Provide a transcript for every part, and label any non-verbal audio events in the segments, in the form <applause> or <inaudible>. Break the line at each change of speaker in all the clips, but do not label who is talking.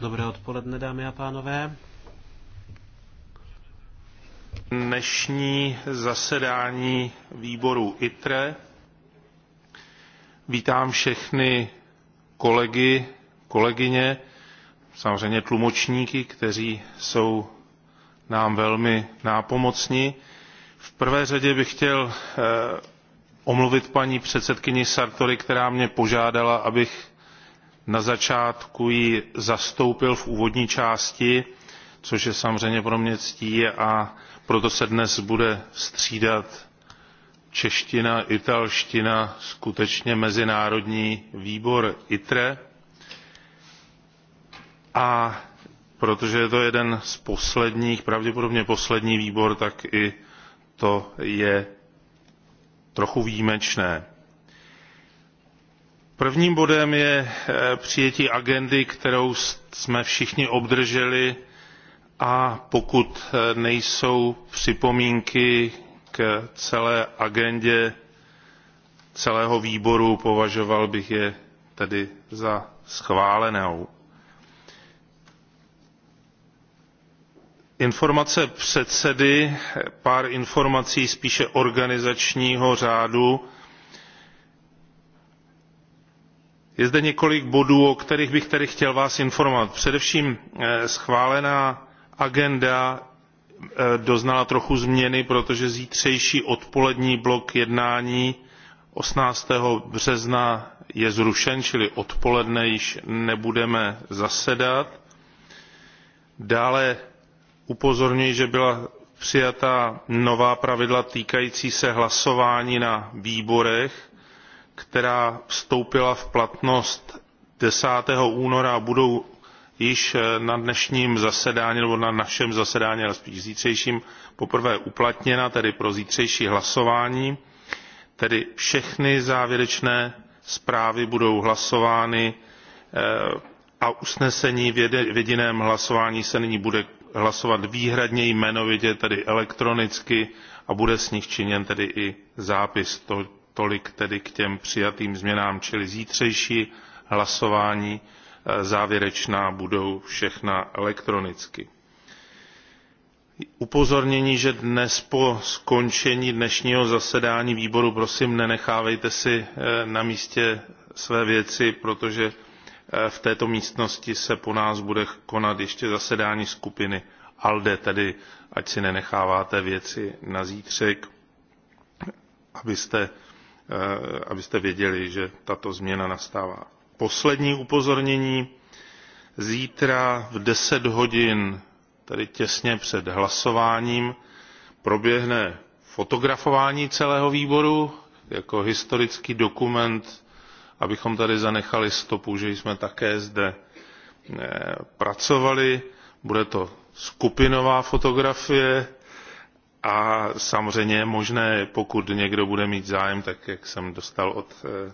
Dobré odpoledne, dámy a pánové.
Dnešní zasedání výboru ITRE. Vítám všechny kolegy, kolegyně, samozřejmě tlumočníky, kteří jsou nám velmi nápomocní. V prvé řadě bych chtěl eh, omluvit paní předsedkyni Sartory, která mě požádala, abych na začátku ji zastoupil v úvodní části což je samozřejmě pro mě ctí a proto se dnes bude střídat čeština italština skutečně mezinárodní výbor itre a protože je to jeden z posledních pravděpodobně poslední výbor tak i to je trochu výjimečné prvním bodem je eh, přijetí agendy kterou jsme všichni obdrželi a pokud eh, nejsou připomínky k celé agendě celého výboru považoval bych je tedy za schválenou. informace předsedy pár informací spíše organizačního řádu je zde několik bodů o kterých bych vás chtěl vás informovat. především eh, schválená agenda eh, doznala trochu změny protože zítřejší odpolední blok jednání eighteen března je zrušen čili odpoledne již nebudeme zasedat. dále upozorňuji že byla přijata nová pravidla týkající se hlasování na výborech která vstoupila v platnost 10. února a budou již eh, na dnešním zasedání nebo na našem zasedání ale spíš zítřejším poprvé uplatněna tedy pro zítřejší hlasování tedy všechny závěrečné zprávy budou hlasovány eh, a usnesení v jediném hlasování se nyní bude hlasovat výhradně jmenovitě tedy elektronicky a bude z nich činěn tedy i zápis. to Tolik tedy k těm přijatým změnám, čili zítřejší hlasování e, závěrečná budou všechna elektronicky. Upozornění, že dnes po skončení dnešního zasedání výboru, prosím, nenechávejte si e, na místě své věci, protože e, v této místnosti se po nás bude konat ještě zasedání skupiny ALDE, tedy ať si nenecháváte věci na zítřek, abyste Eh, abyste věděli, že tato změna nastává. Poslední upozornění. Zítra v 10 hodin, tedy těsně před hlasováním, proběhne fotografování celého výboru jako historický dokument, abychom tady zanechali stopu, že jsme také zde eh, pracovali. Bude to skupinová fotografie, a samozřejmě je možné, pokud někdo bude mít zájem, tak jak jsem dostal od eh,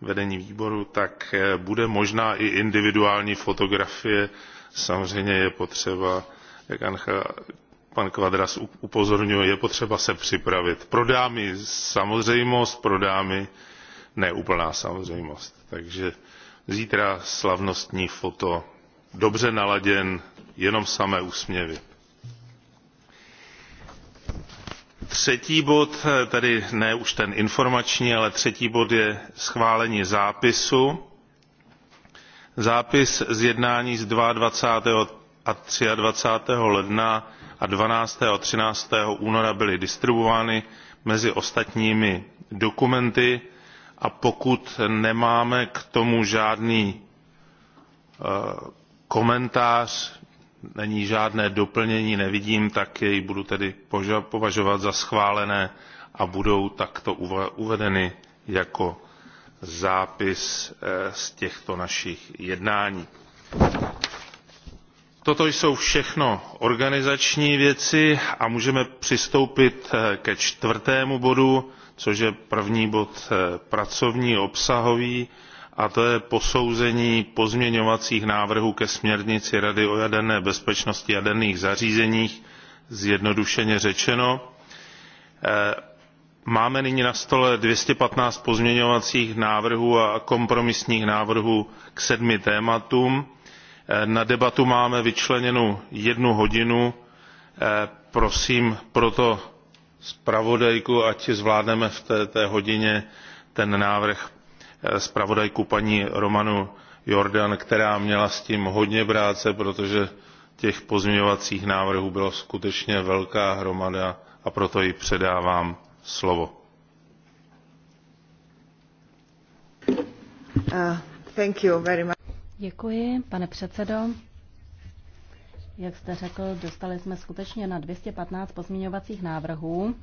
vedení výboru, tak eh, bude možná i individuální fotografie. Samozřejmě je potřeba, jak Ancha, pan Kvadras upozorňuje, je potřeba se připravit. Pro dámy samozřejmost, pro dámy neúplná samozřejmost. Takže zítra slavnostní foto, dobře naladěn, jenom samé úsměvy. Třetí bod, tedy ne už ten informační, ale třetí bod je schválení zápisu. Zápis z jednání z 22. a 23. ledna a 12. a 13. února byly distribuovány mezi ostatními dokumenty a pokud nemáme k tomu žádný eh, komentář není žádné doplnění nevidím tak jej budu tedy považovat za schválené a budou takto uvedeny jako zápis eh, z těchto našich jednání. toto jsou všechno organizační věci a můžeme přistoupit eh, ke čtvrtému bodu což je první bod eh, pracovní obsahový a to je posouzení pozměňovacích návrhů ke směrnici rady o jaderné bezpečnosti jaderných zařízení zjednodušeně řečeno. E, máme nyní na stole two hundred and fifteen pozměňovacích návrhů a kompromisních návrhů k sedmi tématům. E, na debatu máme vyčleněnu jednu hodinu e, prosím proto zpravodajku ať zvládneme v té, té hodině ten návrh zpravodajku paní romanu jordanovou která měla s tím hodně práce protože těch pozměňovacích návrhů byla skutečně velká hromada a proto jí předávám slovo.
Uh, Děkuji, pane předsedo. Jak jste řekl, dostali jsme skutečně na 215 pozměňovacích návrhů,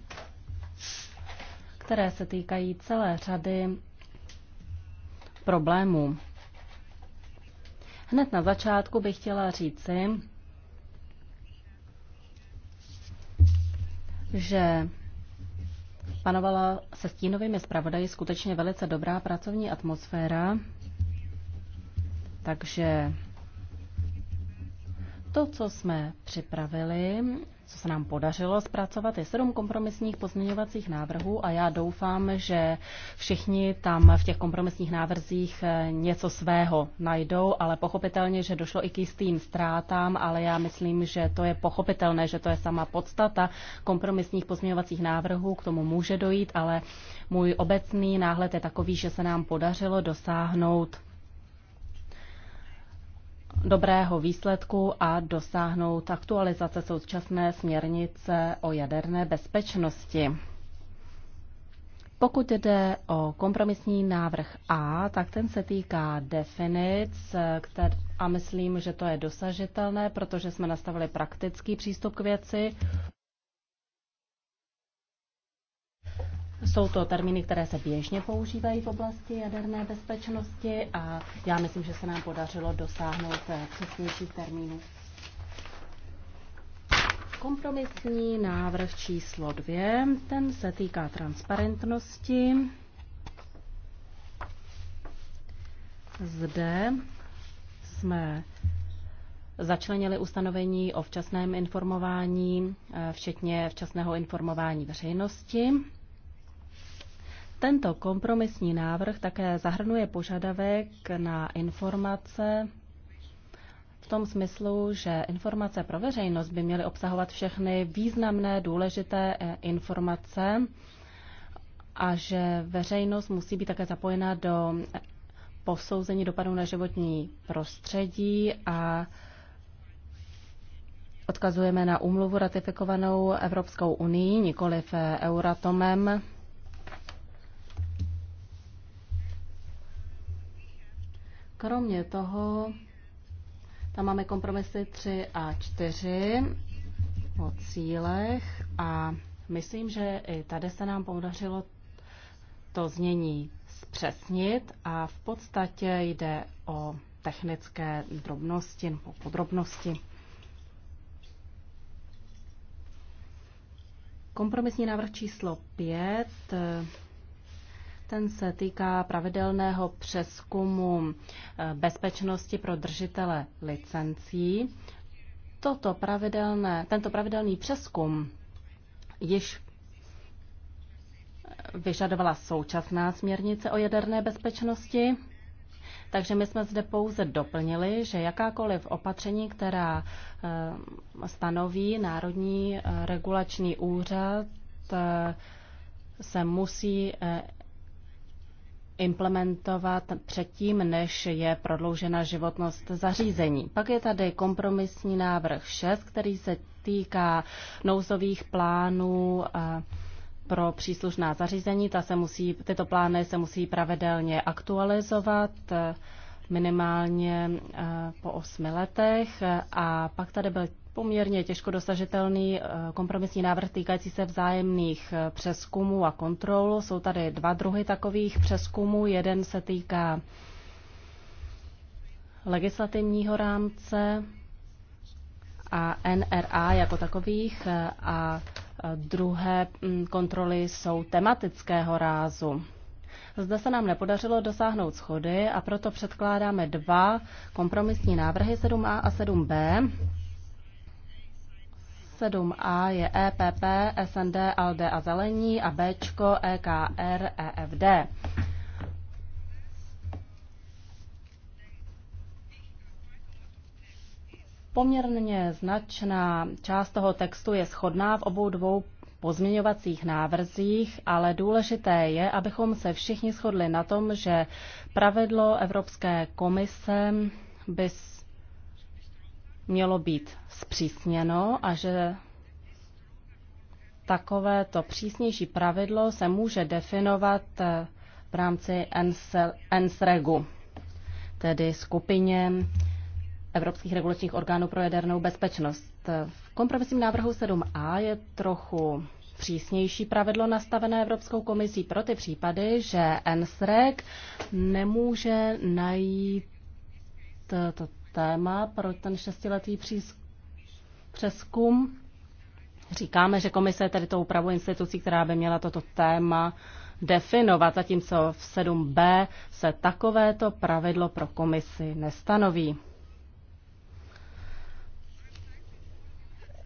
které se týkají celé řady problémů. Hned na začátku bych chtěla říci, že panovala se stínovými zpravodaji skutečně velice dobrá pracovní atmosféra, takže to, co jsme připravili, co se nám podařilo zpracovat, je sedm kompromisních pozměňovacích návrhů a já doufám, že všichni tam v těch kompromisních návrzích eh, něco svého najdou, ale pochopitelně, že došlo i k jistým ztrátám, ale já myslím, že to je pochopitelné, že to je sama podstata kompromisních pozměňovacích návrhů, k tomu může dojít, ale můj obecný náhled je takový, že se nám podařilo dosáhnout dobrého výsledku a dosáhnout aktualizace současné směrnice o jaderné bezpečnosti. Pokud jde o kompromisní návrh A, tak ten se týká definic který a myslím, že to je dosažitelné, protože jsme nastavili praktický přístup k věci. Jsou to termíny, které se běžně používají v oblasti jaderné bezpečnosti a já myslím, že se nám podařilo dosáhnout eh, přesnějších termínů. Kompromisní návrh číslo dvě, ten se týká transparentnosti. Zde jsme začlenili ustanovení o včasném informování, eh, včetně včasného informování veřejnosti. Tento kompromisní návrh také zahrnuje požadavek na informace v tom smyslu, že informace pro veřejnost by měly obsahovat všechny významné, důležité eh, informace a že veřejnost musí být také zapojena do eh, posouzení dopadů na životní prostředí a odkazujeme na úmluvu ratifikovanou Evropskou unii, nikoli v eh, Euratomem Kromě toho tam máme kompromisy 3 a 4 o cílech a myslím, že i tady se nám podařilo to znění zpřesnit a v podstatě jde o technické drobnosti nebo podrobnosti. Kompromisní návrh číslo 5 ten se týká pravidelného přeskumu eh, bezpečnosti pro držitele licencí. Toto pravidelné, tento pravidelný přeskum již vyžadovala současná směrnice o jaderné bezpečnosti, takže my jsme zde pouze doplnili, že jakákoliv opatření, která eh, stanoví Národní eh, regulační úřad, se musí implementovat předtím, než je prodloužena životnost zařízení. Pak je tady kompromisní návrh 6, který se týká nouzových plánů eh, pro příslušná zařízení. Ta se musí, tyto plány se musí pravidelně aktualizovat eh, minimálně eh, po osmi letech. A pak tady byl poměrně těžko dosažitelný eh, kompromisní návrh týkající se vzájemných eh, přeskumů a kontrol. Jsou tady dva druhy takových přeskumů. Jeden se týká legislativního rámce a NRA jako takových eh, a druhé mm, kontroly jsou tematického rázu. Zde se nám nepodařilo dosáhnout schody a proto předkládáme dva kompromisní návrhy 7a a 7b. 7A je EPP, SND, ALD a Zelení a B, EKR, EFD. Poměrně značná část toho textu je shodná v obou dvou pozměňovacích návrzích, ale důležité je, abychom se všichni shodli na tom, že pravidlo Evropské komise by mělo být zpřísněno a že takovéto přísnější pravidlo se může definovat eh, v rámci NSREGu, e tedy skupině Evropských regulačních orgánů pro jadernou bezpečnost. V kompromisním návrhu 7a je trochu přísnější pravidlo nastavené Evropskou komisí pro ty případy, že NSREG nemůže najít eh, to téma pro ten šestiletý přeskum. Říkáme, že komise je tedy tou úpravou institucí, která by měla toto téma definovat, zatímco v 7b se takovéto pravidlo pro komisi nestanoví.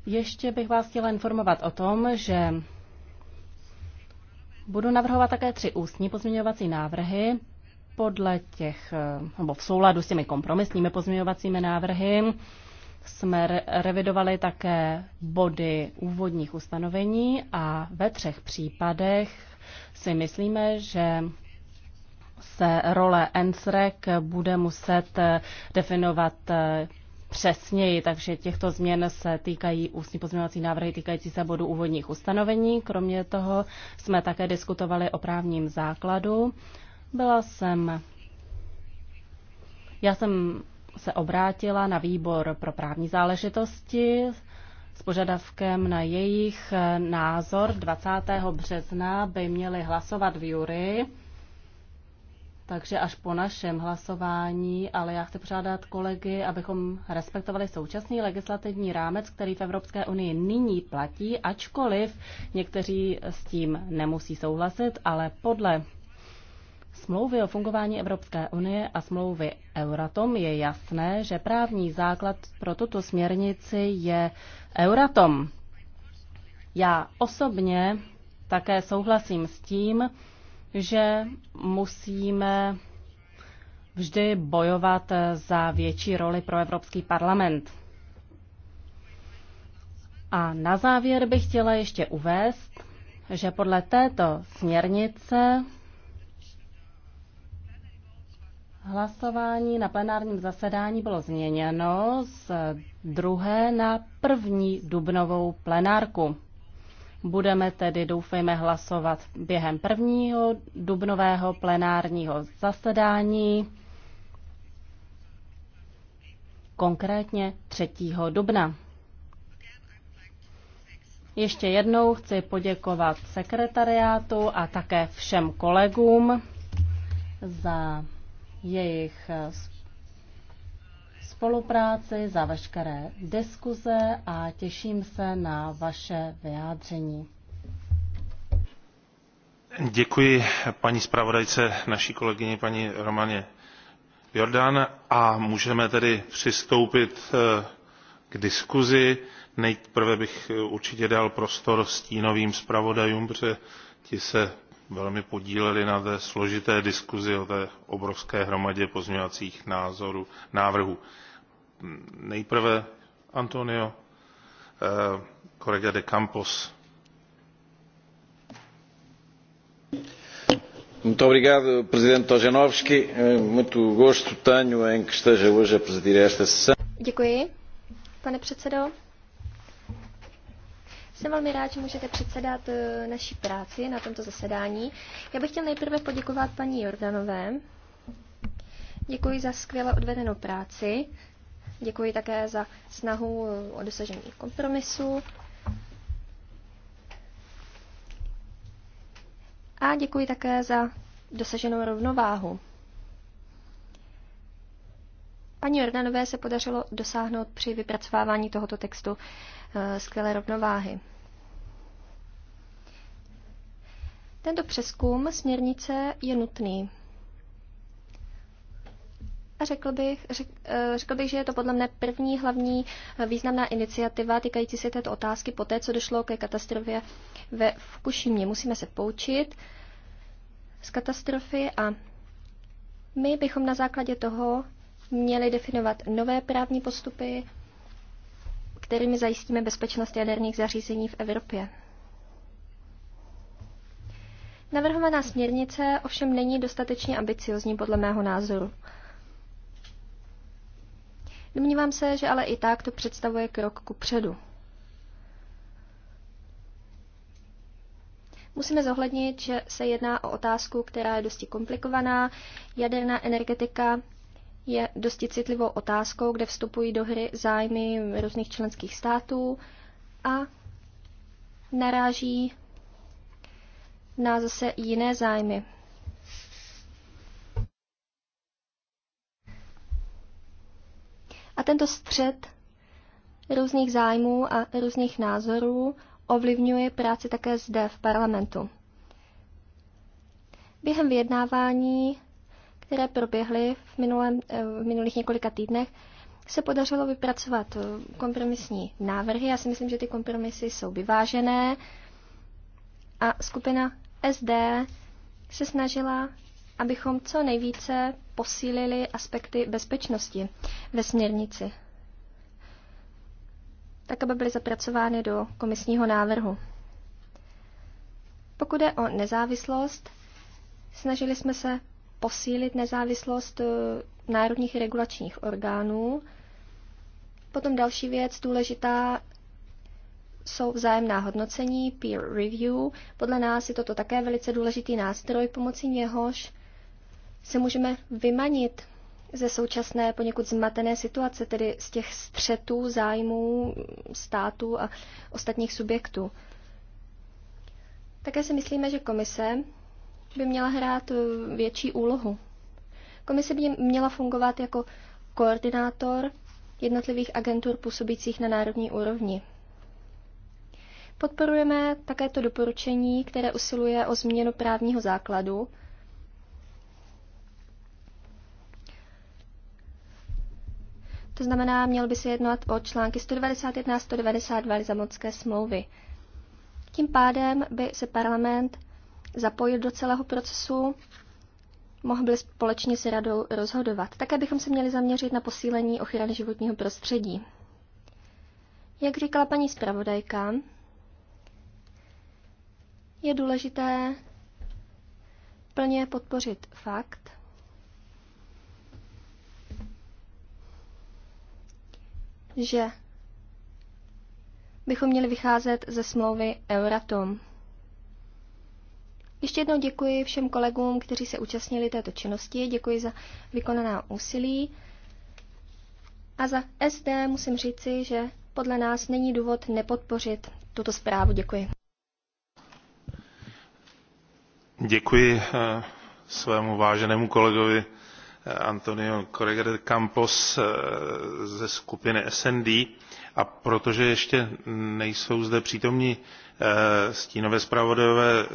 Ještě bych vás chtěla informovat o tom, že budu navrhovat také tři ústní pozměňovací návrhy podle těch, eh, nebo v souladu s těmi kompromisními pozměňovacími návrhy jsme revidovali také body úvodních ustanovení a ve třech případech si myslíme, že se role NSREC bude muset eh, definovat eh, přesněji, takže těchto změn se týkají ústní pozměňovací návrhy týkající se bodu úvodních ustanovení. Kromě toho jsme také diskutovali o právním základu byla jsem. Já jsem se obrátila na výbor pro právní záležitosti s požadavkem na jejich eh, názor 20. března by měli hlasovat v jury. Takže až po našem hlasování, ale já chci požádat kolegy, abychom respektovali současný legislativní rámec, který v Evropské unii nyní platí, ačkoliv někteří s tím nemusí souhlasit, ale podle smlouvy o fungování Evropské unie a smlouvy Euratom je jasné, že právní základ pro tuto směrnici je Euratom. Já osobně také souhlasím s tím, že musíme vždy bojovat za větší roli pro Evropský parlament. A na závěr bych chtěla ještě uvést, že podle této směrnice hlasování na plenárním zasedání bylo změněno z druhé na první dubnovou plenárku. Budeme tedy, doufejme, hlasovat během prvního dubnového plenárního zasedání, konkrétně 3. dubna. Ještě jednou chci poděkovat sekretariátu a také všem kolegům za jejich eh, spolupráci, za veškeré diskuze a těším se na vaše vyjádření.
Děkuji paní zpravodajce, naší kolegyně paní Romaně Jordan a můžeme tedy přistoupit eh, k diskuzi. Nejprve bych eh, určitě dal prostor stínovým zpravodajům, protože ti se velmi podíleli na té složité diskuzi o té obrovské hromadě pozměňovacích názorů, návrhů. Nejprve Antonio, eh, kolega de Campos.
Muito obrigado, Presidente Tojanovski. Eh, muito gosto tenho em que esteja hoje a presidir esta sessão.
Děkuji, pane předsedo. Jsem velmi rád, že můžete předsedat eh, naší práci na tomto zasedání. Já bych chtěl nejprve poděkovat paní Jordanové. Děkuji za skvěle odvedenou práci. Děkuji také za snahu eh, o dosažení kompromisu. A děkuji také za dosaženou rovnováhu. Paní Jordanové se podařilo dosáhnout při vypracovávání tohoto textu eh, skvělé rovnováhy. Tento přeskum směrnice je nutný. A řekl bych, eh, řekl bych, že je to podle mne první hlavní eh, významná iniciativa týkající se této otázky po té, co došlo ke katastrofě ve Fukušimě. Musíme se poučit z katastrofy a my bychom na základě toho měli definovat nové právní postupy, kterými zajistíme bezpečnost jaderných zařízení v Evropě. Navrhovaná směrnice ovšem není dostatečně ambiciozní podle mého názoru. Domnívám se, že ale i tak to představuje krok ku předu. Musíme zohlednit, že se jedná o otázku, která je dosti komplikovaná. Jaderná energetika je dosti citlivou otázkou, kde vstupují do hry zájmy různých členských států a naráží na zase jiné zájmy. A tento střed různých zájmů a různých názorů ovlivňuje práci také zde v parlamentu. Během vyjednávání které proběhly v, minulém, eh, v minulých několika týdnech, se podařilo vypracovat eh, kompromisní návrhy. Já si myslím, že ty kompromisy jsou vyvážené a skupina SD se snažila, abychom co nejvíce posílili aspekty bezpečnosti ve směrnici, tak aby byly zapracovány do komisního návrhu. Pokud je o nezávislost, snažili jsme se posílit nezávislost eh, národních regulačních orgánů. Potom další věc důležitá jsou vzájemná hodnocení, peer review. Podle nás je toto také velice důležitý nástroj, pomocí něhož se můžeme vymanit ze současné poněkud zmatené situace, tedy z těch střetů zájmů států a ostatních subjektů. Také si myslíme, že komise by měla hrát eh, větší úlohu. Komise by měla fungovat jako koordinátor jednotlivých agentur působících na národní úrovni. Podporujeme také to doporučení, které usiluje o změnu právního základu. To znamená, měl by se jednat o články 191 a 192 Lizamotské smlouvy. Tím pádem by se parlament zapojit do celého procesu, mohli společně s radou rozhodovat. Také bychom se měli zaměřit na posílení ochrany životního prostředí. Jak říkala paní zpravodajka, je důležité plně podpořit fakt, že bychom měli vycházet ze smlouvy Euratom. Ještě jednou děkuji všem kolegům, kteří se účastnili této činnosti, děkuji za vykonaná úsilí. A za SD musím říci, že podle nás není důvod nepodpořit tuto zprávu. Děkuji.
Děkuji eh, svému váženému kolegovi eh, Antonio Correger Campos eh, ze skupiny SND. A protože ještě nejsou zde přítomní Eh,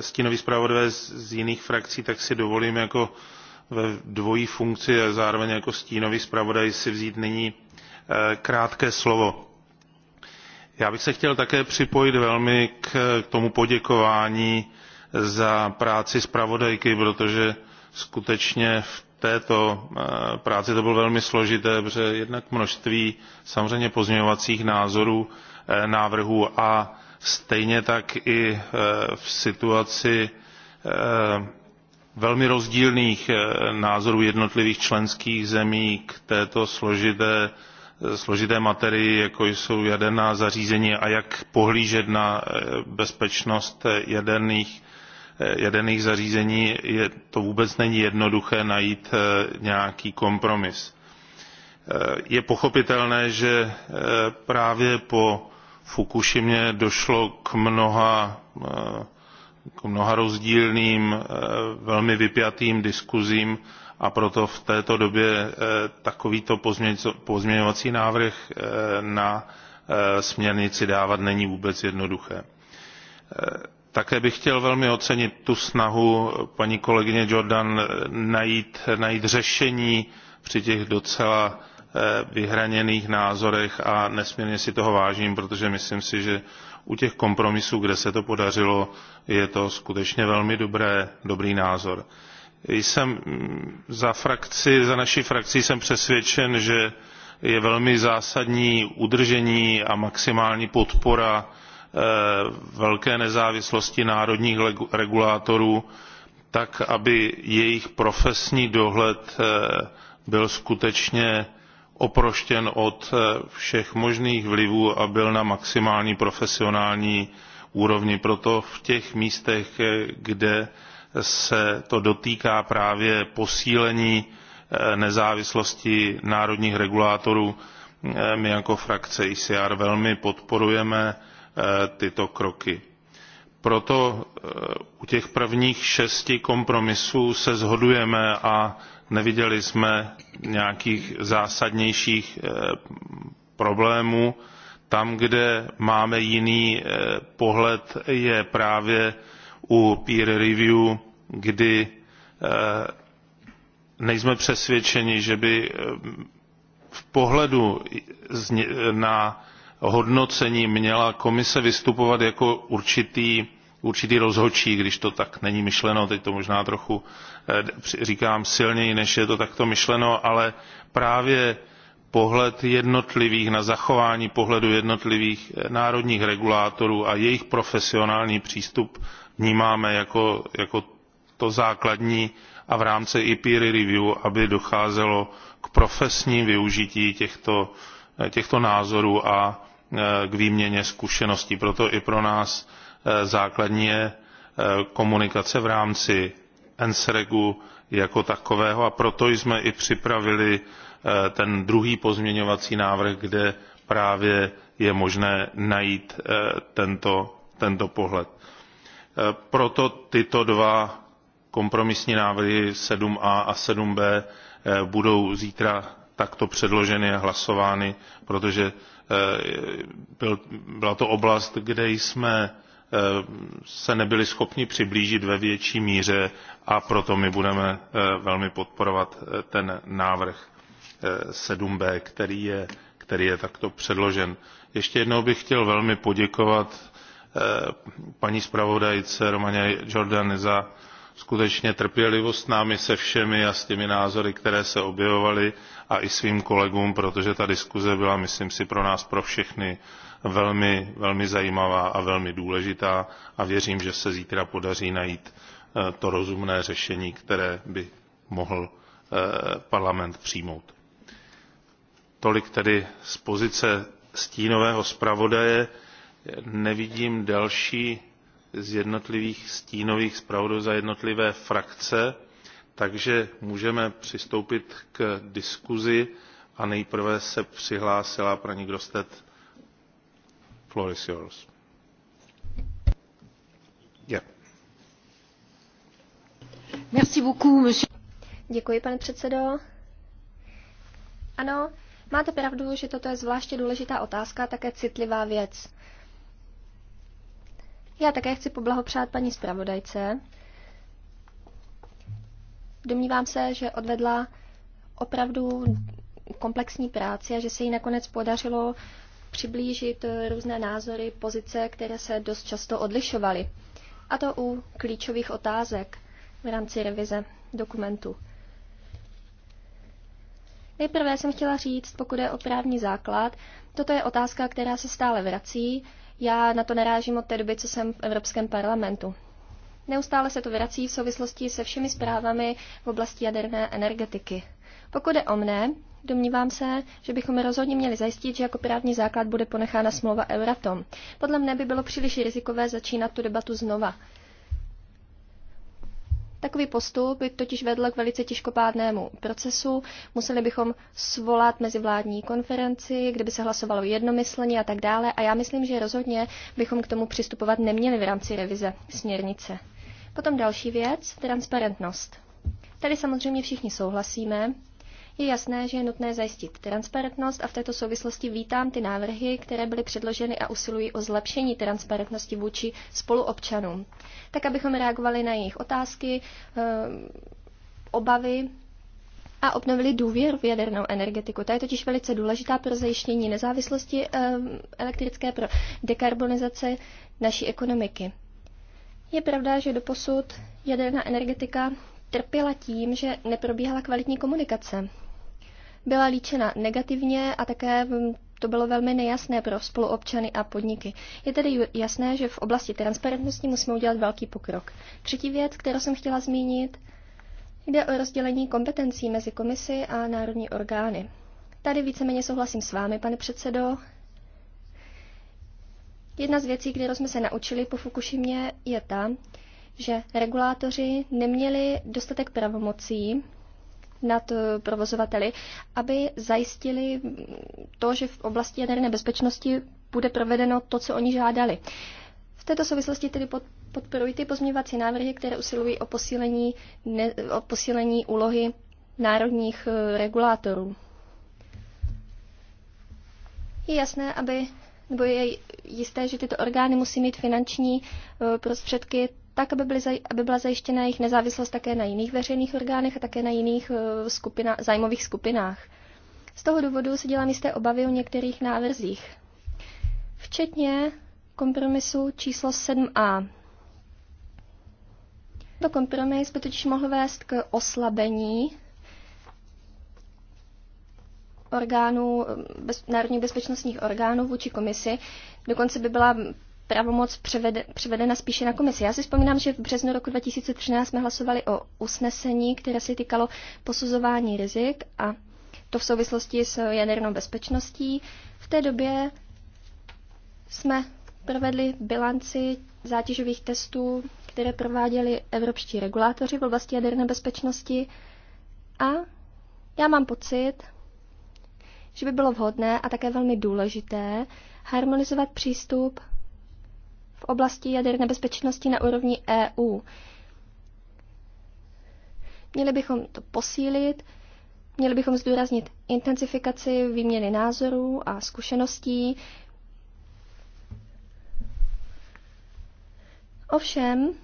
stínoví zpravodajové z jiných frakcí, tak si dovolím jako ve dvojí funkci a zároveň jako stínový zpravodaj si vzít nyní eh, krátké slovo. Já bych se chtěl také připojit velmi k tomu poděkování za práci zpravodajky, protože skutečně v této eh, práci to bylo velmi složité, protože jednak množství samozřejmě pozměňovacích názorů, návrhů a stejně tak i eh, v situaci eh, velmi rozdílných eh, názorů jednotlivých členských zemí k této složité, složité materii jako jsou jaderná zařízení a jak pohlížet na bezpečnost jaderných, jaderných zařízení je, to vůbec není jednoduché najít nějaký kompromis. je pochopitelné že právě po fukušimě došlo k mnoha, eh, k mnoha rozdílným eh, velmi vypjatým diskuzím a proto v této době eh, takovýto pozměňovací návrh na směrnici dávat není vůbec jednoduché. také bych chtěl velmi ocenit tu snahu paní kolegyně jordanové najít, najít řešení při těch docela Eh, vyhraněných názorech a nesmírně si toho vážím protože myslím si že u těch kompromisů kde se to podařilo je to skutečně velmi dobré, dobrý názor. Jsem za, frakci, za naši frakci jsem přesvědčen, že je velmi zásadní udržení a maximální podpora eh, velké nezávislosti národních regulátorů tak aby jejich profesní dohled eh, byl skutečně oproštěn od eh, všech možných vlivů a byl na maximální profesionální úrovni. proto v těch místech eh, kde se to dotýká právě posílení eh, nezávislosti národních regulátorů my jako frakce ICR velmi podporujeme tyto kroky. proto u těch prvních šesti kompromisů se shodujeme a neviděli jsme nějakých zásadnějších eh, problémů. Tam, kde máme jiný eh, pohled, je právě u peer review, kdy eh, nejsme přesvědčeni, že by v pohledu na hodnocení měla komise vystupovat jako určitý určitý rozhodčí když to tak není myšleno teď to možná trochu eh, říkám silněji než je to takto myšleno ale právě pohled jednotlivých na zachování pohledu jednotlivých eh, národních regulátorů a jejich profesionální přístup vnímáme jako, jako to základní a v rámci i peer review aby docházelo k profesním využití těchto, eh, těchto názorů a k výměně zkušeností. proto i pro nás Eh, základní je eh, komunikace v rámci enseregu jako takového a proto jsme i připravili eh, ten druhý pozměňovací návrh kde právě je možné najít tento, tento pohled. proto tyto dva kompromisní návrhy seven a a seven b budou zítra takto předloženy a hlasovány protože byl, byla to oblast kde jsme Eh, se nebyli schopni přiblížit ve větší míře a proto my budeme eh, velmi podporovat eh, ten návrh 7b, který je, který je takto předložen. Ještě jednou bych chtěl velmi poděkovat paní zpravodajce Romaně Jordan za skutečně trpělivost s námi se všemi a s těmi názory, které se objevovaly a i svým kolegům, protože ta diskuze byla, myslím si, pro nás pro všechny velmi, velmi zajímavá a velmi důležitá a věřím, že se zítra podaří najít eh, to rozumné řešení, které by mohl eh, parlament přijmout. Tolik tedy z pozice stínového zpravodaje. Nevidím další z jednotlivých stínových zpravodajů za jednotlivé frakce, takže můžeme přistoupit k diskuzi a nejprve se přihlásila paní Grostet
Děkuji, pane předsedající. Ano, máte pravdu, že toto je zvláště důležitá otázka, také citlivá věc. Já také chci poblahopřát paní zpravodajce. Domnívám se, že odvedla opravdu komplexní práci a že se jí nakonec podařilo přiblížit eh, různé názory, pozice, které se dost často odlišovaly. A to u klíčových otázek v rámci revize dokumentu. Nejprve jsem chtěla říct, pokud je o právní základ, toto je otázka, která se stále vrací. Já na to narážím od té doby, co jsem v Evropském parlamentu. Neustále se to vrací v souvislosti se všemi zprávami v oblasti jaderné energetiky. Pokud je o mne, Domnívám se, že bychom rozhodně měli zajistit, že jako právní základ bude ponechána smlouva Euratom. Podle mne by bylo příliš rizikové začínat tu debatu znova. Takový postup by totiž vedl k velice těžkopádnému procesu. Museli bychom svolat mezivládní konferenci, kde by se hlasovalo jednomyslně a tak dále. A já myslím, že rozhodně bychom k tomu přistupovat neměli v rámci revize směrnice. Potom další věc, transparentnost. Tady samozřejmě všichni souhlasíme, je jasné, že je nutné zajistit transparentnost a v této souvislosti vítám ty návrhy, které byly předloženy a usilují o zlepšení transparentnosti vůči spoluobčanům, tak abychom reagovali na jejich otázky, eh, obavy a obnovili důvěru v jadernou energetiku. To je totiž velice důležitá pro zajištění nezávislosti eh, elektrické, pro dekarbonizace naší ekonomiky. Je pravda, že doposud jaderná energetika trpěla tím, že neprobíhala kvalitní komunikace byla líčena negativně a také to bylo velmi nejasné pro spoluobčany a podniky. Je tedy jasné, že v oblasti transparentnosti musíme udělat velký pokrok. Třetí věc, kterou jsem chtěla zmínit, jde o rozdělení kompetencí mezi komisi a národní orgány. Tady víceméně souhlasím s vámi, pane předsedo. Jedna z věcí, kterou jsme se naučili po Fukušimě, je ta, že regulátoři neměli dostatek pravomocí nad eh, provozovateli, aby zajistili to, že v oblasti jaderné bezpečnosti bude provedeno to, co oni žádali. V této souvislosti tedy podporují ty pozměňovací návrhy, které usilují o posílení, ne, o posílení úlohy národních eh, regulátorů. Je jasné, aby, nebo je jisté, že tyto orgány musí mít finanční eh, prostředky tak, aby, byly, aby byla zajištěna jejich nezávislost také na jiných veřejných orgánech a také na jiných eh, skupina, zájmových skupinách. Z toho důvodu se dělám jisté obavy o některých návrzích, včetně kompromisu číslo 7a. To kompromis by totiž mohl vést k oslabení orgánů, eh, bez, národních bezpečnostních orgánů vůči komisi. Dokonce by byla pravomoc převede, převedena spíše na komisi. Já si vzpomínám, že v březnu roku 2013 jsme hlasovali o usnesení, které se týkalo posuzování rizik a to v souvislosti s jadernou bezpečností. V té době jsme provedli bilanci zátěžových testů, které prováděli evropští regulátoři v oblasti jaderné bezpečnosti a já mám pocit, že by bylo vhodné a také velmi důležité harmonizovat přístup oblasti jaderné bezpečnosti na úrovni EU. Měli bychom to posílit, měli bychom zdůraznit intensifikaci výměny názorů a zkušeností. Ovšem,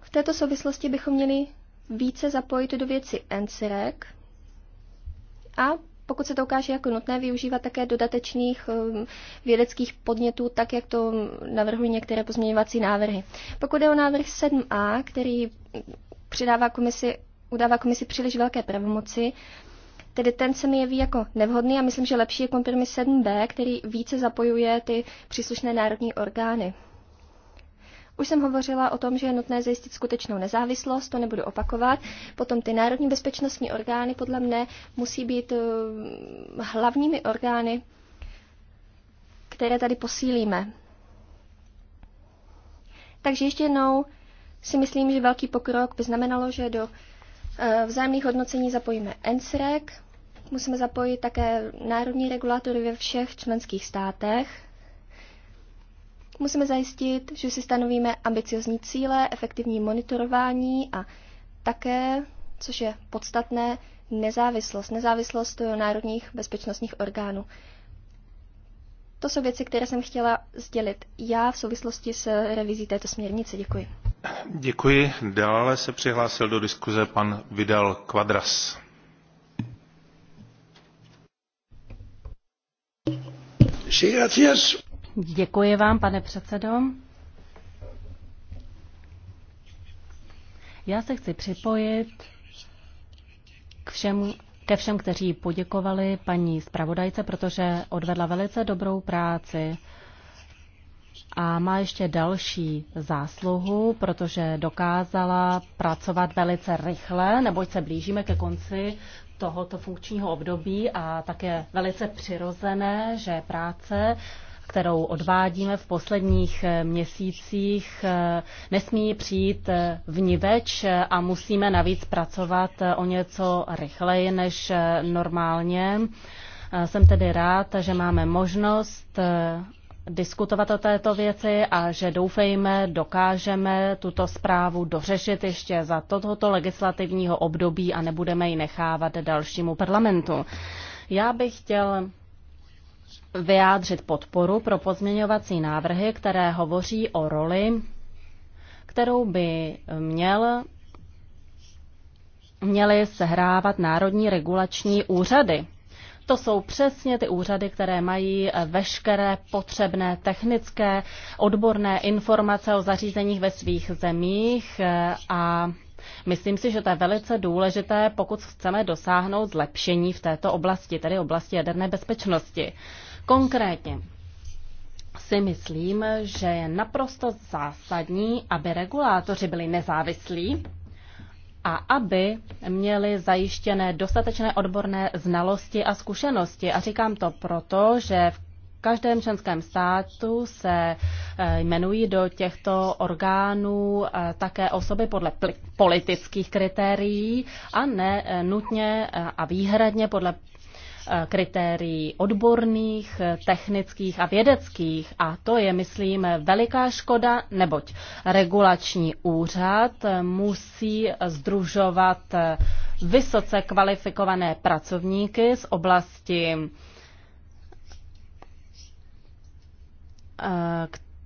v této souvislosti bychom měli více zapojit do věci NCREC e a pokud se to ukáže jako nutné, využívat také dodatečných um, vědeckých podnětů, tak jak to navrhují některé pozměňovací návrhy. Pokud je o návrh 7a, který přidává komisi, udává komisi příliš velké pravomoci, Tedy ten se mi jeví jako nevhodný a myslím, že lepší je kompromis 7b, který více zapojuje ty příslušné národní orgány. Už jsem hovořila o tom, že je nutné zajistit skutečnou nezávislost, to nebudu opakovat. Potom ty národní bezpečnostní orgány podle mne musí být eh, hlavními orgány, které tady posílíme. Takže ještě jednou si myslím, že velký pokrok by znamenalo, že do eh, vzájemných hodnocení zapojíme ENSREC, musíme zapojit také národní regulátory ve všech členských státech, Musíme zajistit, že si stanovíme ambiciozní cíle, efektivní monitorování a také, což je podstatné, nezávislost. Nezávislost národních bezpečnostních orgánů. To jsou věci, které jsem chtěla sdělit já v souvislosti s revizí této směrnice. Děkuji.
Děkuji. Dále se přihlásil do diskuze pan Vidal Kvadras. Sí, gracias.
Děkuji vám, pane předsedo. Já se chci připojit k všem, ke všem, kteří poděkovali paní zpravodajce, protože odvedla velice dobrou práci a má ještě další zásluhu, protože dokázala pracovat velice rychle, neboť se blížíme ke konci tohoto funkčního období a také velice přirozené, že práce kterou odvádíme v posledních eh, měsících, eh, nesmí přijít eh, v več a musíme navíc pracovat o něco rychleji než normálně. Jsem tedy rád, že máme možnost diskutovat o této věci a že doufejme, dokážeme tuto zprávu dořešit ještě za tohoto legislativního období a nebudeme ji nechávat dalšímu parlamentu. Já bych chtěl vyjádřit podporu pro pozměňovací návrhy, které hovoří o roli, kterou by měl, měly sehrávat národní regulační úřady. To jsou přesně ty úřady, které mají veškeré potřebné technické, odborné informace o zařízeních ve svých zemích a Myslím si, že to je velice důležité, pokud chceme dosáhnout zlepšení v této oblasti, tedy oblasti jaderné bezpečnosti. Konkrétně si myslím, že je naprosto zásadní, aby regulátoři byli nezávislí a aby měli zajištěné dostatečné odborné znalosti a zkušenosti. A říkám to proto, že v každém členském státu se eh, jmenují do těchto orgánů eh, také osoby podle politických kritérií a ne eh, nutně a výhradně podle Eh, kritérií odborných, eh, technických a vědeckých. A to je, myslím, veliká škoda, neboť regulační úřad eh, musí združovat vysoce kvalifikované pracovníky z oblasti,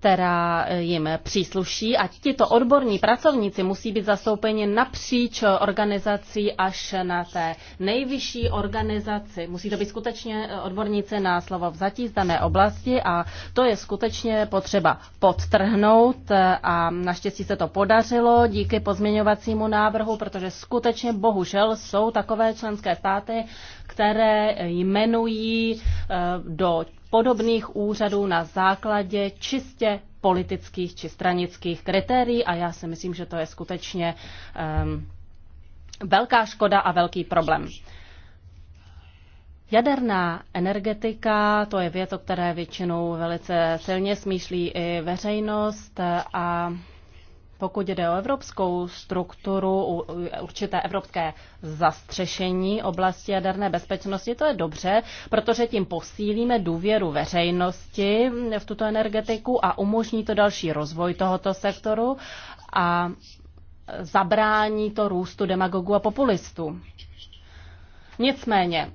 která eh, jim přísluší a tito odborní pracovníci musí být zastoupeni napříč organizací až na té nejvyšší organizaci. Musí to být skutečně eh, odborníci na slovo vzatí z dané oblasti a to je skutečně potřeba podtrhnout eh, a naštěstí se to podařilo díky pozměňovacímu návrhu, protože skutečně bohužel jsou takové členské státy, které jmenují do podobných úřadů na základě čistě politických či stranických kritérií a já si myslím, že to je skutečně um, velká škoda a velký problém. Jaderná energetika, to je věc, o které většinou velice silně smýšlí i veřejnost a pokud jde o evropskou strukturu, určité evropské zastřešení oblasti jaderné bezpečnosti, to je dobře, protože tím posílíme důvěru veřejnosti v tuto energetiku a umožní to další rozvoj tohoto sektoru a zabrání to růstu demagogů a populistů. Nicméně,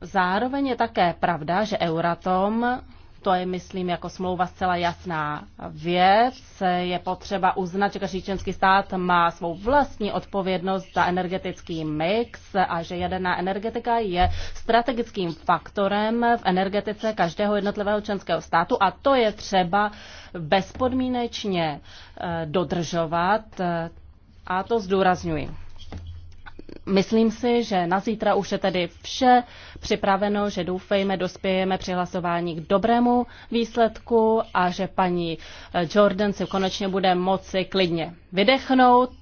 zároveň je také pravda, že Euratom to je, myslím, jako smlouva zcela jasná věc. Je potřeba uznat, že každý členský stát má svou vlastní odpovědnost za energetický mix a že jaderná energetika je strategickým faktorem v energetice každého jednotlivého členského státu a to je třeba bezpodmínečně eh, dodržovat eh, a to zdůrazňuji. Myslím si, že na zítra už je tedy vše připraveno, že doufejme, dospějeme při hlasování k dobrému výsledku a že paní eh, Jordan si konečně bude moci klidně vydechnout.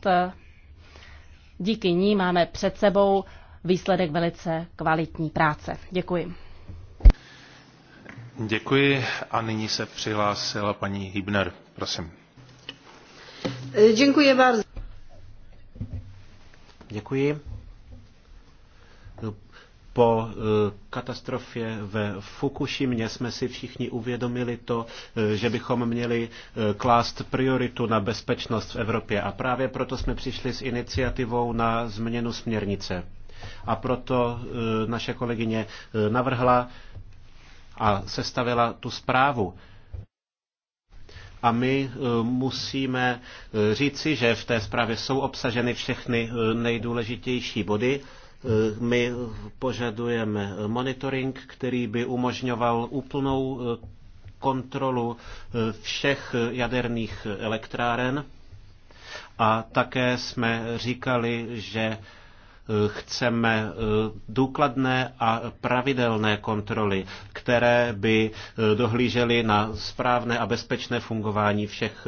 Díky ní máme před sebou výsledek velice kvalitní práce. Děkuji.
Děkuji a nyní se přihlásila paní Hibner. Prosím.
Děkuji bardzo.
Děkuji.
Po eh, katastrofě ve Fukušimě jsme si všichni uvědomili to, eh, že bychom měli eh, klást prioritu na bezpečnost v Evropě a právě proto jsme přišli s iniciativou na změnu směrnice. A proto naše kolegyně navrhla a sestavila tu zprávu, a my musíme říci, že v té zprávě jsou obsaženy všechny nejdůležitější body my požadujeme monitoring, který by umožňoval úplnou eh, kontrolu eh, všech jaderných elektráren. A také jsme říkali, že eh, chceme důkladné a pravidelné kontroly, které by dohlížely na správné a bezpečné fungování všech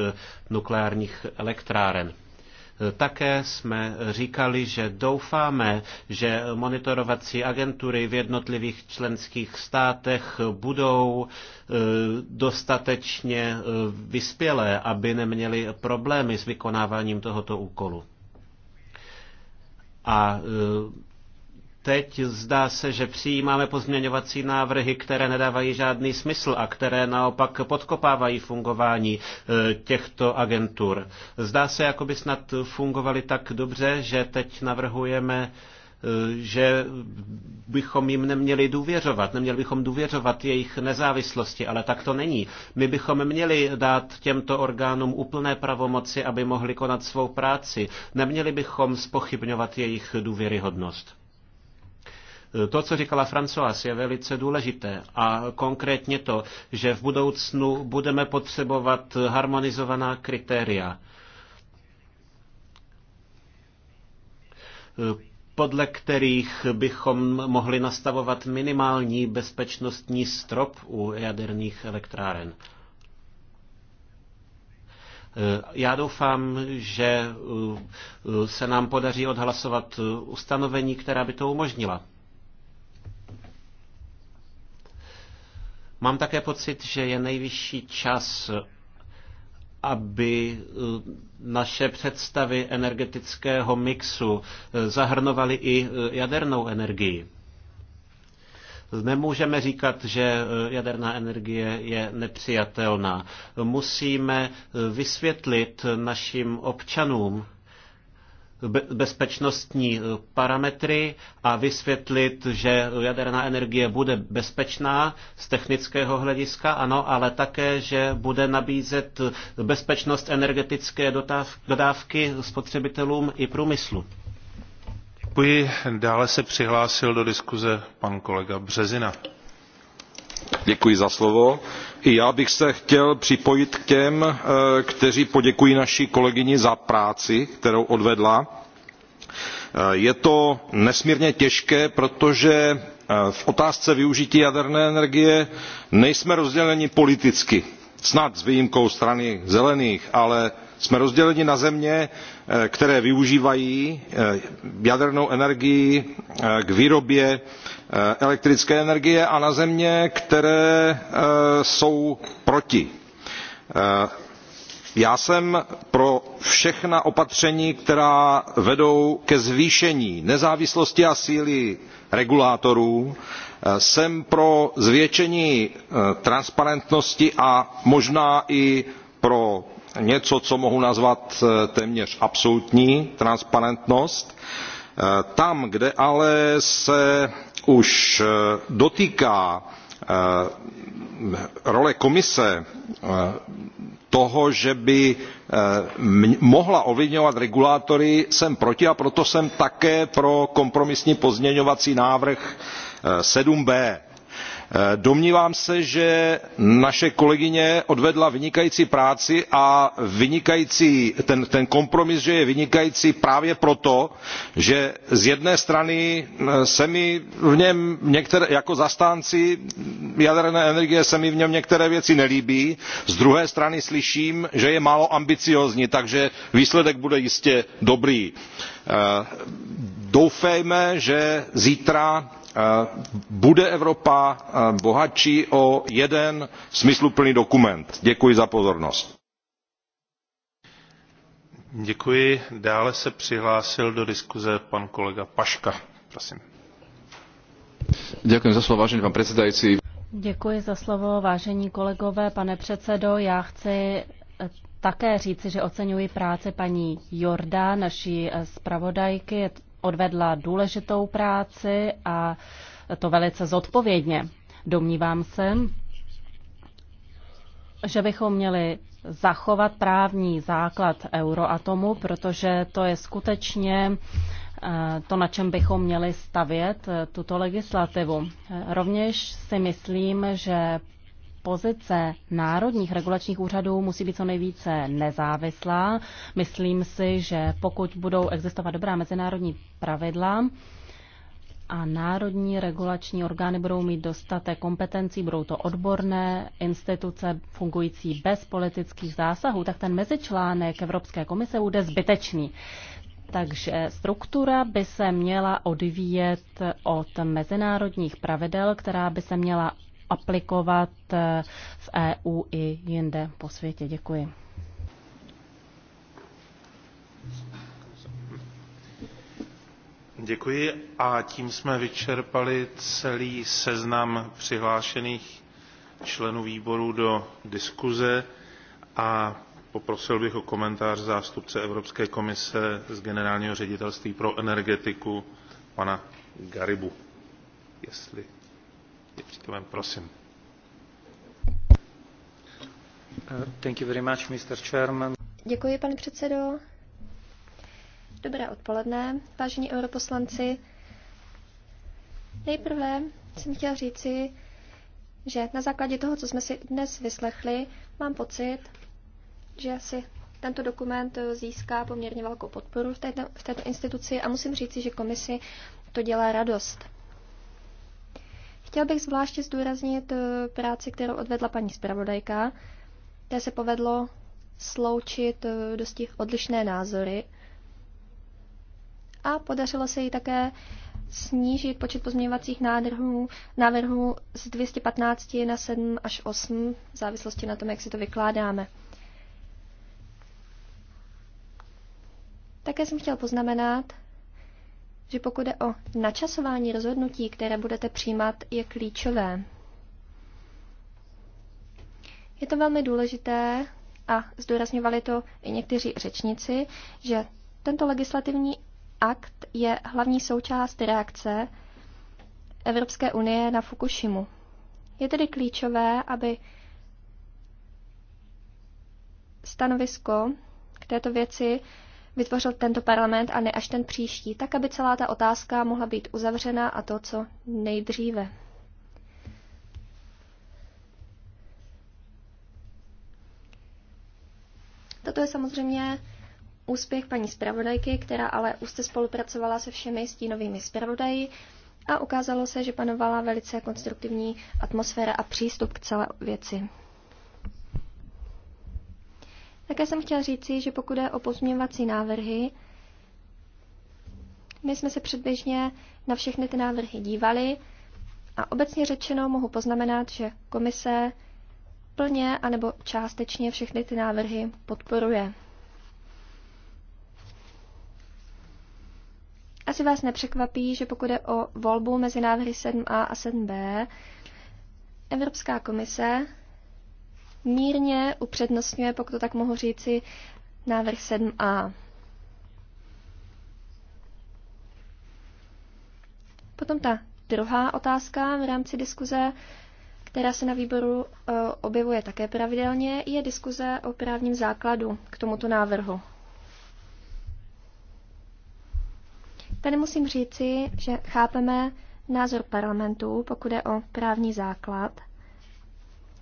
nukleárních elektráren. Také jsme říkali, že doufáme, že monitorovací agentury v jednotlivých členských státech budou e, dostatečně e, vyspělé, aby neměly problémy s vykonáváním tohoto úkolu. A e, Teď zdá se, že přijímáme pozměňovací návrhy, které nedávají žádný smysl a které naopak podkopávají fungování e, těchto agentur. Zdá se, jako by snad fungovaly tak dobře, že teď navrhujeme e, že bychom jim neměli důvěřovat, neměli bychom důvěřovat jejich nezávislosti, ale tak to není. My bychom měli dát těmto orgánům úplné pravomoci, aby mohli konat svou práci. Neměli bychom spochybňovat jejich důvěryhodnost. To, co říkala Francoise, je velice důležité a konkrétně to, že v budoucnu budeme potřebovat harmonizovaná kritéria. podle kterých bychom mohli nastavovat minimální bezpečnostní strop u jaderných elektráren. Já doufám, že se nám podaří odhlasovat ustanovení, která by to umožnila. Mám také pocit, že je nejvyšší čas, aby eh, naše představy energetického mixu eh, zahrnovaly i eh, jadernou energii. Nemůžeme říkat, že jaderná energie je nepřijatelná. Musíme vysvětlit našim občanům, bezpečnostní eh, parametry a vysvětlit, že jaderná energie bude bezpečná z technického hlediska, ano, ale také, že bude nabízet bezpečnost energetické dodávky spotřebitelům i průmyslu.
Děkuji. Dále se přihlásil do diskuze pan kolega Březina
za slovo. I já bych se chtěl připojit k těm, eh, kteří poděkují naší kolegyni za práci, kterou odvedla. Eh, je to nesmírně těžké, protože eh, v otázce využití jaderné energie nejsme rozděleni politicky. Snad s výjimkou strany zelených, ale jsme rozděleni na země, které využívají jadernou energii k výrobě Eh, elektrické energie a na země které eh, jsou proti. Eh, já jsem pro všechna opatření která vedou ke zvýšení nezávislosti a síly regulátorů jsem pro zvětšení transparentnosti a možná i pro něco co mohu nazvat téměř absolutní transparentnost tam kde ale se ale už eh, dotýká eh, role komise eh, toho že by mohla ovlivňovat regulátory jsem proti a proto jsem také pro kompromisní pozměňovací návrh seven b. Eh, domnívám se že naše kolegyně odvedla vynikající práci a vynikající, ten, kompromis že je vynikající právě proto že z jedné strany eh, se mi v něm jako zastánci jaderné energie se mi v něm některé věci nelíbí z druhé strany slyším že je málo ambiciózní takže výsledek bude jistě dobrý. Eh, doufejme že zítra bude evropa eh, bohatší o jeden smysluplný dokument. děkuji za pozornost.
Děkuji. dále se přihlásil do diskuse pan kolega paška. prosím.
Děkuji za slovo, vážený pan předsedající.
Děkuji za slovo, vážení kolegové, pane předsedo. Já chci eh, také říci, že oceňuji práci paní Jorda, naší eh, zpravodajky odvedla důležitou práci a to velice zodpovědně. Domnívám se, že bychom měli zachovat právní základ Euroatomu, protože to je skutečně eh, to, na čem bychom měli stavět eh, tuto legislativu. Rovněž si myslím, že pozice národních regulačních úřadů musí být co nejvíce nezávislá. Myslím si, že pokud budou existovat dobrá mezinárodní pravidla, a národní regulační orgány budou mít dostatek kompetencí, budou to odborné instituce fungující bez politických zásahů, tak ten mezičlánek Evropské komise bude zbytečný. Takže struktura by se měla odvíjet od mezinárodních pravidel, která by se měla aplikovat eh, v EU i jinde po světě. Děkuji.
Děkuji a tím jsme vyčerpali celý seznam přihlášených členů výboru do diskuze a poprosil bych o komentář zástupce Evropské komise z Generálního ředitelství pro energetiku, pana Garibu, jestli je přítomen, prosím.
Eh, thank you very much, Mr. Chairman. Děkuji, pane předsedo. Dobré odpoledne, vážení europoslanci. Nejprve jsem chtěla říci, že na základě toho, co jsme si dnes vyslechli, mám pocit, že asi tento dokument získá poměrně velkou podporu v této, v této instituci a musím říci, že komisi to dělá radost. Chtěl bych zvláště zdůraznit eh, práci, kterou odvedla paní zpravodajka. Té se povedlo sloučit eh, dosti odlišné názory a podařilo se jí také snížit počet pozměňovacích návrhů, návrhů z 215 na 7 až 8, v závislosti na tom, jak si to vykládáme. Také jsem chtěl poznamenat, že pokud je o načasování rozhodnutí, které budete přijímat, je klíčové. Je to velmi důležité a zdůrazňovali to i někteří řečníci, že tento legislativní akt je hlavní součást reakce Evropské unie na Fukushimu. Je tedy klíčové, aby stanovisko k této věci vytvořil tento parlament a ne až ten příští, tak aby celá ta otázka mohla být uzavřena a to, co nejdříve. Toto je samozřejmě úspěch paní zpravodajky, která ale úzce spolupracovala se všemi stínovými zpravodaji a ukázalo se, že panovala velice konstruktivní atmosféra a přístup k celé věci. Také jsem chtěl říci, že pokud je o pozměňovací návrhy, my jsme se předběžně na všechny ty návrhy dívali a obecně řečeno mohu poznamenat, že komise plně anebo částečně všechny ty návrhy podporuje. Asi vás nepřekvapí, že pokud je o volbu mezi návrhy 7a a 7b, Evropská komise mírně upřednostňuje, pokud to tak mohu říci, návrh 7a. Potom ta druhá otázka v rámci diskuze, která se na výboru e, objevuje také pravidelně, je diskuze o právním základu k tomuto návrhu. Tady musím říci, že chápeme názor parlamentu, pokud je o právní základ.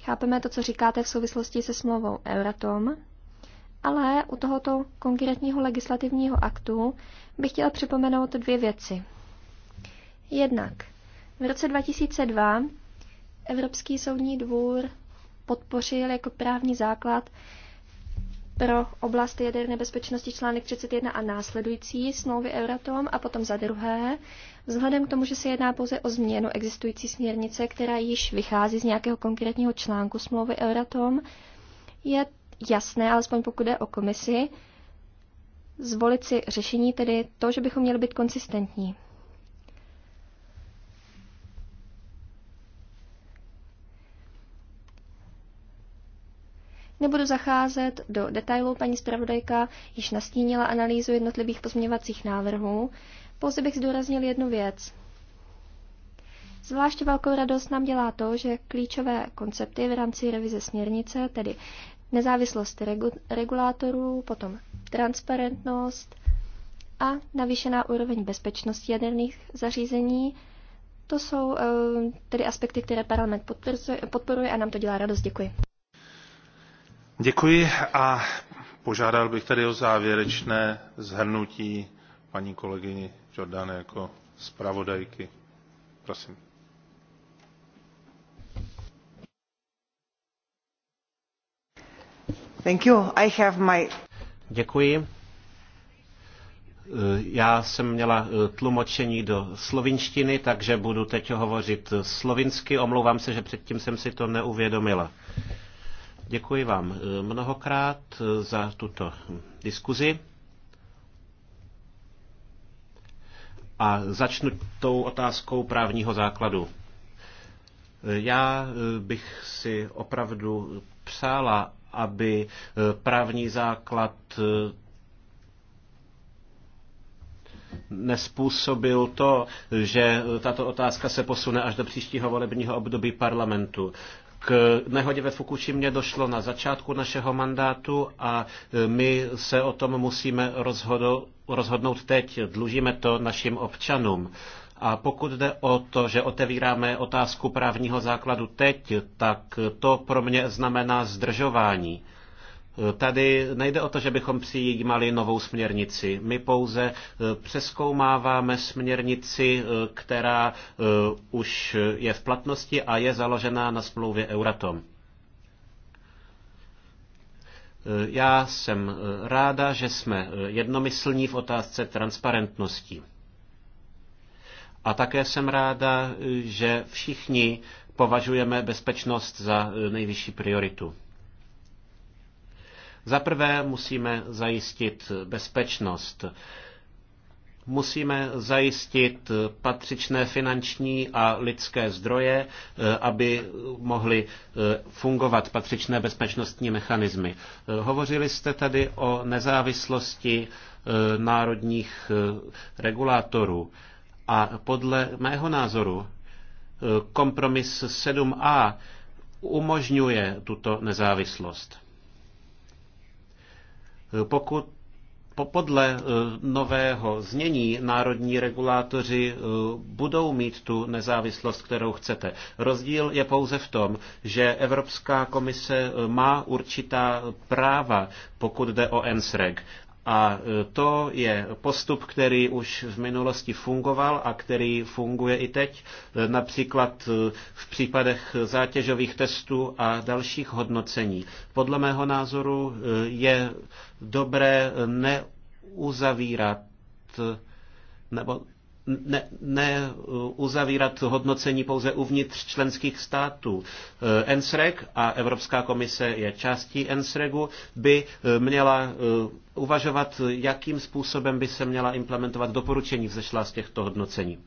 Chápeme to, co říkáte v souvislosti se smlouvou Euratom, ale u tohoto konkrétního legislativního aktu bych chtěla připomenout dvě věci. Jednak v roce 2002 Evropský soudní dvůr podpořil jako právní základ pro oblast jaderné bezpečnosti článek 31 a následující smlouvy Euratom a potom za druhé, vzhledem k tomu, že se jedná pouze o změnu existující směrnice, která již vychází z nějakého konkrétního článku smlouvy Euratom, je jasné, alespoň pokud jde o komisi, zvolit si řešení, tedy to, že bychom měli být konsistentní. Nebudu zacházet do detailů, paní zpravodajka již nastínila analýzu jednotlivých pozměňovacích návrhů, pouze bych zdůraznil jednu věc. Zvlášť velkou radost nám dělá to, že klíčové koncepty v rámci revize směrnice, tedy nezávislost regu- regulátorů, potom transparentnost a navýšená úroveň bezpečnosti jaderných zařízení, to jsou eh, tedy aspekty, které parlament podporuje a nám to dělá radost. Děkuji.
Děkuji a požádal bych tedy o závěrečné shrnutí paní kolegyni Jordan jako zpravodajky. Prosím. Thank you. I have my...
Děkuji. Já jsem měla eh, tlumočení do slovinštiny, takže budu teď hovořit slovinsky. Omlouvám se, že předtím jsem si to neuvědomila. Děkuji vám eh, mnohokrát eh, za tuto diskuzi. A začnu tou otázkou právního základu. Eh, já bych si opravdu přála, aby právní základ nespůsobil to, že tato otázka se posune až do příštího volebního období parlamentu. K nehodě ve Fukušimě došlo na začátku našeho mandátu a e, my se o tom musíme rozhodnout teď. Dlužíme to našim občanům. A pokud jde o to, že otevíráme otázku právního základu teď, tak to pro mě znamená zdržování. Tady nejde o to, že bychom přijímali novou směrnici. My pouze e, přeskoumáváme směrnici, e, která e, už je v platnosti a je založená na smlouvě Euratom. Já jsem ráda, že jsme jednomyslní v otázce transparentnosti. A také jsem ráda, že všichni považujeme bezpečnost za nejvyšší prioritu. Za prvé musíme zajistit bezpečnost. Musíme zajistit patřičné finanční a lidské zdroje, eh, aby mohly eh, fungovat patřičné bezpečnostní mechanismy. Eh, hovořili jste tady o nezávislosti národních regulátorů a podle mého názoru kompromis 7a umožňuje tuto nezávislost. Eh, pokud podle eh, nového znění národní regulátoři eh, budou mít tu nezávislost, kterou chcete. Rozdíl je pouze v tom, že Evropská komise má určitá práva, pokud jde o NSREG. A e, to je postup, který už v minulosti fungoval a který funguje i teď, e, například e, v případech zátěžových testů a dalších hodnocení. Podle mého názoru je dobré neuzavírat nebo neuzavírat ne uh, hodnocení pouze uvnitř členských států. Uh, NSREG a Evropská komise je částí NSREGu, by uh, měla uvažovat, jakým způsobem by se měla implementovat doporučení vzešla z těchto hodnocení.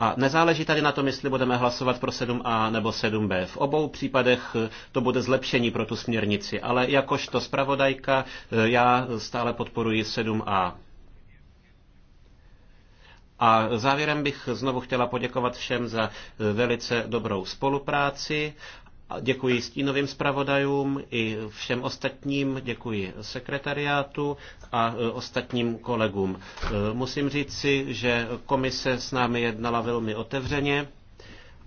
A nezáleží tady na tom, jestli budeme hlasovat pro 7a nebo 7b. V obou případech to bude zlepšení pro tu směrnici, ale jakožto zpravodajka já stále podporuji 7a. A závěrem bych znovu chtěla poděkovat všem za velice dobrou spolupráci. Děkuji stínovým zpravodajům i všem ostatním, děkuji sekretariátu a ostatním kolegům. Musím říci, že komise s námi jednala velmi otevřeně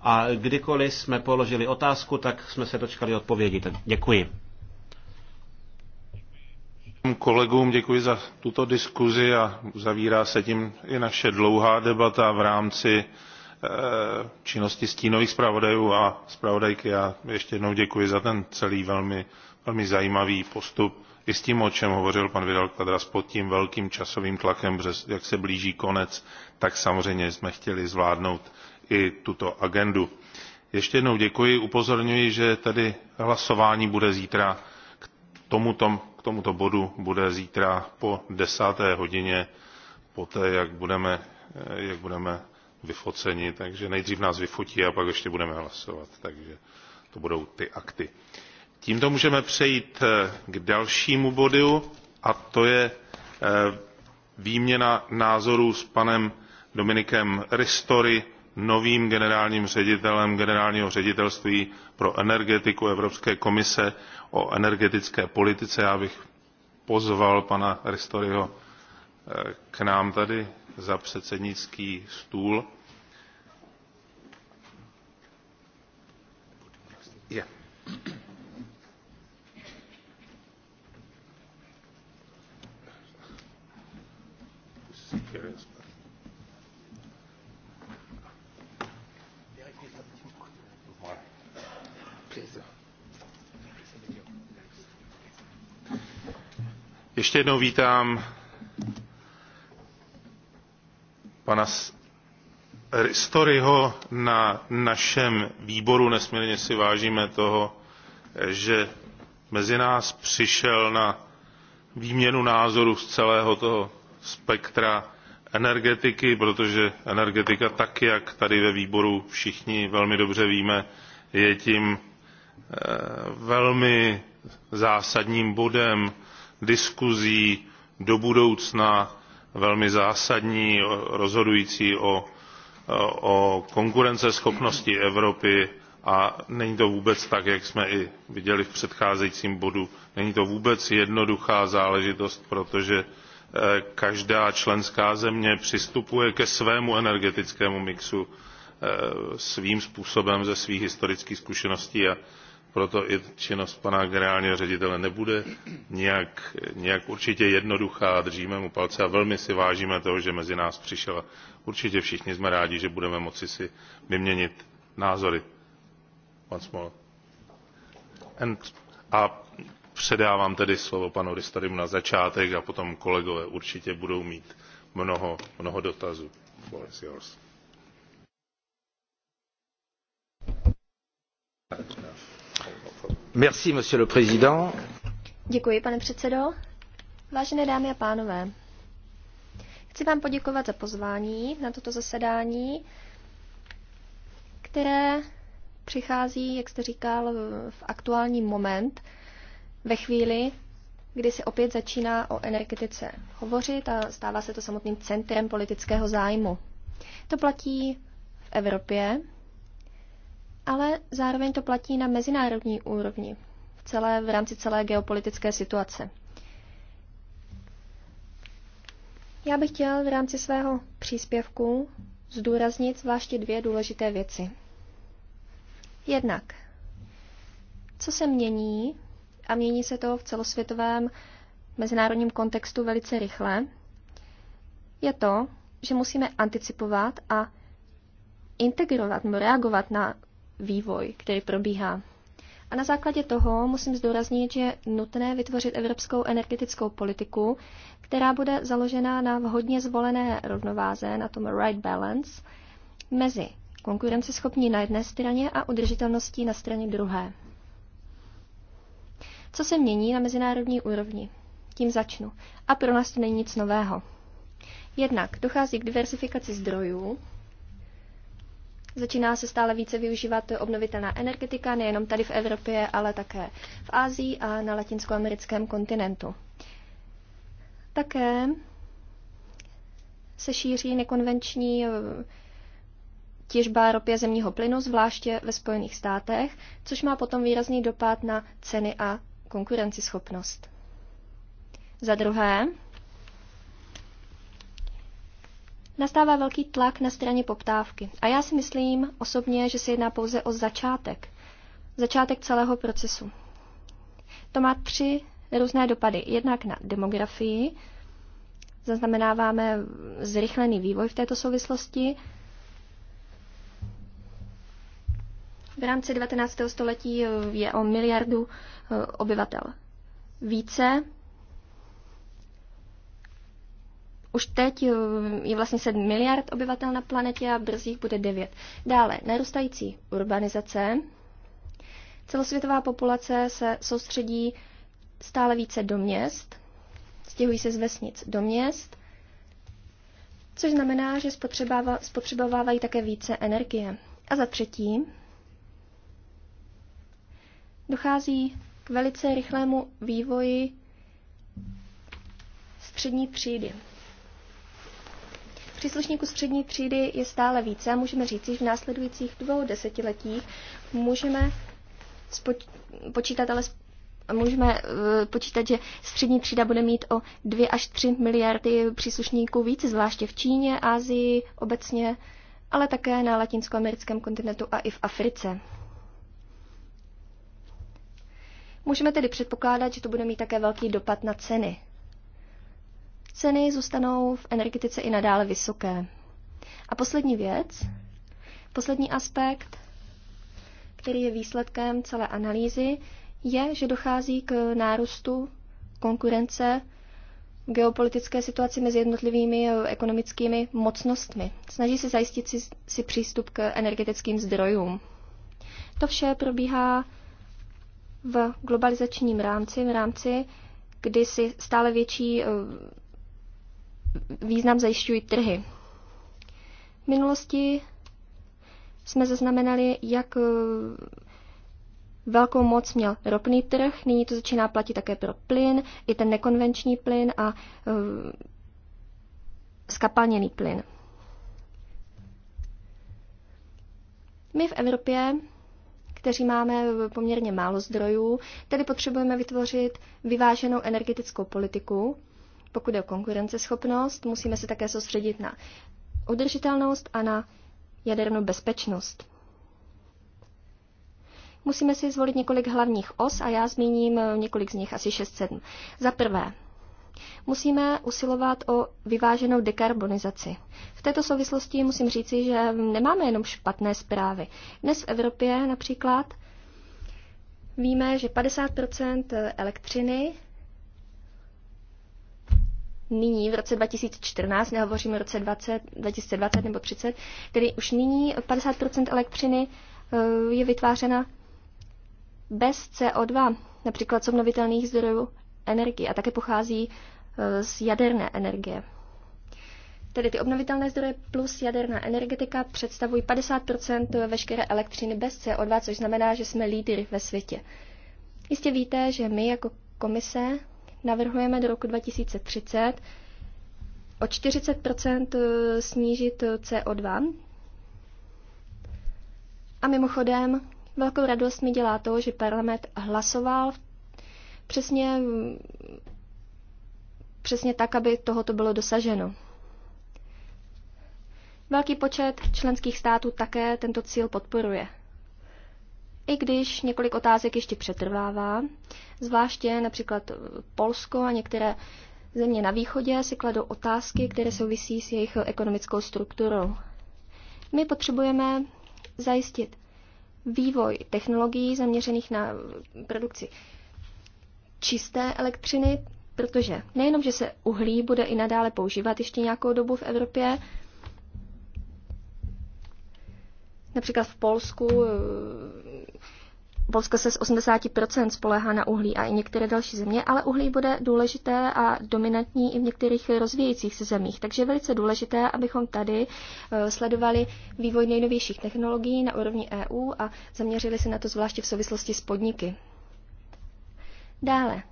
a kdykoliv jsme položili otázku, tak jsme se dočkali odpovědi. Tak děkuji
kolegům děkuji za tuto diskuzi a uzavírá se tím i naše dlouhá debata v rámci eh, činnosti stínových zpravodajů a zpravodajky a ještě jednou děkuji za ten celý velmi, velmi zajímavý postup i s tím o čem hovořil pan vidal quadras pod tím velkým časovým tlakem jak se blíží konec tak samozřejmě jsme chtěli zvládnout i tuto agendu. ještě jednou děkuji upozorňuji že tedy hlasování bude zítra k tomuto bodu bude zítra po desáté hodině, poté jak budeme, eh, jak budeme vyfoceni, takže nejdřív nás vyfotí a pak ještě budeme hlasovat, takže to budou ty akty. Tímto můžeme přejít eh, k dalšímu bodu a to je eh, výměna názorů s panem Dominikem Ristory, novým generálním ředitelem generálního ředitelství pro energetiku Evropské komise o energetické politice. Já bych pozval pana Ristoriho eh, k nám tady za předsednický stůl. Yeah. ještě jednou vítám pana ristoriho na našem výboru nesmírně si vážíme toho že mezi nás přišel na výměnu názorů z celého toho spektra energetiky protože energetika tak jak tady ve výboru všichni velmi dobře víme je tím eh, velmi zásadním bodem diskusí do budoucna velmi zásadní rozhodující o, o konkurenceschopnosti evropy a není to vůbec tak jak jsme i viděli v předcházejícím bodu není to vůbec jednoduchá záležitost protože eh, každá členská země přistupuje ke svému energetickému mixu eh, svým způsobem ze svých historických zkušeností a proto i činnost pana generálního ředitele nebude nijak, určitě jednoduchá. Držíme mu palce a velmi si vážíme toho, že mezi nás přišel. Určitě všichni jsme rádi, že budeme moci si vyměnit názory. Once more. And, a předávám tedy slovo panu Ristarimu na začátek a potom kolegové určitě budou mít mnoho, mnoho dotazů. yours.
Děkuji, pane předsedo. Vážené dámy a pánové, chci vám poděkovat za pozvání na toto zasedání, které přichází, jak jste říkal, v aktuální moment, ve chvíli, kdy se opět začíná o energetice hovořit a stává se to samotným centrem politického zájmu. To platí v Evropě, ale zároveň to platí na mezinárodní úrovni, v, celé, v rámci celé geopolitické situace. Já bych chtěl v rámci svého příspěvku zdůraznit zvláště dvě důležité věci. Jednak, co se mění, a mění se to v celosvětovém mezinárodním kontextu velice rychle, je to, že musíme anticipovat a integrovat nebo reagovat na vývoj, který probíhá. A na základě toho musím zdůraznit, že je nutné vytvořit evropskou energetickou politiku, která bude založena na vhodně zvolené rovnováze, na tom right balance, mezi konkurenceschopní na jedné straně a udržitelností na straně druhé. Co se mění na mezinárodní úrovni? Tím začnu. A pro nás to není nic nového. Jednak dochází k diversifikaci zdrojů, Začíná se stále více využívat obnovitelná energetika, nejenom tady v Evropě, ale také v Ázii a na latinskoamerickém kontinentu. Také se šíří nekonvenční eh, těžba ropě zemního plynu, zvláště ve Spojených státech, což má potom výrazný dopad na ceny a konkurenceschopnost. Za druhé, nastává velký tlak na straně poptávky. A já si myslím osobně, že se jedná pouze o začátek. Začátek celého procesu. To má tři různé dopady. Jednak na demografii, zaznamenáváme zrychlený vývoj v této souvislosti. V rámci 19. století je o miliardu eh, obyvatel více, Už teď eh, je vlastně 7 miliard obyvatel na planetě a brzích bude 9. Dále, narůstající urbanizace. Celosvětová populace se soustředí stále více do měst, stěhují se z vesnic do měst, což znamená, že spotřebovávají také více energie. A za třetí, dochází k velice rychlému vývoji střední třídy. Příslušníků střední třídy je stále více a můžeme říci, že v následujících dvou desetiletích můžeme počítat ale můžeme e, počítat, že střední třída bude mít o 2 až 3 miliardy příslušníků více, zvláště v Číně, Asii obecně, ale také na latinskoamerickém kontinentu a i v Africe. Můžeme tedy předpokládat, že to bude mít také velký dopad na ceny. Ceny zůstanou v energetice i nadále vysoké. A poslední věc, poslední aspekt, který je výsledkem celé analýzy, je, že dochází k nárůstu konkurence v geopolitické situaci mezi jednotlivými eh, ekonomickými mocnostmi. Snaží se zajistit si, si přístup k energetickým zdrojům. To vše probíhá v globalizačním rámci, v rámci, kdy si stále větší eh, význam zajišťují trhy. V minulosti jsme zaznamenali, jak eh, velkou moc měl ropný trh, nyní to začíná platit také pro plyn, i ten nekonvenční plyn a eh, skapalněný plyn. My v Evropě, kteří máme eh, poměrně málo zdrojů, tedy potřebujeme vytvořit vyváženou energetickou politiku, pokud je o konkurenceschopnost, musíme se také soustředit na udržitelnost a na jadernou bezpečnost. Musíme si zvolit několik hlavních os a já zmíním eh, několik z nich, asi 6-7. Za prvé, musíme usilovat o vyváženou dekarbonizaci. V této souvislosti musím říci, že nemáme jenom špatné zprávy. Dnes v Evropě například víme, že 50 elektřiny nyní v roce 2014, nehovoříme v roce 20, 2020 nebo 30, tedy už nyní 50% elektřiny eh, je vytvářena bez CO2, například z obnovitelných zdrojů energie a také pochází eh, z jaderné energie. Tedy ty obnovitelné zdroje plus jaderná energetika představují 50 veškeré elektřiny bez CO2, což znamená, že jsme lídry ve světě. Jistě víte, že my jako komise navrhujeme do roku 2030 o 40 eh, snížit eh, CO2. A mimochodem, velkou radost mi dělá to, že parlament hlasoval přesně, přesně tak, aby tohoto bylo dosaženo. Velký počet členských států také tento cíl podporuje. I když několik otázek ještě přetrvává, zvláště například eh, Polsko a některé země na východě si kladou otázky, které souvisí s jejich ekonomickou strukturou. My potřebujeme zajistit vývoj technologií zaměřených na eh, produkci čisté elektřiny, protože nejenom, že se uhlí bude i nadále používat ještě nějakou dobu v Evropě, Například v Polsku eh, Polsko se z 80% spolehá na uhlí a i některé další země, ale uhlí bude důležité a dominantní i v některých rozvíjejících se zemích. Takže je velice důležité, abychom tady eh, sledovali vývoj nejnovějších technologií na úrovni EU a zaměřili se na to zvláště v souvislosti s podniky. Dále.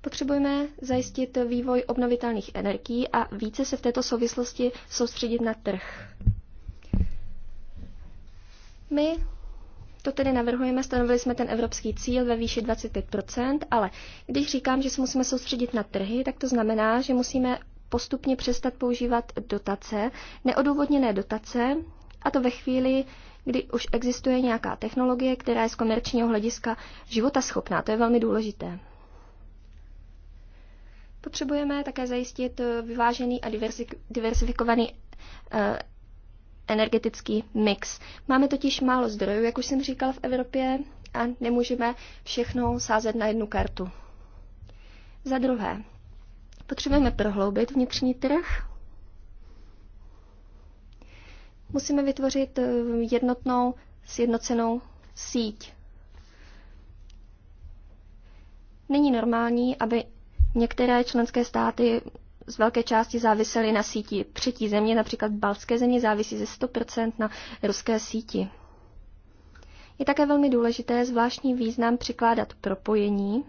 Potřebujeme zajistit vývoj obnovitelných energií a více se v této souvislosti soustředit na trh. My to tedy navrhujeme, stanovili jsme ten evropský cíl ve výši 25%, ale když říkám, že se musíme soustředit na trhy, tak to znamená, že musíme postupně přestat používat dotace, neodůvodněné dotace, a to ve chvíli, kdy už existuje nějaká technologie, která je z komerčního hlediska života schopná. To je velmi důležité. Potřebujeme také zajistit vyvážený a diversifikovaný eh, energetický mix. Máme totiž málo zdrojů, jak už jsem říkal, v Evropě a nemůžeme všechno sázet na jednu kartu. Za druhé, potřebujeme prohloubit vnitřní trh. Musíme vytvořit eh, jednotnou, sjednocenou síť. Není normální, aby některé členské státy z velké části závisely na síti třetí země, například balské země závisí ze 100% na ruské síti. Je také velmi důležité zvláštní význam přikládat propojení.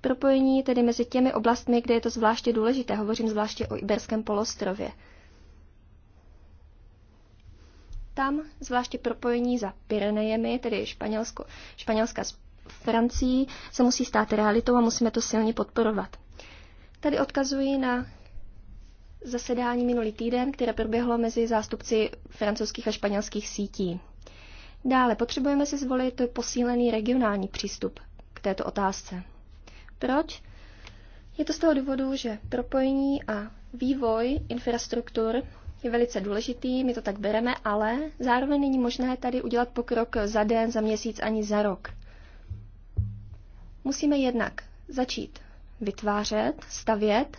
Propojení tedy mezi těmi oblastmi, kde je to zvláště důležité. Hovořím zvláště o Iberském polostrově. Tam zvláště propojení za Pyrenejemi, tedy Španělsko, Španělska s Francií, se musí stát realitou a musíme to silně podporovat. Tady odkazuji na zasedání minulý týden, které proběhlo mezi zástupci francouzských a španělských sítí. Dále potřebujeme si zvolit posílený regionální přístup k této otázce. Proč? Je to z toho důvodu, že propojení a vývoj infrastruktur je velice důležitý, my to tak bereme, ale zároveň není možné tady udělat pokrok za den, za měsíc ani za rok. Musíme jednak začít vytvářet, stavět,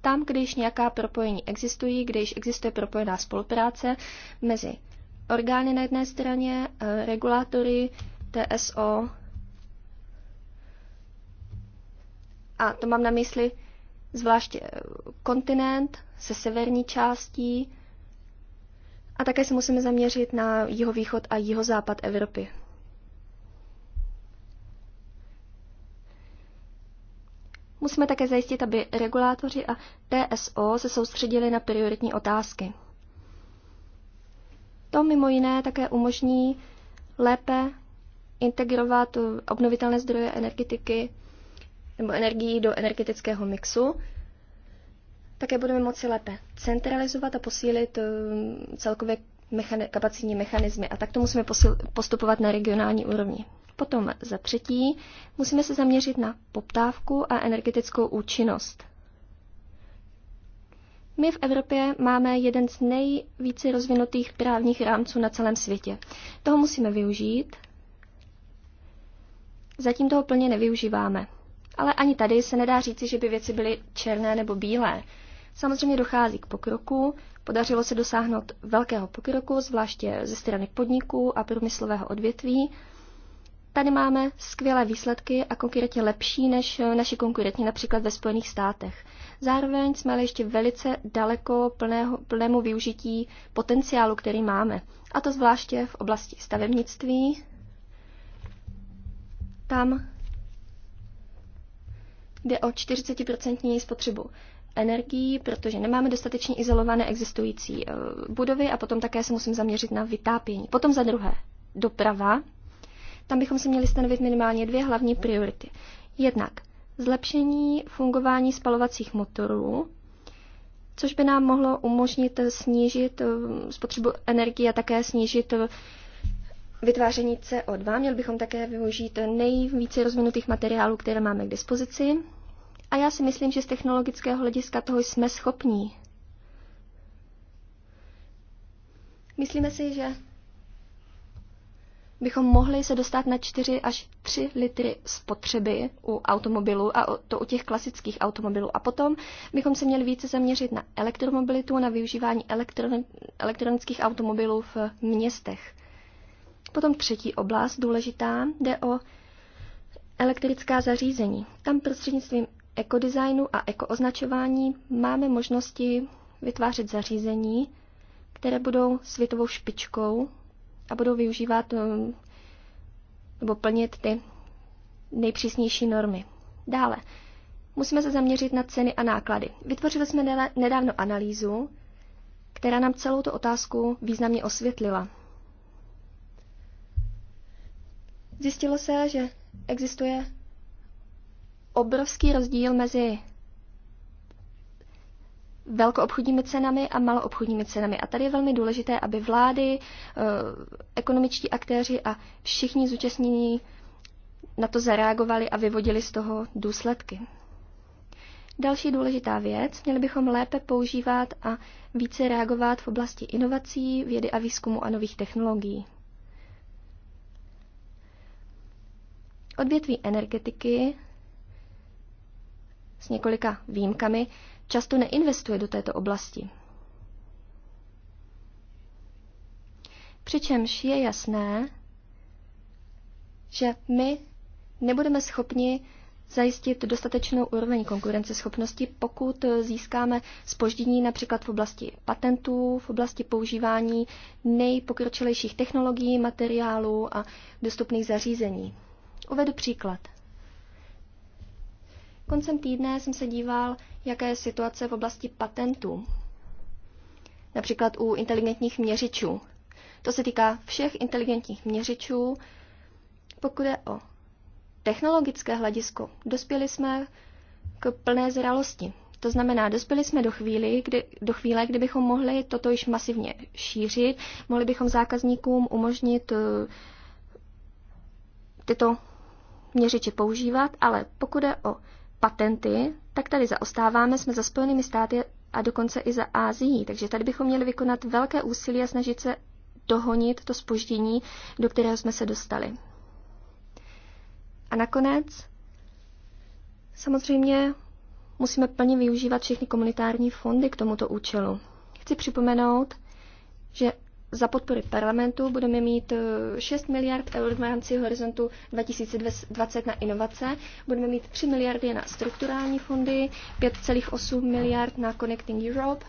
tam, kde již nějaká propojení existují, kde již existuje propojená spolupráce mezi orgány na jedné straně, eh, regulátory, TSO. A to mám na mysli zvláště eh, kontinent se severní částí. A také se musíme zaměřit na jihovýchod a jihozápad Evropy. Musíme také zajistit, aby regulátoři a TSO se soustředili na prioritní otázky. To mimo jiné také umožní lépe integrovat obnovitelné zdroje energetiky nebo energii do energetického mixu. Také budeme moci lépe centralizovat a posílit eh, celkově mechani- kapacitní mechanismy. A takto musíme postupovat na regionální úrovni. Potom za třetí musíme se zaměřit na poptávku a energetickou účinnost. My v Evropě máme jeden z nejvíce rozvinutých právních rámců na celém světě. Toho musíme využít. Zatím toho plně nevyužíváme. Ale ani tady se nedá říci, že by věci byly černé nebo bílé. Samozřejmě dochází k pokroku, podařilo se dosáhnout velkého pokroku, zvláště ze strany podniků a průmyslového odvětví, Tady máme skvělé výsledky a konkrétně lepší než eh, naši konkurenti například ve Spojených státech. Zároveň jsme ale ještě velice daleko plného, plnému využití potenciálu, který máme. A to zvláště v oblasti stavebnictví. Tam jde o 40% spotřebu energií, protože nemáme dostatečně izolované existující eh, budovy a potom také se musím zaměřit na vytápění. Potom za druhé, doprava. Tam bychom si měli stanovit minimálně dvě hlavní priority. Jednak zlepšení fungování spalovacích motorů, což by nám mohlo umožnit snížit eh, spotřebu energie a také snížit eh, vytváření CO2. Měli bychom také využít nejvíce rozvinutých materiálů, které máme k dispozici. A já si myslím, že z technologického hlediska toho jsme schopní. Myslíme si, že bychom mohli se dostat na 4 až 3 litry spotřeby u automobilů a to u těch klasických automobilů. A potom bychom se měli více zaměřit na elektromobilitu, na využívání elektron- elektronických automobilů v městech. Potom třetí oblast, důležitá, jde o elektrická zařízení. Tam prostřednictvím ekodesignu a ekooznačování máme možnosti vytvářet zařízení, které budou světovou špičkou a budou využívat eh, nebo plnit ty nejpřísnější normy. Dále, musíme se zaměřit na ceny a náklady. Vytvořili jsme nedávno analýzu, která nám celou tu otázku významně osvětlila. Zjistilo se, že existuje obrovský rozdíl mezi velkoobchodními cenami a maloobchodními cenami. A tady je velmi důležité, aby vlády, eh, ekonomičtí aktéři a všichni zúčastnění na to zareagovali a vyvodili z toho důsledky. Další důležitá věc, měli bychom lépe používat a více reagovat v oblasti inovací, vědy a výzkumu a nových technologií. Odvětví energetiky s několika výjimkami často neinvestuje do této oblasti. Přičemž je jasné, že my nebudeme schopni zajistit dostatečnou úroveň konkurenceschopnosti, pokud získáme spoždění například v oblasti patentů, v oblasti používání nejpokročilejších technologií, materiálů a dostupných zařízení. Uvedu příklad. Koncem týdne jsem se díval, jaká je situace v oblasti patentů. Například u inteligentních měřičů. To se týká všech inteligentních měřičů. Pokud je o technologické hledisko, dospěli jsme k plné zralosti. To znamená, dospěli jsme do, chvíli, kdy, do chvíle, kdy bychom mohli toto již masivně šířit, mohli bychom zákazníkům umožnit eh, tyto měřiče používat, ale pokud je o patenty, tak tady zaostáváme, jsme za Spojenými státy a dokonce i za Ázií. Takže tady bychom měli vykonat velké úsilí a snažit se dohonit to spoždění, do kterého jsme se dostali. A nakonec, samozřejmě musíme plně využívat všechny komunitární fondy k tomuto účelu. Chci připomenout, že za podpory parlamentu budeme mít 6 eh, miliard eur v rámci horizontu 2020 na inovace, budeme mít 3 miliardy na strukturální fondy, 5,8 miliard na Connecting Europe,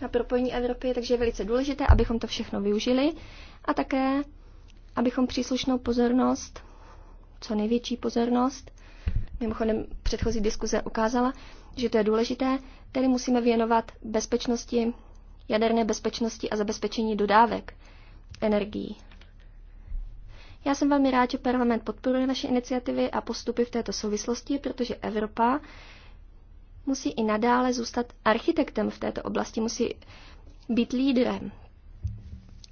na propojení Evropy, takže je velice důležité, abychom to všechno využili a také, abychom příslušnou pozornost, co největší pozornost, mimochodem předchozí diskuze ukázala, že to je důležité, tedy musíme věnovat bezpečnosti jaderné bezpečnosti a zabezpečení dodávek energií. Já jsem velmi rád, že parlament podporuje naše iniciativy a postupy v této souvislosti, protože Evropa musí i nadále zůstat architektem v této oblasti, musí být lídrem.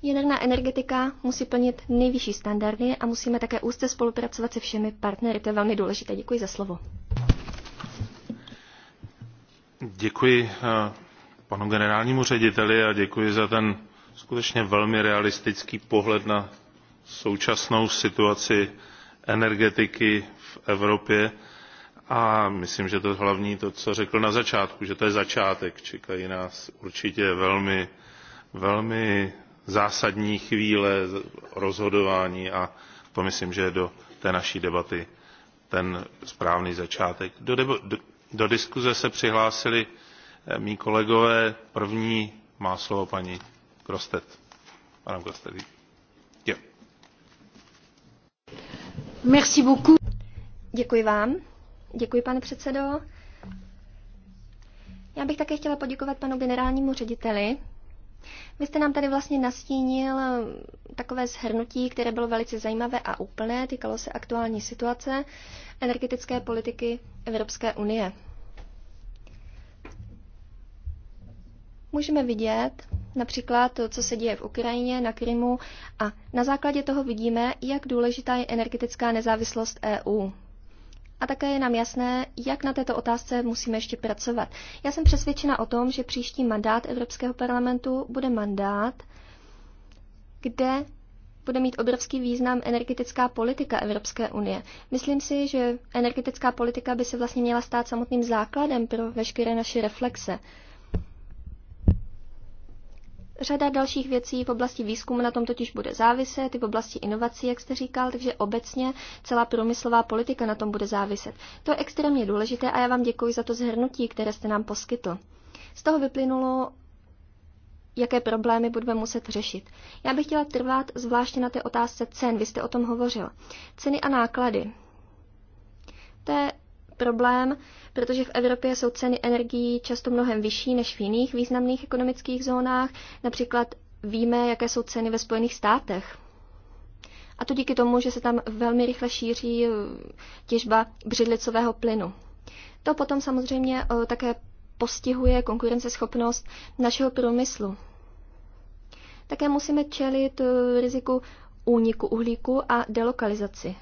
Jaderná energetika musí plnit nejvyšší standardy a musíme také úzce spolupracovat se všemi partnery. To je velmi důležité. Děkuji za slovo.
Děkuji eh, panu generálnímu řediteli a děkuji za ten skutečně velmi realistický pohled na současnou situaci energetiky v evropě a myslím že to hlavní to co řekl na začátku že to je začátek čekají nás určitě velmi velmi zásadní chvíle rozhodování a to myslím že je do té naší debaty ten správný začátek. do, do, do diskuze se přihlásili Eh, mí kolegové první má slovo paní grossette.
Děkuji vám. Děkuji, pane předsedo. Já bych také chtěla poděkovat panu generálnímu řediteli. Vy jste nám tady vlastně nastínil eh, takové shrnutí, které bylo velice zajímavé a úplné, týkalo se aktuální situace energetické politiky Evropské unie. můžeme vidět například to, co se děje v Ukrajině, na Krymu a na základě toho vidíme, jak důležitá je energetická nezávislost EU. A také je nám jasné, jak na této otázce musíme ještě pracovat. Já jsem přesvědčena o tom, že příští mandát Evropského parlamentu bude mandát, kde bude mít obrovský význam energetická politika Evropské unie. Myslím si, že energetická politika by se vlastně měla stát samotným základem pro veškeré naše reflexe. Řada dalších věcí v oblasti výzkumu na tom totiž bude záviset, i v oblasti inovací, jak jste říkal, takže obecně celá průmyslová politika na tom bude záviset. To je extrémně důležité a já vám děkuji za to zhrnutí, které jste nám poskytl. Z toho vyplynulo, jaké problémy budeme muset řešit. Já bych chtěla trvat zvláště na té otázce cen, vy jste o tom hovořil. Ceny a náklady. To je problém, protože v Evropě jsou ceny energií často mnohem vyšší než v jiných významných ekonomických zónách. Například víme, jaké jsou ceny ve Spojených státech. A to díky tomu, že se tam velmi rychle šíří uh, těžba břidlicového plynu. To potom samozřejmě uh, také postihuje konkurenceschopnost našeho průmyslu. Také musíme čelit uh, riziku úniku uhlíku a delokalizaci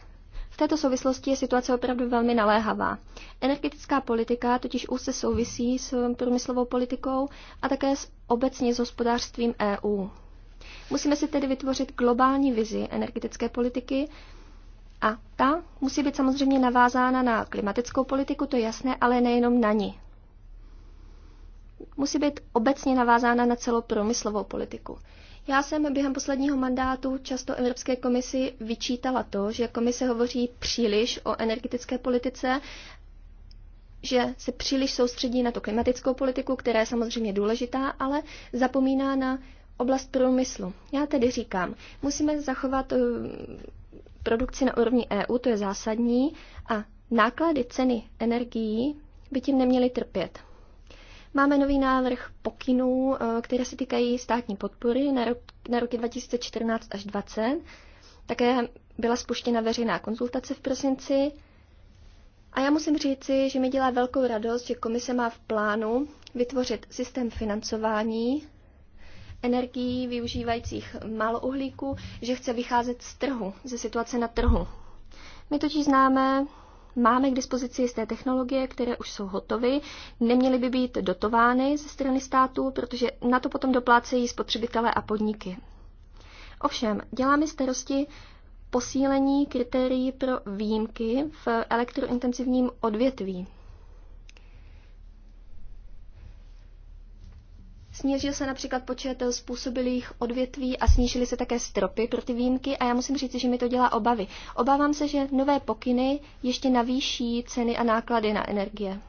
této souvislosti je situace opravdu velmi naléhavá. Energetická politika totiž už se souvisí s průmyslovou politikou a také s obecně s hospodářstvím EU. Musíme si tedy vytvořit globální vizi energetické politiky a ta musí být samozřejmě navázána na klimatickou politiku, to je jasné, ale nejenom na ní. Musí být obecně navázána na celou průmyslovou politiku. Já jsem během posledního mandátu často Evropské komisi vyčítala to, že komise hovoří příliš o energetické politice, že se příliš soustředí na tu klimatickou politiku, která je samozřejmě důležitá, ale zapomíná na oblast průmyslu. Já tedy říkám, musíme zachovat eh, produkci na úrovni EU, to je zásadní, a náklady ceny energií by tím neměly trpět. Máme nový návrh pokynů, eh, které se týkají státní podpory na, rok, na roky 2014 až 2020. Také byla spuštěna veřejná konzultace v prosinci. A já musím říci, že mi dělá velkou radost, že komise má v plánu vytvořit systém financování energií využívajících málo uhlíku, že chce vycházet z trhu, ze situace na trhu. My totiž známe Máme k dispozici jisté technologie, které už jsou hotovy, neměly by být dotovány ze strany státu, protože na to potom doplácejí spotřebitelé a podniky. Ovšem, děláme starosti posílení kritérií pro výjimky v elektrointenzivním odvětví. Snížil se například počet způsobilých odvětví a snížily se také stropy pro ty výjimky a já musím říct, že mi to dělá obavy. Obávám se, že nové pokyny ještě navýší ceny a náklady na energie.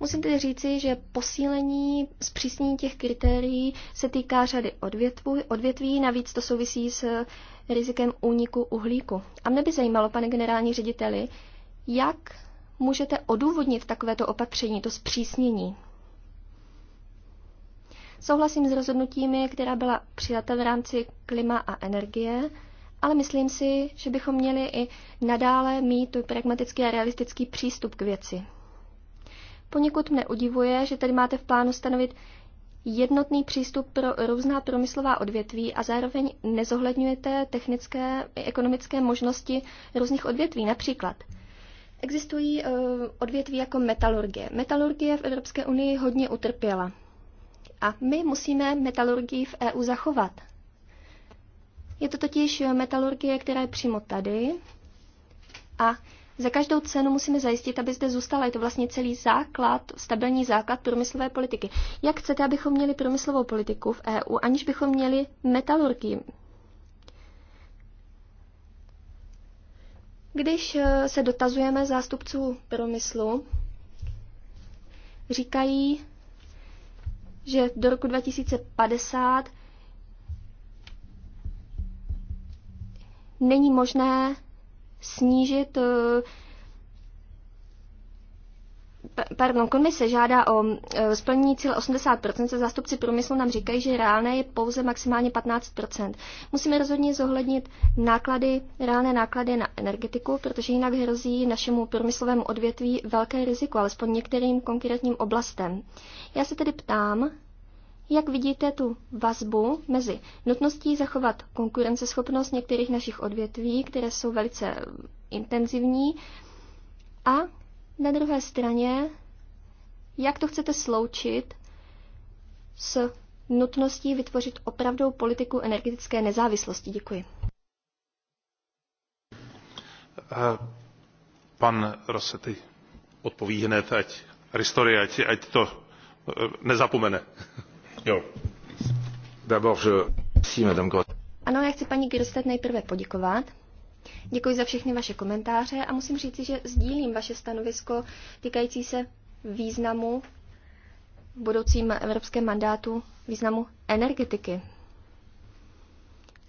Musím tedy říci, že posílení, zpřísnění těch kritérií se týká řady odvětví, odvětví navíc to souvisí s rizikem úniku uhlíku. A mne by zajímalo, pane generální řediteli, jak můžete odůvodnit takovéto opatření, to zpřísnění? Souhlasím s rozhodnutími, která byla přijata v rámci klima a energie, ale myslím si, že bychom měli i nadále mít tu pragmatický a realistický přístup k věci. Poněkud mne udivuje, že tady máte v plánu stanovit jednotný přístup pro různá průmyslová odvětví a zároveň nezohledňujete technické i ekonomické možnosti různých odvětví. Například existují eh, odvětví jako metalurgie. Metalurgie v Evropské unii hodně utrpěla a my musíme metalurgii v EU zachovat. Je to totiž metalurgie, která je přímo tady a za každou cenu musíme zajistit, aby zde zůstala. Je to vlastně celý základ, stabilní základ průmyslové politiky. Jak chcete, abychom měli průmyslovou politiku v EU, aniž bychom měli metalurgii? Když eh, se dotazujeme zástupců průmyslu, říkají, že do roku 2050 není možné snížit eh, pardon, komise žádá o e, splnění cíle 80%, co zástupci průmyslu nám říkají, že reálné je pouze maximálně 15%. Musíme rozhodně zohlednit náklady, reálné náklady na energetiku, protože jinak hrozí našemu průmyslovému odvětví velké riziko, alespoň některým konkrétním oblastem. Já se tedy ptám, jak vidíte tu vazbu mezi nutností zachovat konkurenceschopnost některých našich odvětví, které jsou velice intenzivní, a na druhé straně, jak to chcete sloučit s nutností vytvořit opravdou politiku energetické nezávislosti? Děkuji.
Eh, pan Rosety odpoví hned, ať Ristory, ať, ať to eh, nezapomene. Jo. D'abord, je...
Ano, já chci paní Gerstedt nejprve poděkovat. Děkuji za všechny vaše komentáře a musím říct, že sdílím vaše stanovisko týkající se významu v budoucím evropském mandátu významu energetiky.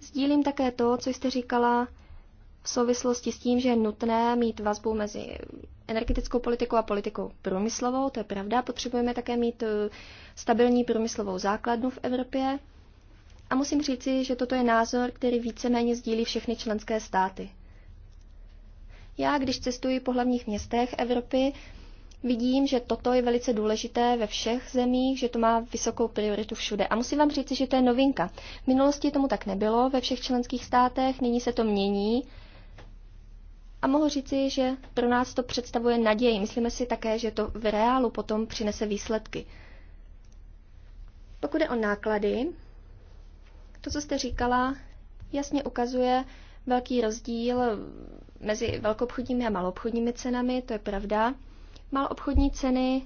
Sdílím také to, co jste říkala v souvislosti s tím, že je nutné mít vazbu mezi energetickou politikou a politikou průmyslovou, to je pravda. Potřebujeme také mít eh, stabilní průmyslovou základnu v Evropě, a musím říci, že toto je názor, který víceméně sdílí všechny členské státy. Já, když cestuji po hlavních městech Evropy, vidím, že toto je velice důležité ve všech zemích, že to má vysokou prioritu všude. A musím vám říci, že to je novinka. V minulosti tomu tak nebylo ve všech členských státech, nyní se to mění. A mohu říci, že pro nás to představuje naději. Myslíme si také, že to v reálu potom přinese výsledky. Pokud je o náklady, to, co jste říkala, jasně ukazuje velký rozdíl mezi velkoobchodními a malobchodními cenami, to je pravda. Malobchodní ceny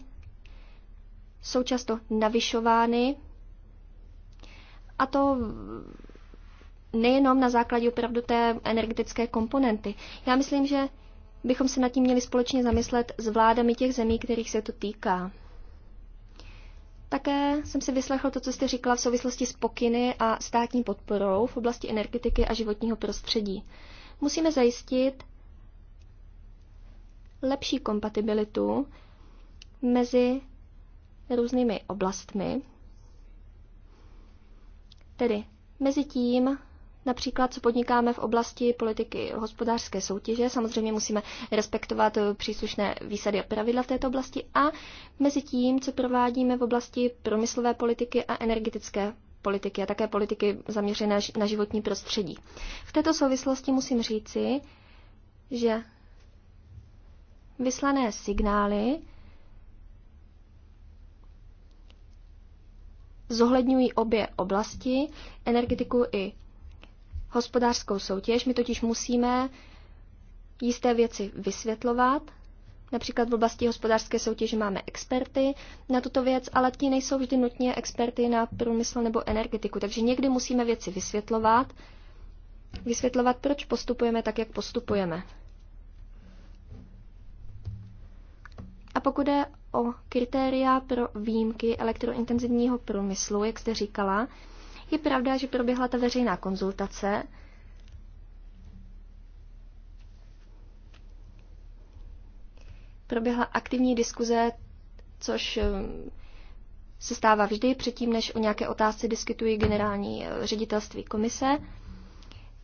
jsou často navyšovány a to nejenom na základě opravdu té energetické komponenty. Já myslím, že bychom se nad tím měli společně zamyslet s vládami těch zemí, kterých se to týká. Také jsem si vyslechl to, co jste říkala v souvislosti s pokyny a státní podporou v oblasti energetiky a životního prostředí. Musíme zajistit lepší kompatibilitu mezi různými oblastmi, tedy mezi tím, Například, co podnikáme v oblasti politiky hospodářské soutěže, samozřejmě musíme respektovat eh, příslušné výsady a pravidla v této oblasti a mezi tím, co provádíme v oblasti promyslové politiky a energetické politiky a také politiky zaměřené na životní prostředí. V této souvislosti musím říci, že vyslané signály zohledňují obě oblasti, energetiku i hospodářskou soutěž. My totiž musíme jisté věci vysvětlovat. Například v oblasti hospodářské soutěže máme experty na tuto věc, ale ti nejsou vždy nutně experty na průmysl nebo energetiku. Takže někdy musíme věci vysvětlovat, vysvětlovat, proč postupujeme tak, jak postupujeme. A pokud je o kritéria pro výjimky elektrointenzivního průmyslu, jak jste říkala, je pravda, že proběhla ta veřejná konzultace. Proběhla aktivní diskuze, což eh, se stává vždy předtím, než o nějaké otázce diskutují generální eh, ředitelství komise.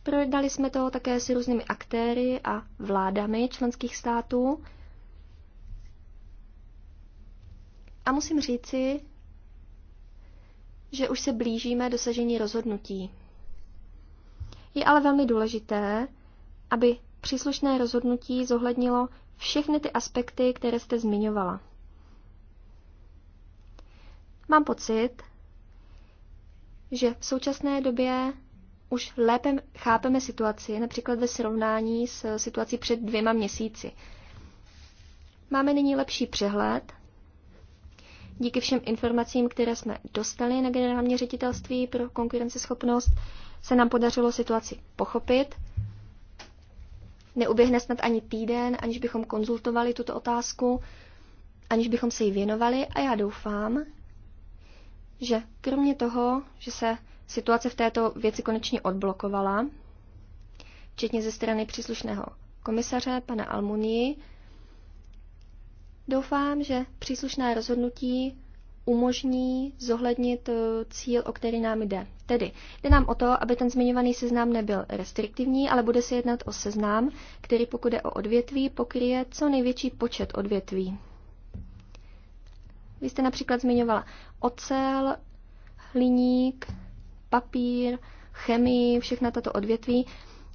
Projednali jsme to také s různými aktéry a vládami členských států. A musím říci, že už se blížíme dosažení rozhodnutí. Je ale velmi důležité, aby příslušné rozhodnutí zohlednilo všechny ty aspekty, které jste zmiňovala. Mám pocit, že v současné době už lépe chápeme situaci, například ve srovnání s situací před dvěma měsíci. Máme nyní lepší přehled Díky všem informacím, které jsme dostali na generální ředitelství pro konkurenceschopnost, se nám podařilo situaci pochopit. Neuběhne snad ani týden, aniž bychom konzultovali tuto otázku, aniž bychom se jí věnovali a já doufám, že kromě toho, že se situace v této věci konečně odblokovala, včetně ze strany příslušného komisaře, pana Almunii, Doufám, že příslušná rozhodnutí umožní zohlednit eh, cíl, o který nám jde. Tedy jde nám o to, aby ten zmiňovaný seznam nebyl restriktivní, ale bude se jednat o seznam, který pokud je o odvětví, pokryje co největší počet odvětví. Vy jste například zmiňovala ocel, hliník, papír, chemii, všechna tato odvětví.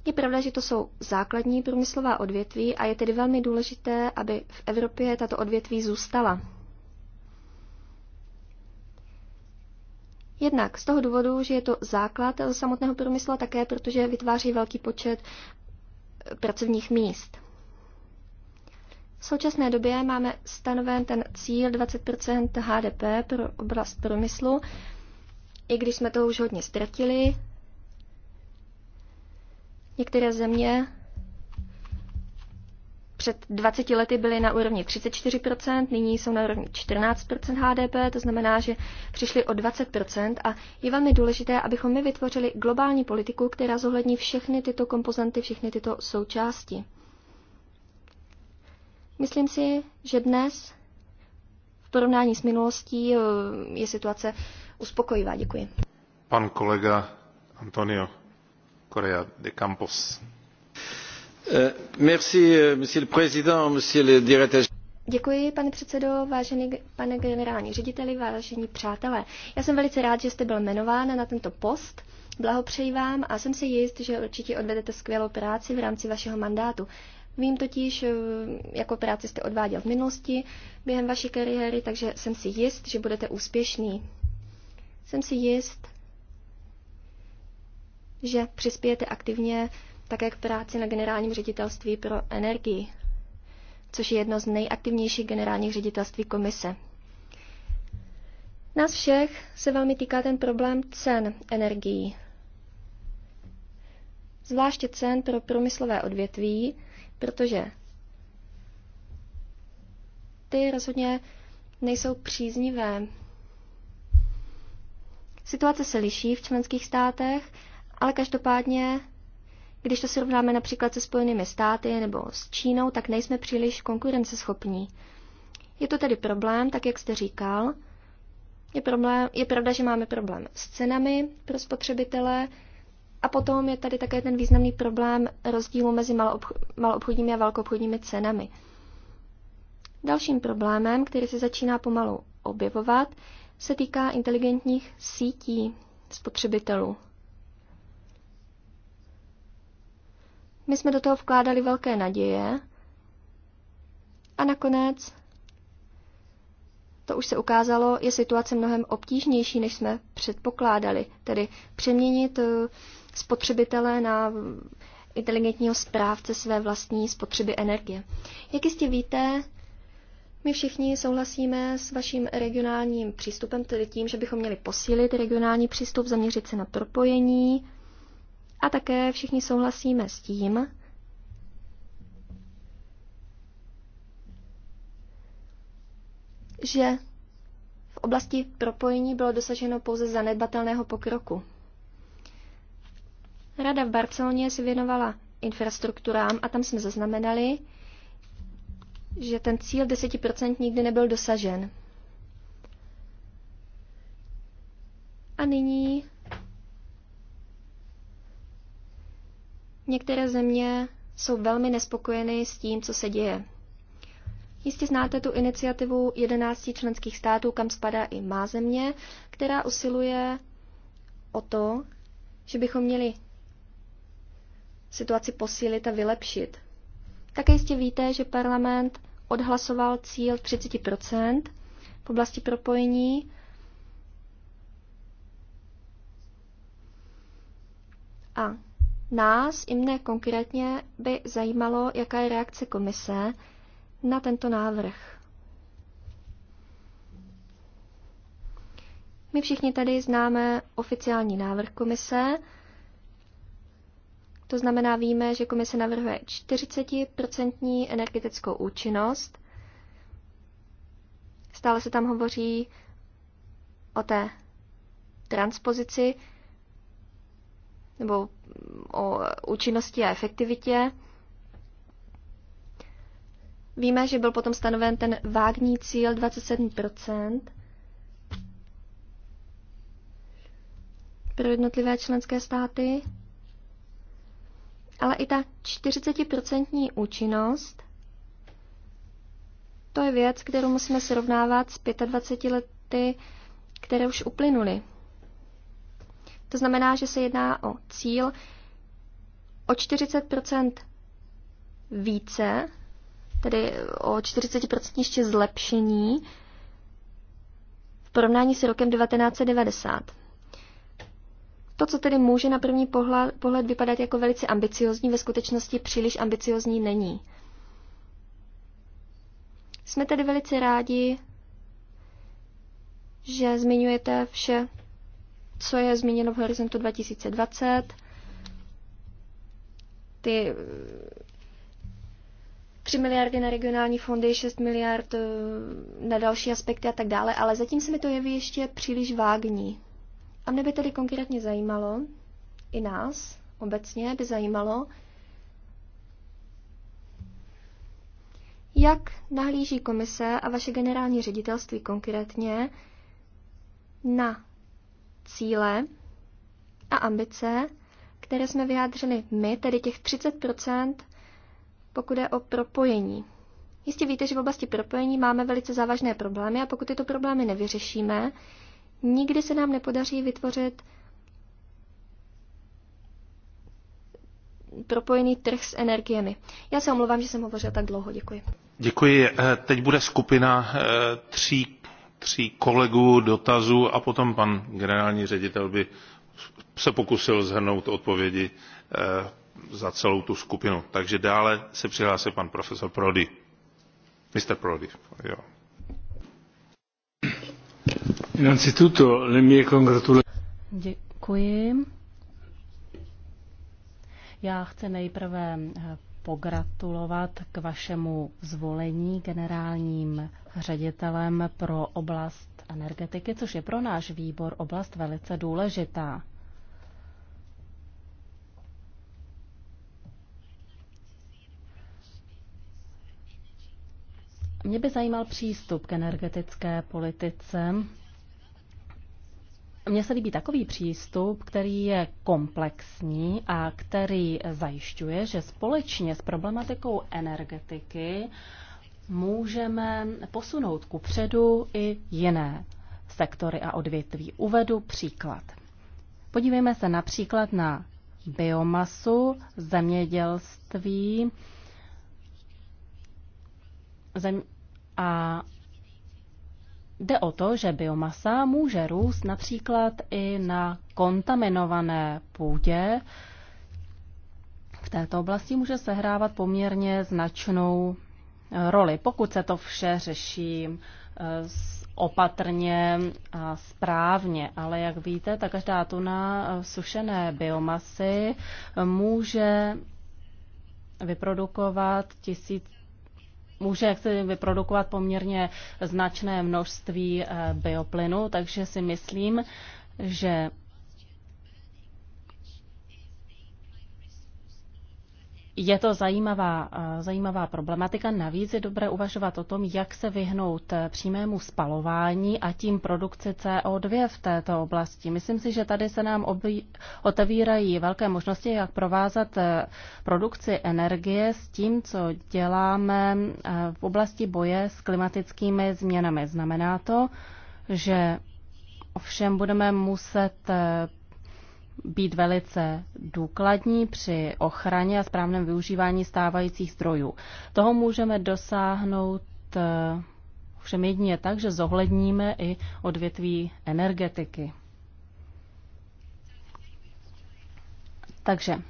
Je pravda, že to jsou základní průmyslová odvětví a je tedy velmi důležité, aby v Evropě tato odvětví zůstala. Jednak z toho důvodu, že je to základ samotného průmyslu a také protože vytváří velký počet eh, pracovních míst. V současné době máme stanoven ten cíl 20 HDP pro oblast průmyslu, i když jsme to už hodně ztratili, Některé země před 20 lety byly na úrovni 34%, nyní jsou na úrovni 14% HDP, to znamená, že přišli o 20% a je velmi důležité, abychom my vytvořili globální politiku, která zohlední všechny tyto komponenty, všechny tyto součásti. Myslím si, že dnes v porovnání s minulostí eh, je situace uspokojivá. Děkuji.
Pan kolega Antonio. Eh, eh,
Děkuji, pane předsedající vážený pane generální řediteli, vážení přátelé. Já jsem velice rád, že jste byl jmenován na tento post. Blahopřeji vám a jsem si jist, že určitě odvedete skvělou práci v rámci vašeho mandátu. Vím totiž, eh, jakou práci jste odváděl v minulosti během vaší kariéry, takže jsem si jist, že budete úspěšný. Jsem si jist, že přispějete aktivně také k práci na generálním ředitelství pro energii, což je jedno z nejaktivnějších generálních ředitelství komise. Nás všech se velmi týká ten problém cen energií. Zvláště cen pro průmyslové odvětví, protože ty rozhodně nejsou příznivé. Situace se liší v členských státech ale každopádně, když to srovnáme například se Spojenými státy nebo s Čínou, tak nejsme příliš konkurenceschopní. Je to tedy problém, tak jak jste říkal. Je, problém, je pravda, že máme problém s cenami pro spotřebitele, a potom je tady také ten významný problém rozdílu mezi maloobchodními a velkoobchodními cenami. Dalším problémem, který se začíná pomalu objevovat, se týká inteligentních sítí spotřebitelů. My jsme do toho vkládali velké naděje a nakonec, to už se ukázalo, je situace mnohem obtížnější, než jsme předpokládali. Tedy přeměnit eh, spotřebitele na mm, inteligentního správce své vlastní spotřeby energie. Jak jistě víte, my všichni souhlasíme s vaším regionálním přístupem, tedy tím, že bychom měli posílit regionální přístup, zaměřit se na propojení a také všichni souhlasíme s tím, že v oblasti propojení bylo dosaženo pouze zanedbatelného pokroku. Rada v Barceloně se věnovala infrastrukturám a tam jsme zaznamenali, že ten cíl 10% nikdy nebyl dosažen. A nyní Některé země jsou velmi nespokojeny s tím, co se děje. Jistě znáte tu iniciativu 11 členských států, kam spadá i má země, která usiluje o to, že bychom měli situaci posílit a vylepšit. Také jistě víte, že parlament odhlasoval cíl 30% v oblasti propojení. A Nás i mne konkrétně by zajímalo, jaká je reakce komise na tento návrh. My všichni tady známe oficiální návrh komise. To znamená, víme, že komise navrhuje 40% energetickou účinnost. Stále se tam hovoří o té transpozici nebo o účinnosti a efektivitě. Víme, že byl potom stanoven ten vágní cíl 27% pro jednotlivé členské státy, ale i ta 40% účinnost, to je věc, kterou musíme srovnávat s 25 lety, které už uplynuly. To znamená, že se jedná o cíl o 40 více, tedy o 40% ještě zlepšení v porovnání s rokem 1990. To, co tedy může na první pohled, pohled vypadat jako velice ambiciozní, ve skutečnosti příliš ambiciozní není. Jsme tedy velice rádi, že zmiňujete vše co je zmíněno v horizontu 2020, ty 3 eh, miliardy na regionální fondy, 6 miliard eh, na další aspekty a tak dále, ale zatím se mi to jeví ještě příliš vágní. A mne by tedy konkrétně zajímalo, i nás obecně by zajímalo, jak nahlíží komise a vaše generální ředitelství konkrétně na cíle a ambice, které jsme vyjádřili my, tedy těch 30 pokud je o propojení. Jistě víte, že v oblasti propojení máme velice závažné problémy a pokud tyto problémy nevyřešíme, nikdy se nám nepodaří vytvořit propojený trh s energiemi. Já se omlouvám, že jsem hovořil tak dlouho. Děkuji.
Děkuji. Eh, teď bude skupina eh, tří tří kolegů dotazů a potom pan generální ředitel by se pokusil shrnout odpovědi eh, za celou tu skupinu. takže dále se přihlásil pan profesor prodi. Mr. Prodi. Jo.
Děkuji. Já chci nejprve eh, pogratulovat k vašemu zvolení generálním ředitelem pro oblast energetiky, což je pro náš výbor oblast velice důležitá. Mě by zajímal přístup k energetické politice mně se líbí takový přístup, který je komplexní a který zajišťuje, že společně s problematikou energetiky můžeme posunout ku předu i jiné sektory a odvětví. Uvedu příklad. Podívejme se například na biomasu, zemědělství zem a Jde o to, že biomasa může růst například i na kontaminované půdě. V této oblasti může sehrávat poměrně značnou eh, roli, pokud se to vše řeší eh, opatrně a správně. Ale jak víte, ta každá tuna eh, sušené biomasy může vyprodukovat tisíc, může se vyprodukovat poměrně značné množství eh, bioplynu, takže si myslím, že Je to zajímavá, eh, zajímavá problematika. Navíc je dobré uvažovat o tom, jak se vyhnout eh, přímému spalování a tím produkci CO2 v této oblasti. Myslím si, že tady se nám obví, otevírají velké možnosti, jak provázat eh, produkci energie s tím, co děláme v oblasti boje s klimatickými změnami. Znamená to, že ovšem budeme muset být velice důkladní při ochraně a správném využívání stávajících zdrojů. Toho můžeme dosáhnout eh, všem jedině tak, že zohledníme i odvětví energetiky. Takže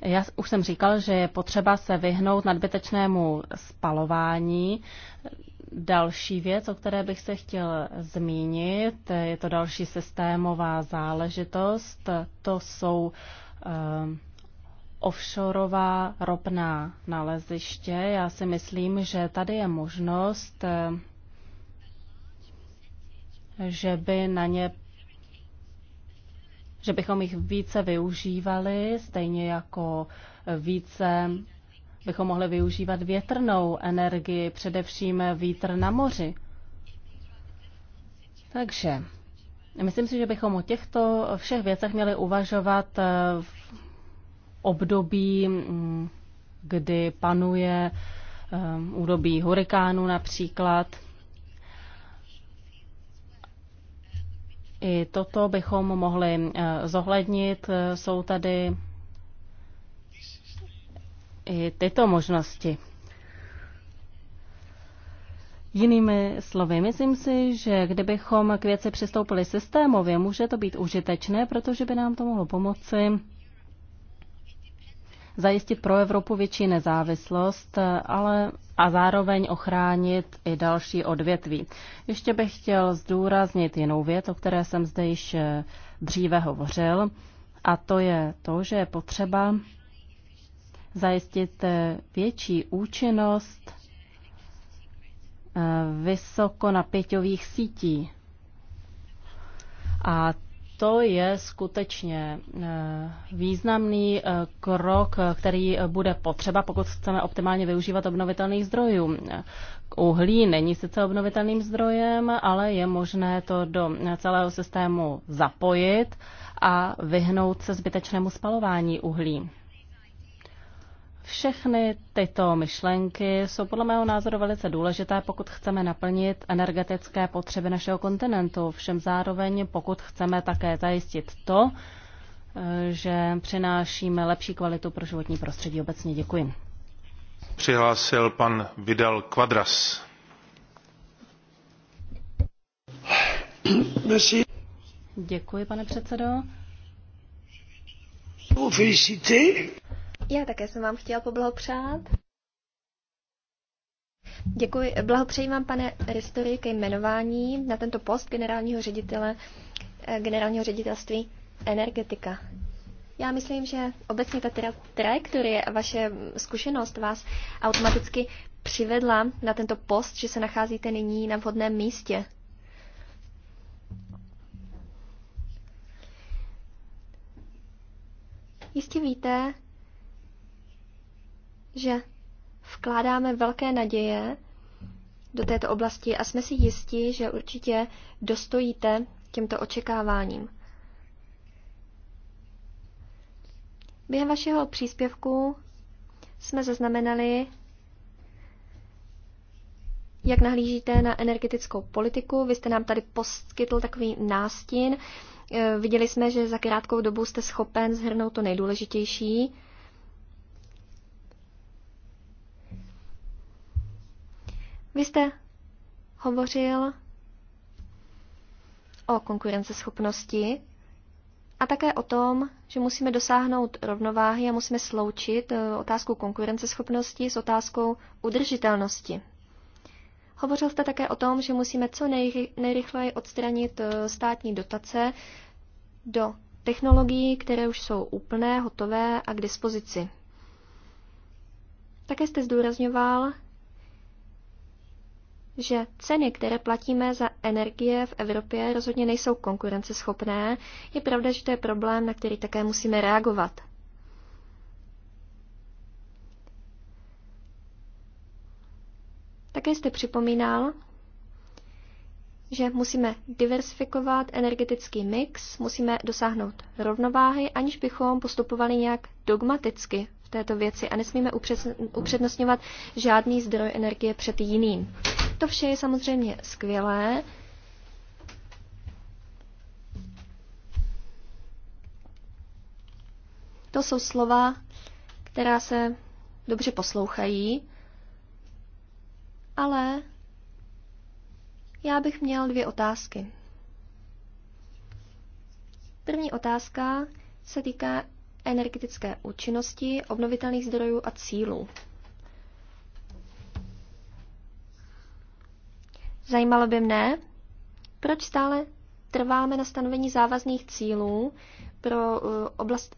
já už jsem říkal, že je potřeba se vyhnout nadbytečnému spalování. Další věc, o které bych se chtěl zmínit, je to další systémová záležitost. To jsou ehm, offshoreová ropná naleziště. Já si myslím, že tady je možnost, ehm, že by na ně že bychom jich více využívali, stejně jako více bychom mohli využívat větrnou energii, především vítr na moři. Takže myslím si, že bychom o těchto všech věcech měli uvažovat eh, v období, mm, kdy panuje eh, údobí hurikánu například. I toto bychom mohli eh, zohlednit. Jsou tady i tyto možnosti. Jinými slovy, myslím si, že kdybychom k věci přistoupili systémově, může to být užitečné, protože by nám to mohlo pomoci zajistit pro Evropu větší nezávislost, ale a zároveň ochránit i další odvětví. Ještě bych chtěl zdůraznit jinou věc, o které jsem zde již dříve hovořil, a to je to, že je potřeba zajistit eh, větší účinnost eh, vysokonapěťových sítí. A to je skutečně eh, významný krok, který bude potřeba, pokud chceme optimálně využívat obnovitelných zdrojů. Uhlí není sice obnovitelným zdrojem, ale je možné to do celého systému zapojit a vyhnout se zbytečnému spalování uhlí. Všechny tyto myšlenky jsou podle mého názoru velice důležité, pokud chceme naplnit energetické potřeby našeho kontinentu. Všem zároveň, pokud chceme také zajistit to, že přinášíme lepší kvalitu pro životní prostředí obecně. Děkuji.
Přihlásil pan Vidal Quadras.
Děkuji, pane předsedo. Félicité.
Já také jsem vám chtěla poblahopřát. Děkuji. Blahopřeji vám, pane Ristory, ke jmenování na tento post generálního ředitele eh, generálního ředitelství energetika. Já myslím, že obecně ta tra trajektorie a vaše zkušenost vás automaticky přivedla na tento post, že se nacházíte nyní na vhodném místě. Jistě víte, že vkládáme velké naděje do této oblasti a jsme si jistí, že určitě dostojíte těmto očekáváním. Během vašeho příspěvku jsme zaznamenali, jak nahlížíte na energetickou politiku. Vy jste nám tady poskytl takový nástin. Viděli jsme, že za krátkou dobu jste schopen zhrnout to nejdůležitější. Vy jste hovořil o konkurenceschopnosti a také o tom, že musíme dosáhnout rovnováhy a musíme sloučit eh, otázku konkurenceschopnosti s otázkou udržitelnosti. Hovořil jste také o tom, že musíme co nejrychleji odstranit eh, státní dotace do technologií, které už jsou úplné, hotové a k dispozici. Také jste zdůrazňoval, že ceny, které platíme za energie v Evropě, rozhodně nejsou konkurenceschopné. Je pravda, že to je problém, na který také musíme reagovat. Také jste připomínal, že musíme diversifikovat energetický mix, musíme dosáhnout rovnováhy, aniž bychom postupovali nějak dogmaticky v této věci a nesmíme upřednostňovat žádný zdroj energie před jiným. To vše je samozřejmě skvělé. To jsou slova, která se dobře poslouchají, ale já bych měl dvě otázky. První otázka se týká energetické účinnosti, obnovitelných zdrojů a cílů. Zajímalo by mne, proč stále trváme na stanovení závazných cílů pro uh, oblast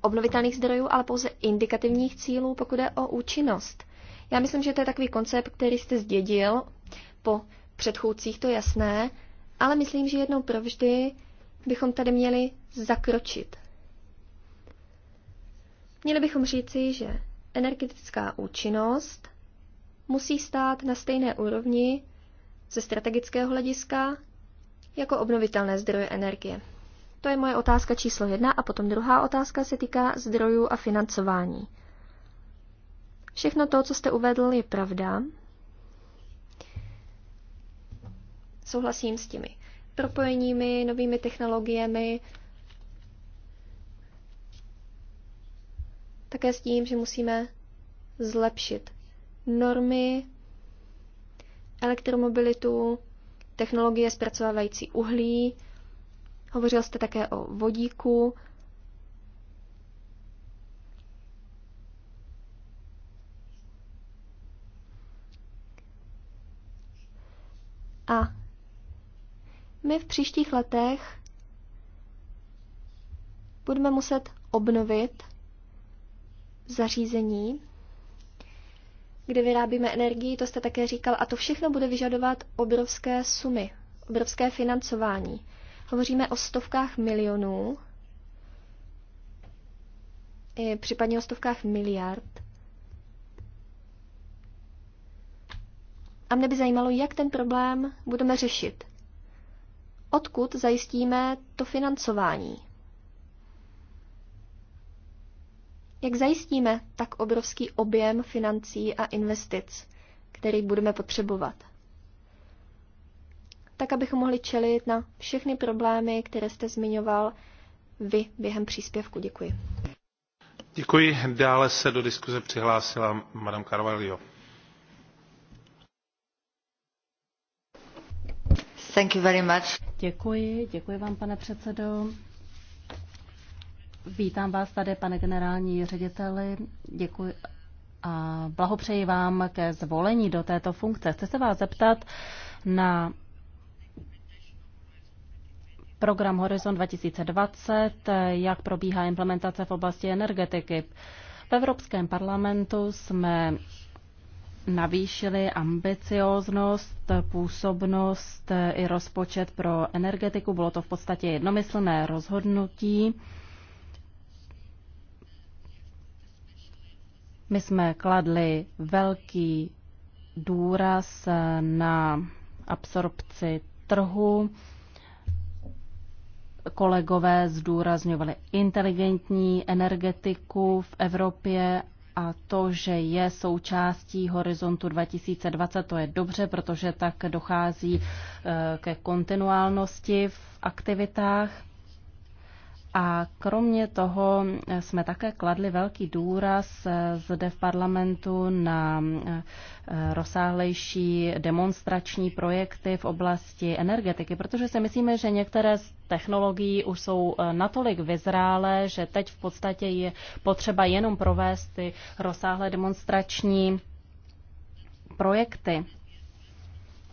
obnovitelných zdrojů, ale pouze indikativních cílů, pokud je o účinnost. Já myslím, že to je takový koncept, který jste zdědil po předchůdcích, to jasné, ale myslím, že jednou provždy bychom tady měli zakročit. Měli bychom říci, že energetická účinnost musí stát na stejné úrovni ze strategického hlediska jako obnovitelné zdroje energie. To je moje otázka číslo jedna a potom druhá otázka se týká zdrojů a financování. Všechno to, co jste uvedl, je pravda. Souhlasím s těmi propojeními, novými technologiemi, také s tím, že musíme zlepšit normy elektromobilitu, technologie zpracovávající uhlí, hovořil jste také o vodíku. A my v příštích letech budeme muset obnovit zařízení, kde vyrábíme energii, to jste také říkal, a to všechno bude vyžadovat obrovské sumy, obrovské financování. Hovoříme o stovkách milionů, i případně o stovkách miliard. A mne by zajímalo, jak ten problém budeme řešit. Odkud zajistíme to financování? Jak zajistíme tak obrovský objem financí a investic, který budeme potřebovat? Tak, abychom mohli čelit na všechny problémy, které jste zmiňoval vy během příspěvku. Děkuji.
Děkuji. Dále se do diskuze přihlásila madam Carvalho.
Thank you very much. Děkuji, děkuji vám, pane předsedo. Vítám vás tady, pane generální řediteli. Děkuji a blahopřeji vám ke zvolení do této funkce. Chci se vás zeptat na program Horizon 2020, jak probíhá implementace v oblasti energetiky. V Evropském parlamentu jsme navýšili ambicioznost, působnost i rozpočet pro energetiku. Bylo to v podstatě jednomyslné rozhodnutí. My jsme kladli velký důraz na absorpci trhu. Kolegové zdůrazňovali inteligentní energetiku v Evropě a to, že je součástí horizontu 2020, to je dobře, protože tak dochází eh, ke kontinuálnosti v aktivitách. A kromě toho eh, jsme také kladli velký důraz eh, zde v parlamentu na eh, rozsáhlejší demonstrační projekty v oblasti energetiky, protože si myslíme, že některé z technologií už jsou natolik vyzrálé, že teď v podstatě je potřeba jenom provést ty rozsáhlé demonstrační projekty.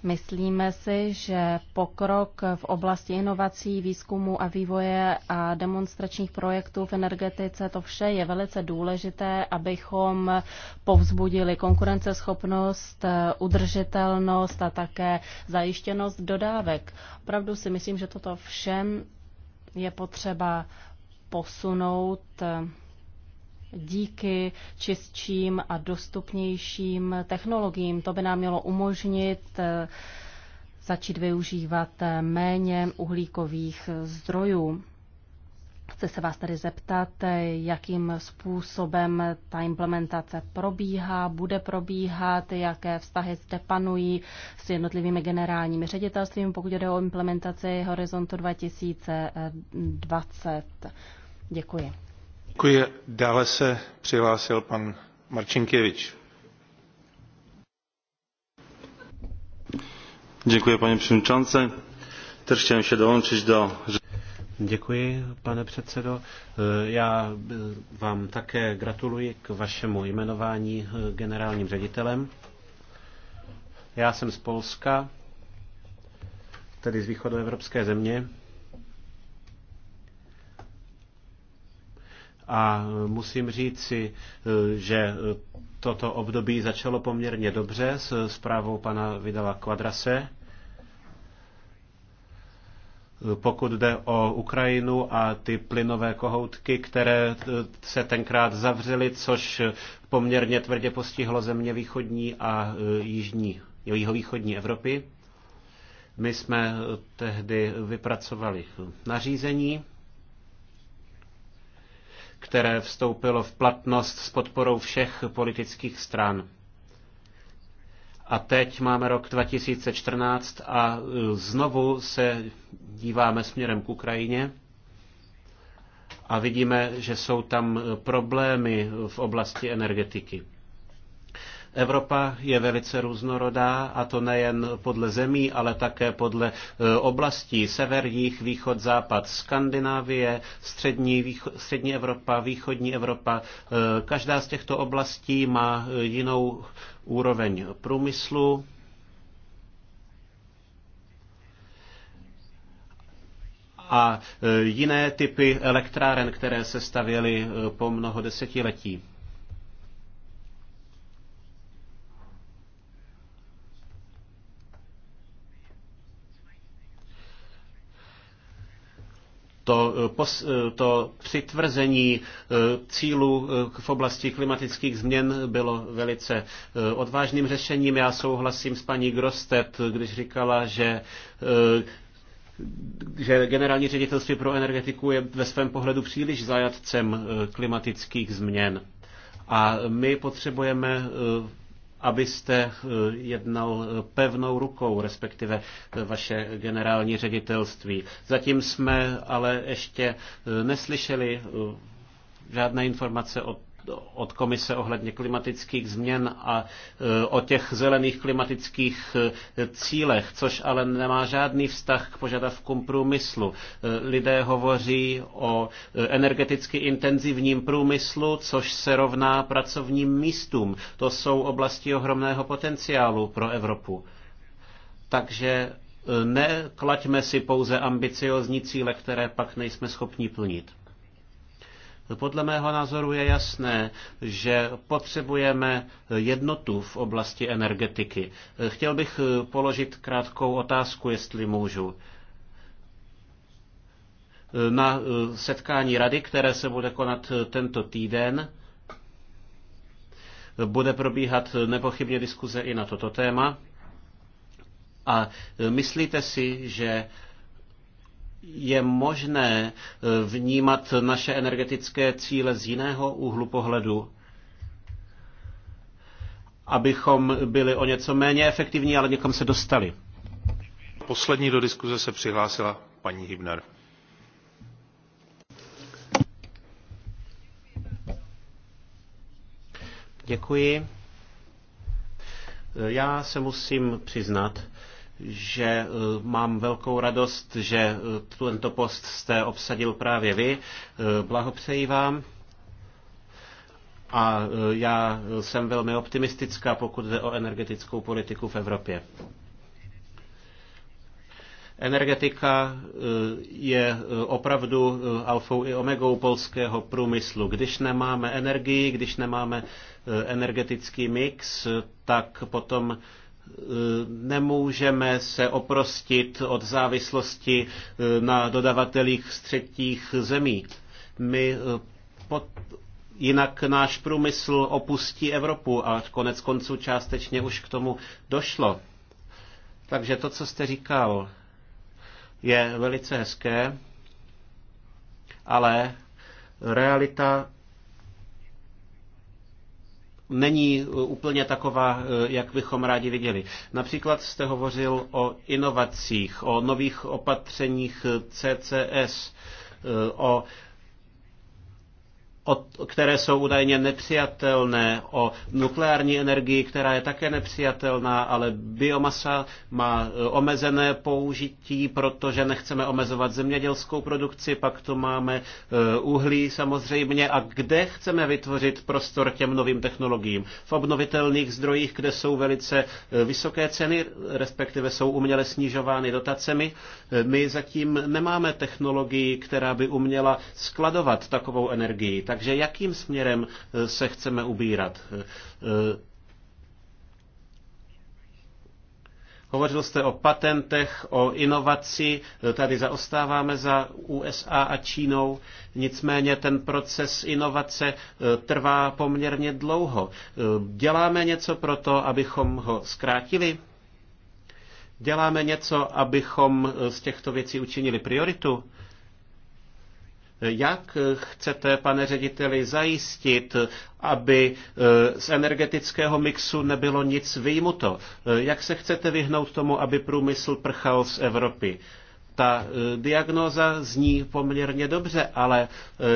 Myslíme si, že pokrok v oblasti inovací, výzkumu a vývoje a demonstračních projektů v energetice, to vše je velice důležité, abychom povzbudili konkurenceschopnost, udržitelnost a také zajištěnost dodávek. Opravdu si myslím, že toto všem je potřeba posunout díky čistším a dostupnějším technologiím. To by nám mělo umožnit eh, začít využívat eh, méně uhlíkových zdrojů. Chci se vás tady zeptat, eh, jakým způsobem ta implementace probíhá, bude probíhat, jaké vztahy zde panují s jednotlivými generálními ředitelstvím, pokud jde o implementaci Horizontu 2020. Děkuji.
Děkuji. Dále se přihlásil pan Marcinkiewicz. Děkuji, paní předsedající. Też chciałem se dołączyć do...
Děkuji, pane předsedo. Já vám také gratuluji k vašemu jmenování generálním ředitelem. Já jsem z Polska, tedy z východoevropské země. A musím říci, že toto období začalo poměrně dobře s zprávou pana Vidala Kvadrase. Pokud jde o Ukrajinu a ty plynové kohoutky, které se tenkrát zavřely, což poměrně tvrdě postihlo země východní a jižní, jihovýchodní Evropy. My jsme tehdy vypracovali nařízení, které vstoupilo v platnost s podporou všech politických stran. A teď máme rok 2014 a e, znovu se díváme směrem k Ukrajině a vidíme, že jsou tam e, problémy v oblasti energetiky. Evropa je velice různorodá a to nejen podle zemí, ale také podle e, oblastí severních, východ, západ, Skandinávie, střední, východ, střední Evropa, východní Evropa. E, každá z těchto oblastí má e, jinou úroveň průmyslu, a jiné typy elektráren, které se stavěly po mnoho desetiletí. to, eh, eh, to přitvrzení eh, cílů v oblasti klimatických změn bylo velice odvážným řešením. Já souhlasím s paní Grostet, když říkala, že že generální ředitelství pro energetiku je ve svém pohledu příliš zajatcem klimatických změn. A my potřebujeme abyste eh, jednal eh, pevnou rukou, respektive eh, vaše generální ředitelství. Zatím jsme ale ještě neslyšeli žádné informace o od komise ohledně klimatických změn a e, o těch zelených klimatických e, cílech, což ale nemá žádný vztah k požadavkům průmyslu. E, lidé hovoří o energeticky intenzivním průmyslu, což se rovná pracovním místům. To jsou oblasti ohromného potenciálu pro Evropu. Takže neklaďme si pouze ambiciozní cíle, které pak nejsme schopni plnit. Podle mého názoru je jasné, že potřebujeme jednotu v oblasti energetiky. Chtěl bych položit krátkou otázku, jestli můžu na setkání rady, které se bude konat tento týden. Bude probíhat nepochybně diskuze i na toto téma. A myslíte si, že je možné eh, vnímat naše energetické cíle z jiného úhlu pohledu, abychom byli o něco méně efektivní,
ale někam se dostali. Poslední do diskuze se přihlásila paní Hybner.
Děkuji. Já se musím přiznat, že eh, mám velkou radost, že eh, tento post jste obsadil právě vy. Eh, blahopřeji vám. A já jsem velmi optimistická, pokud jde o energetickou politiku v Evropě. Energetika je opravdu alfou i omegou polského průmyslu. Když nemáme energii, když nemáme energetický mix, tak potom Eh, nemůžeme se oprostit od závislosti eh, na dodavatelích z třetích zemí. My eh, pod, jinak náš průmysl opustí Evropu a konec konců částečně už k tomu došlo. Takže to, co jste říkal, je velice hezké, ale realita není e, úplně taková, e, jak bychom rádi viděli. Například jste hovořil o inovacích, o nových opatřeních e, CCS, o o, které jsou údajně nepřijatelné, o nukleární energii, která je také nepřijatelná, ale biomasa má e, omezené použití, protože nechceme omezovat zemědělskou produkci, pak tu máme e, uhlí samozřejmě a kde chceme vytvořit prostor těm novým technologiím. V obnovitelných zdrojích, kde jsou velice e, vysoké ceny, respektive jsou uměle snižovány dotacemi, my zatím nemáme technologii, která by uměla skladovat takovou energii takže jakým směrem eh, se chceme ubírat? Eh, eh, hovořil jste o patentech, o inovaci, tady zaostáváme za USA a Čínou, nicméně ten proces inovace trvá poměrně dlouho. Děláme něco pro to, abychom ho zkrátili? Děláme něco, abychom z těchto věcí učinili prioritu? Jak chcete, pane řediteli, zajistit, aby eh, z energetického mixu nebylo nic výjimuto? Eh, jak se chcete vyhnout tomu, aby průmysl prchal z Evropy? ta eh, diagnóza zní poměrně dobře, ale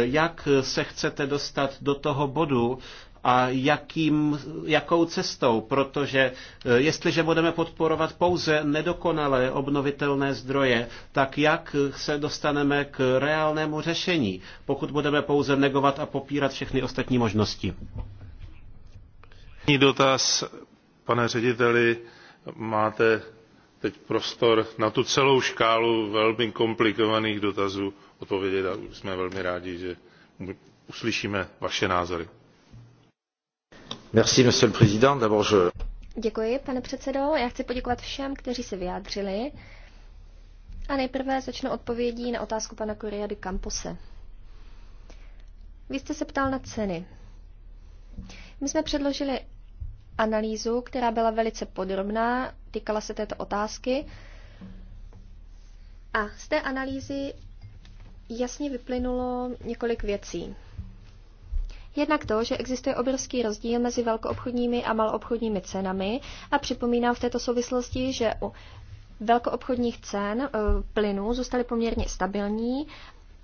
jak se chcete dostat do toho bodu, a jakým, jakou cestou, protože eh, jestliže budeme podporovat pouze nedokonalé obnovitelné zdroje, tak jak se dostaneme k reálnému řešení, pokud budeme pouze negovat a popírat všechny ostatní možnosti?
dotaz, pane řediteli, máte teď prostor na tu celou škálu velmi komplikovaných dotazů odpovědět a jsme velmi rádi že uslyšíme vaše názory.
Děkuji, pane předsedo. Já chci poděkovat všem, kteří se vyjádřili. A nejprve začnu odpovědí na otázku pana Korea de Campose. Vy jste se ptal na ceny. My jsme předložili analýzu, která byla velice podrobná, týkala se této otázky. A z té analýzy jasně vyplynulo několik věcí. Jednak to, že existuje obrovský rozdíl mezi velkoobchodními a maloobchodními cenami a připomínám v této souvislosti, že u velkoobchodních cen e, plynu zůstaly poměrně stabilní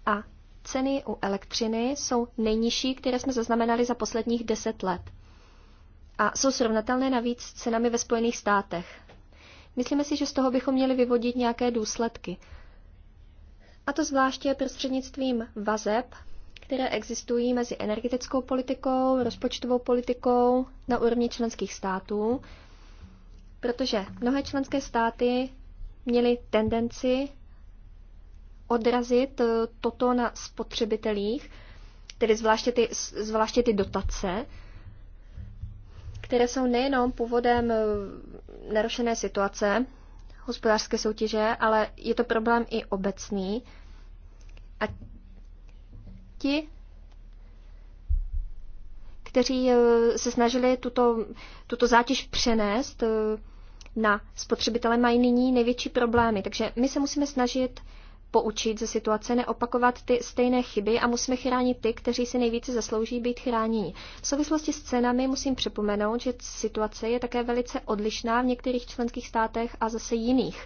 a ceny u elektřiny jsou nejnižší, které jsme zaznamenali za posledních deset let. A jsou srovnatelné navíc s cenami ve Spojených státech. Myslíme si, že z toho bychom měli vyvodit nějaké důsledky. A to zvláště prostřednictvím vazeb které existují mezi energetickou politikou, rozpočtovou politikou na úrovni členských států, protože mnohé členské státy měly tendenci odrazit eh, toto na spotřebitelích, tedy zvláště ty, zvláště ty dotace, které jsou nejenom původem eh, narušené situace, hospodářské soutěže, ale je to problém i obecný. A ti, kteří eh, se snažili tuto, tuto zátěž přenést eh, na spotřebitele, mají nyní největší problémy. Takže my se musíme snažit poučit ze situace, neopakovat ty stejné chyby a musíme chránit ty, kteří si nejvíce zaslouží být chráněni. V souvislosti s cenami musím připomenout, že situace je také velice odlišná v některých členských státech a zase jiných.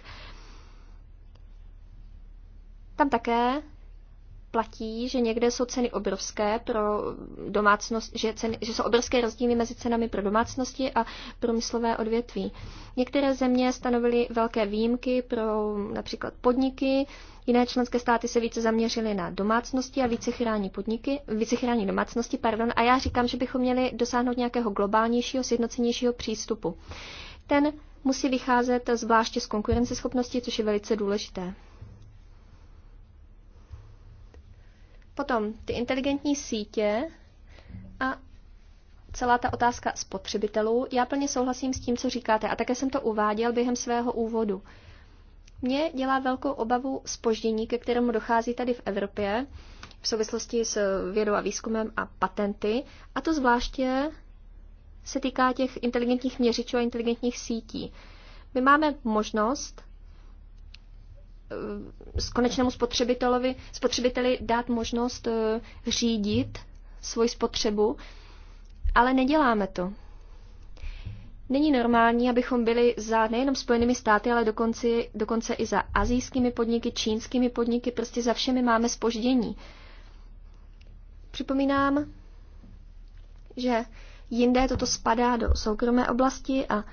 Tam také platí, že někde jsou ceny obrovské pro domácnost, že, ceny, že jsou obrovské rozdíly mezi cenami pro domácnosti a průmyslové odvětví. Některé země stanovily velké výjimky pro například podniky, jiné členské státy se více zaměřily na domácnosti a více chrání podniky, více chrání domácnosti, pardon, a já říkám, že bychom měli dosáhnout nějakého globálnějšího, sjednocenějšího přístupu. Ten musí vycházet zvláště z konkurenceschopnosti, což je velice důležité. Potom ty inteligentní sítě a celá ta otázka spotřebitelů. Já plně souhlasím s tím, co říkáte a také jsem to uváděl během svého úvodu. Mě dělá velkou obavu spoždění, ke kterému dochází tady v Evropě v souvislosti s vědou a výzkumem a patenty, a to zvláště se týká těch inteligentních měřičů a inteligentních sítí. My máme možnost Eh, s konečnému spotřebitelovi, spotřebiteli dát možnost eh, řídit svoji spotřebu, ale neděláme to. Není normální, abychom byli za nejenom Spojenými státy, ale dokonce, dokonce i za azijskými podniky, čínskými podniky, prostě za všemi máme spoždění. Připomínám, že jinde toto spadá do soukromé oblasti a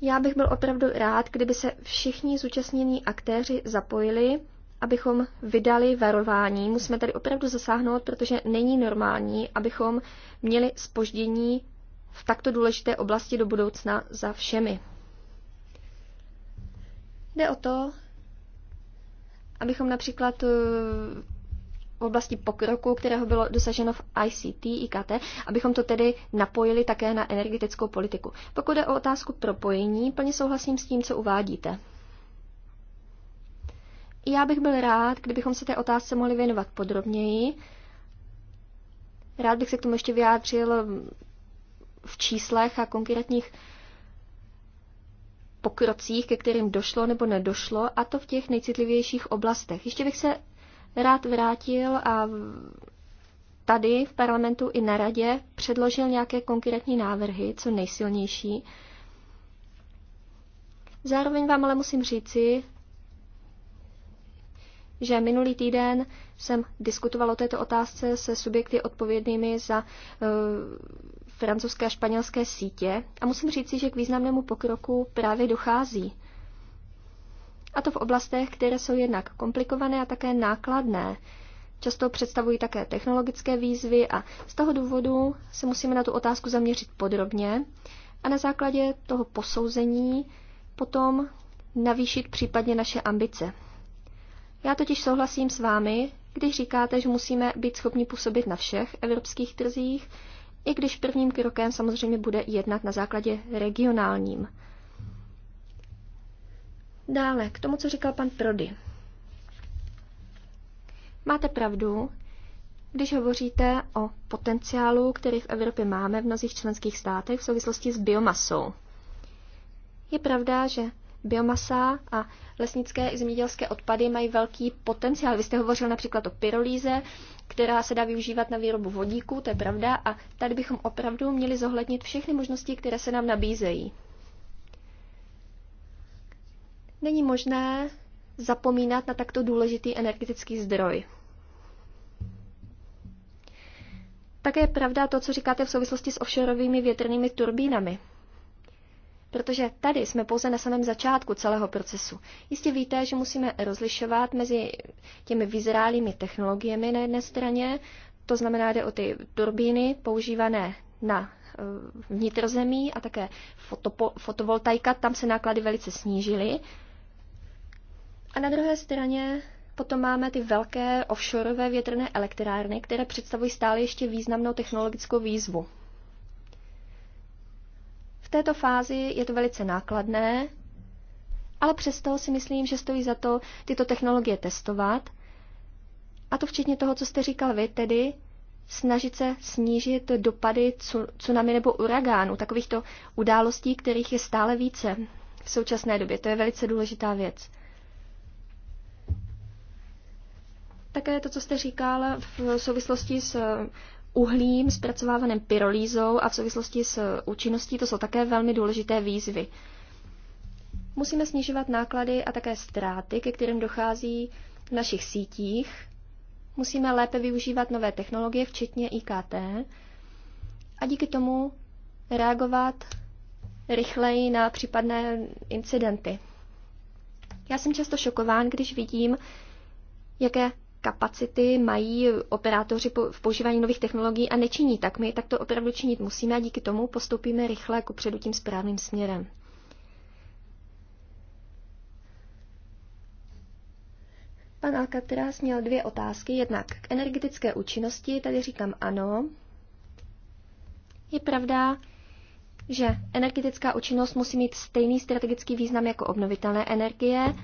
já bych byl opravdu rád, kdyby se všichni zúčastnění aktéři zapojili, abychom vydali varování. Musíme tady opravdu zasáhnout, protože není normální, abychom měli spoždění v takto důležité oblasti do budoucna za všemi. Jde o to, abychom například eh, v oblasti pokroku, kterého bylo dosaženo v ICT, IKT, abychom to tedy napojili také na energetickou politiku. Pokud je o otázku propojení, plně souhlasím s tím, co uvádíte. Já bych byl rád, kdybychom se té otázce mohli věnovat podrobněji. Rád bych se k tomu ještě vyjádřil v číslech a konkrétních pokrocích, ke kterým došlo nebo nedošlo, a to v těch nejcitlivějších oblastech. Ještě bych se rád vrátil a tady v parlamentu i na radě předložil nějaké konkrétní návrhy, co nejsilnější. Zároveň vám ale musím říci, že minulý týden jsem diskutoval o této otázce se subjekty odpovědnými za uh, francouzské a španělské sítě a musím říci, že k významnému pokroku právě dochází. A to v oblastech, které jsou jednak komplikované a také nákladné. Často představují také technologické výzvy a z toho důvodu se musíme na tu otázku zaměřit podrobně a na základě toho posouzení potom navýšit případně naše ambice. Já totiž souhlasím s vámi, když říkáte, že musíme být schopni působit na všech evropských trzích, i když prvním krokem samozřejmě bude jednat na základě regionálním. Dále, k tomu, co říkal pan Prody. Máte pravdu, když hovoříte o potenciálu, který v Evropě máme v mnozích členských státech v souvislosti s biomasou. Je pravda, že biomasa a lesnické i zemědělské odpady mají velký potenciál. Vy jste hovořil například o pyrolíze, která se dá využívat na výrobu vodíku, to je pravda, a tady bychom opravdu měli zohlednit všechny možnosti, které se nám nabízejí. Není možné zapomínat na takto důležitý energetický zdroj. Také je pravda to, co říkáte v souvislosti s offshoreovými větrnými turbínami. Protože tady jsme pouze na samém začátku celého procesu. Jistě víte, že musíme rozlišovat mezi těmi vyzrálými technologiemi na jedné straně, to znamená, jde o ty turbíny používané na eh, vnitrozemí a také fotovoltaika, tam se náklady velice snížily a na druhé straně potom máme ty velké offshoreové větrné elektrárny, které představují stále ještě významnou technologickou výzvu. V této fázi je to velice nákladné, ale přesto si myslím, že stojí za to tyto technologie testovat. A to včetně toho, co jste říkal vy, tedy snažit se snížit dopady tsunami nebo uragánu, takovýchto událostí, kterých je stále více v současné době. To je velice důležitá věc. Také to, co jste říkal v souvislosti s eh, uhlím zpracovávaným pyrolízou a v souvislosti s eh, účinností, to jsou také velmi důležité výzvy. Musíme snižovat náklady a také ztráty, ke kterým dochází v našich sítích. Musíme lépe využívat nové technologie, včetně IKT, a díky tomu reagovat rychleji na případné incidenty. Já jsem často šokován, když vidím, jaké kapacity mají operátoři v používání nových technologií a nečiní tak. My tak to opravdu činit musíme a díky tomu postoupíme rychle ku předu tím správným směrem. Pan Alcatraz měl dvě otázky, jednak k energetické účinnosti, tady říkám ano. Je pravda, že energetická účinnost musí mít stejný strategický význam jako obnovitelné energie,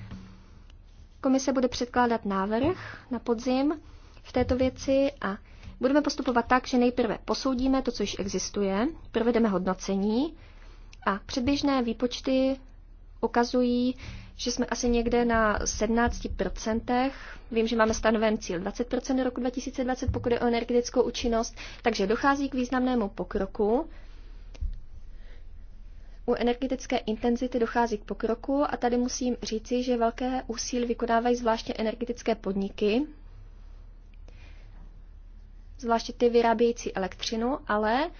Komise bude předkládat návrh na podzim v této věci a budeme postupovat tak, že nejprve posoudíme to, co již existuje, provedeme hodnocení a předběžné výpočty ukazují, že jsme asi někde na 17%. Vím, že máme stanoven cíl 20% do roku 2020, pokud je o energetickou účinnost, takže dochází k významnému pokroku. U energetické intenzity dochází k pokroku a tady musím říci, že velké úsilí vykonávají zvláště energetické podniky, zvláště ty vyrábějící elektřinu, ale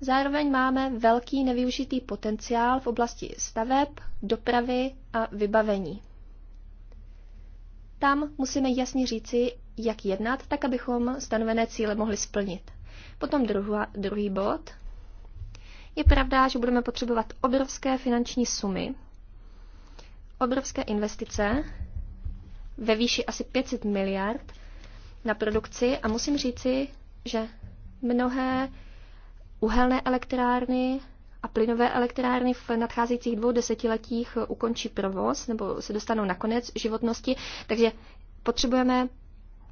zároveň máme velký nevyužitý potenciál v oblasti staveb, dopravy a vybavení. Tam musíme jasně říci, jak jednat, tak abychom stanovené cíle mohli splnit. Potom druhá, druhý bod – je pravda, že budeme potřebovat obrovské finanční sumy, obrovské investice ve výši asi 500 miliard na produkci a musím říci, že mnohé uhelné elektrárny a plynové elektrárny v nadcházejících dvou desetiletích ukončí provoz nebo se dostanou na konec životnosti, takže potřebujeme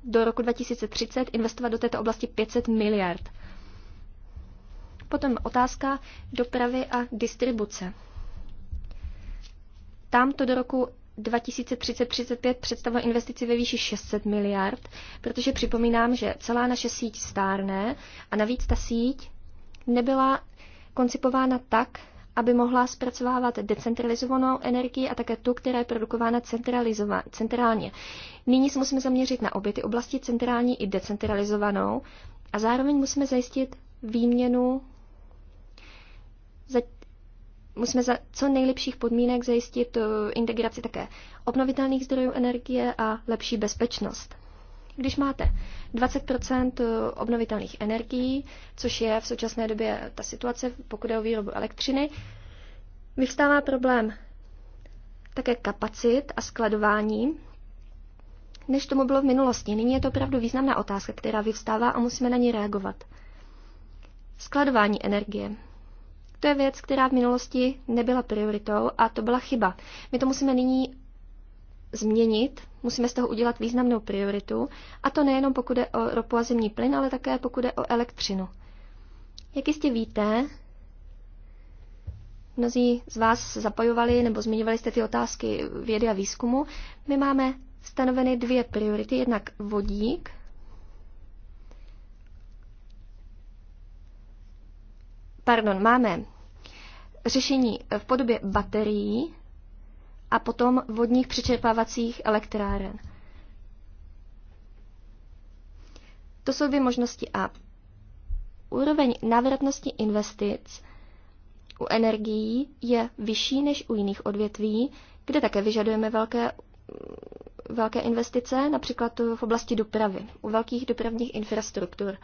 do roku 2030 investovat do této oblasti 500 miliard. Potom otázka dopravy a distribuce. Tam to do roku 2030-35 představuje investici ve výši 600 miliard, protože připomínám, že celá naše síť stárne a navíc ta síť nebyla koncipována tak, aby mohla zpracovávat decentralizovanou energii a také tu, která je produkována centrálně. Nyní se musíme zaměřit na obě ty oblasti centrální i decentralizovanou a zároveň musíme zajistit výměnu musíme za co nejlepších podmínek zajistit eh, integraci také obnovitelných zdrojů energie a lepší bezpečnost. Když máte 20 eh, obnovitelných energií, což je v současné době ta situace, pokud je o výrobu elektřiny, vyvstává problém také kapacit a skladování, než tomu bylo v minulosti. Nyní je to opravdu významná otázka, která vyvstává a musíme na ní reagovat. Skladování energie. To je věc, která v minulosti nebyla prioritou a to byla chyba. My to musíme nyní změnit, musíme z toho udělat významnou prioritu a to nejenom pokud je o ropu a zemní plyn, ale také pokud je o elektřinu. Jak jistě víte, mnozí z vás se zapojovali nebo zmiňovali jste ty otázky vědy a výzkumu, my máme stanoveny dvě priority, jednak vodík, pardon, máme řešení eh, v podobě baterií a potom vodních přečerpávacích elektráren. To jsou dvě možnosti a úroveň návratnosti investic u energií je vyšší než u jiných odvětví, kde také vyžadujeme velké, mm, velké investice, například v oblasti dopravy, u velkých dopravních infrastruktur.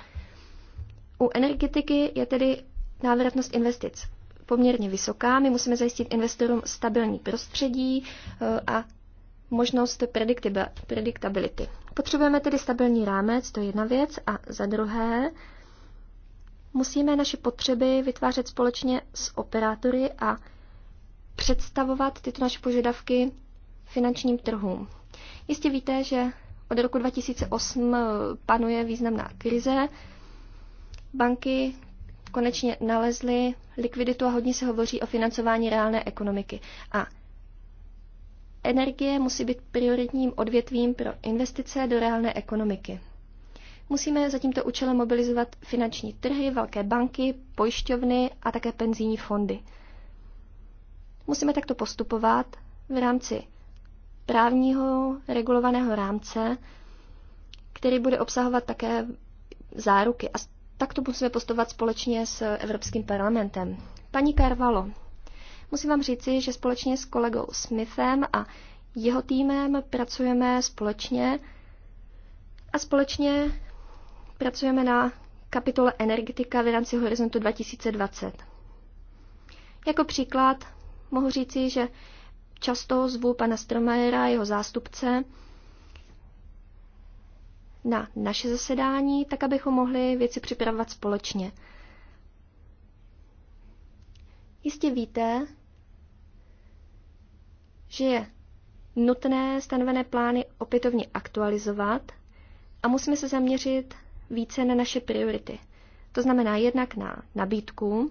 U energetiky je tedy návratnost investic poměrně vysoká. My musíme zajistit investorům stabilní prostředí eh, a možnost prediktability. Potřebujeme tedy stabilní rámec, to je jedna věc, a za druhé musíme naše potřeby vytvářet společně s operátory a představovat tyto naše požadavky finančním trhům. Jistě víte, že od roku 2008 eh, panuje významná krize. Banky konečně nalezli likviditu a hodně se hovoří o financování reálné ekonomiky. A energie musí být prioritním odvětvím pro investice do reálné ekonomiky. Musíme za tímto účelem mobilizovat finanční trhy, velké banky, pojišťovny a také penzijní fondy. Musíme takto postupovat v rámci právního regulovaného rámce, který bude obsahovat také záruky. A tak to musíme postovat společně s Evropským parlamentem. Paní Carvalho, musím vám říci, že společně s kolegou Smithem a jeho týmem pracujeme společně a společně pracujeme na kapitole energetika v rámci Horizontu 2020. Jako příklad mohu říci, že často zvu pana Stromajera, jeho zástupce, na naše zasedání, tak abychom mohli věci připravovat společně. Jistě víte, že je nutné stanovené plány opětovně aktualizovat a musíme se zaměřit více na naše priority. To znamená jednak na nabídku,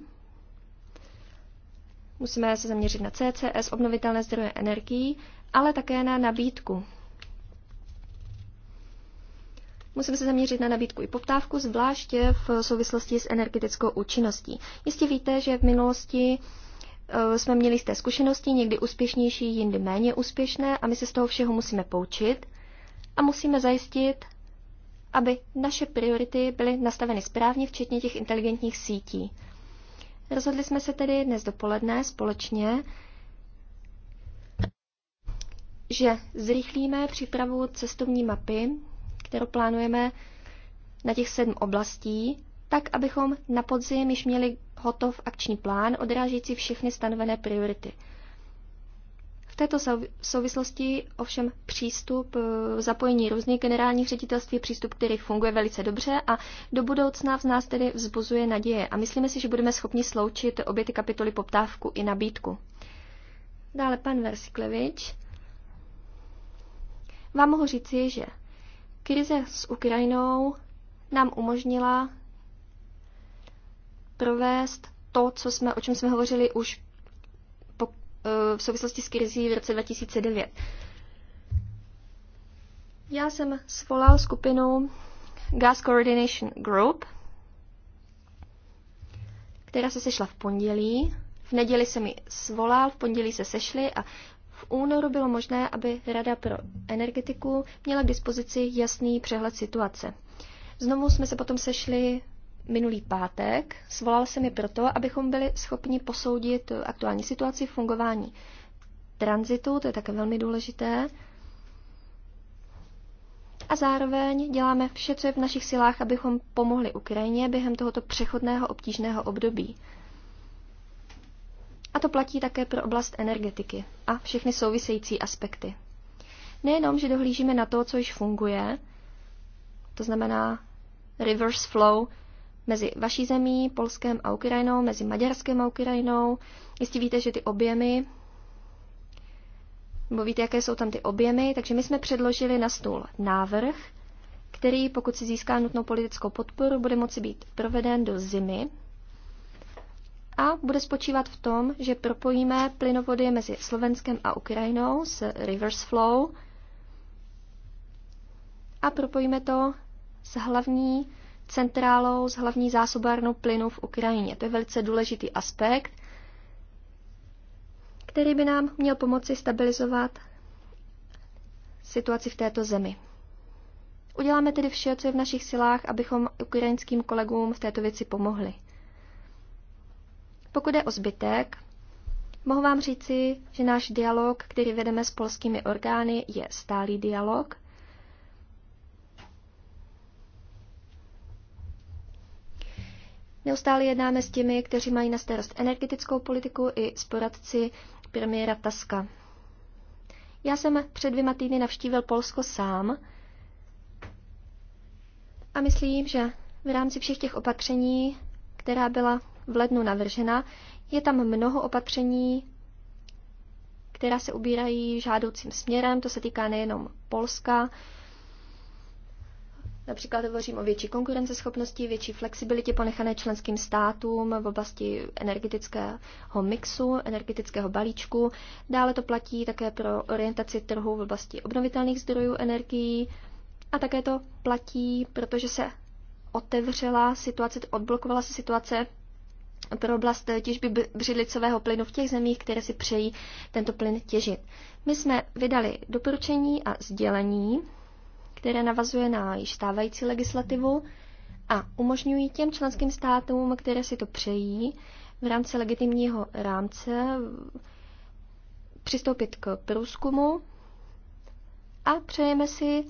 musíme se zaměřit na CCS, obnovitelné zdroje energií, ale také na nabídku, Musíme se zaměřit na nabídku i poptávku, zvláště v souvislosti s energetickou účinností. Jistě víte, že v minulosti eh, jsme měli z té zkušenosti někdy úspěšnější, jindy méně úspěšné a my se z toho všeho musíme poučit a musíme zajistit, aby naše priority byly nastaveny správně, včetně těch inteligentních sítí. Rozhodli jsme se tedy dnes dopoledne společně, že zrychlíme přípravu cestovní mapy kterou plánujeme na těch sedm oblastí, tak abychom na podzim již měli hotov akční plán odrážící všechny stanovené priority. V této souvislosti ovšem přístup, eh, zapojení různých generálních ředitelství, přístup, který funguje velice dobře a do budoucna v nás tedy vzbuzuje naděje a myslíme si, že budeme schopni sloučit obě ty kapitoly poptávku i nabídku. Dále pan Versiklevič. Vám mohu říci, že Krize s Ukrajinou nám umožnila provést to, co jsme, o čem jsme hovořili už po, eh, v souvislosti s krizí v roce 2009. Já jsem svolal skupinu Gas Coordination Group, která se sešla v pondělí. V neděli se mi svolal, v pondělí se sešli a v únoru bylo možné, aby Rada pro energetiku měla k dispozici jasný přehled situace. Znovu jsme se potom sešli minulý pátek. Svolal jsem je proto, abychom byli schopni posoudit aktuální situaci v fungování tranzitu, to je také velmi důležité. A zároveň děláme vše, co je v našich silách, abychom pomohli Ukrajině během tohoto přechodného obtížného období. A to platí také pro oblast energetiky a všechny související aspekty. Nejenom, že dohlížíme na to, co již funguje, to znamená reverse flow mezi vaší zemí, Polskem a Ukrajinou, mezi Maďarskem a Ukrajinou. Jistě víte, že ty objemy, nebo víte, jaké jsou tam ty objemy, takže my jsme předložili na stůl návrh, který, pokud si získá nutnou politickou podporu, bude moci být proveden do zimy a bude spočívat v tom, že propojíme plynovody mezi Slovenskem a Ukrajinou s reverse flow a propojíme to s hlavní centrálou, s hlavní zásobárnou plynu v Ukrajině. To je velice důležitý aspekt, který by nám měl pomoci stabilizovat situaci v této zemi. Uděláme tedy vše, co je v našich silách, abychom ukrajinským kolegům v této věci pomohli. Pokud je o zbytek, mohu vám říci, že náš dialog, který vedeme s polskými orgány, je stálý dialog. Neustále jednáme s těmi, kteří mají na starost energetickou politiku i s poradci premiéra Taska. Já jsem před dvěma týdny navštívil Polsko sám a myslím, že v rámci všech těch opatření, která byla v lednu navržena, je tam mnoho opatření, která se ubírají žádoucím směrem. To se týká nejenom Polska. Například hovořím o větší konkurenceschopnosti, větší flexibilitě ponechané členským státům v oblasti energetického mixu, energetického balíčku. Dále to platí také pro orientaci trhu v oblasti obnovitelných zdrojů energií. A také to platí, protože se otevřela situace, odblokovala se situace pro oblast těžby břidlicového plynu v těch zemích, které si přejí tento plyn těžit. My jsme vydali doporučení a sdělení, které navazuje na již stávající legislativu a umožňují těm členským státům, které si to přejí, v rámci legitimního rámce přistoupit k průzkumu a přejeme si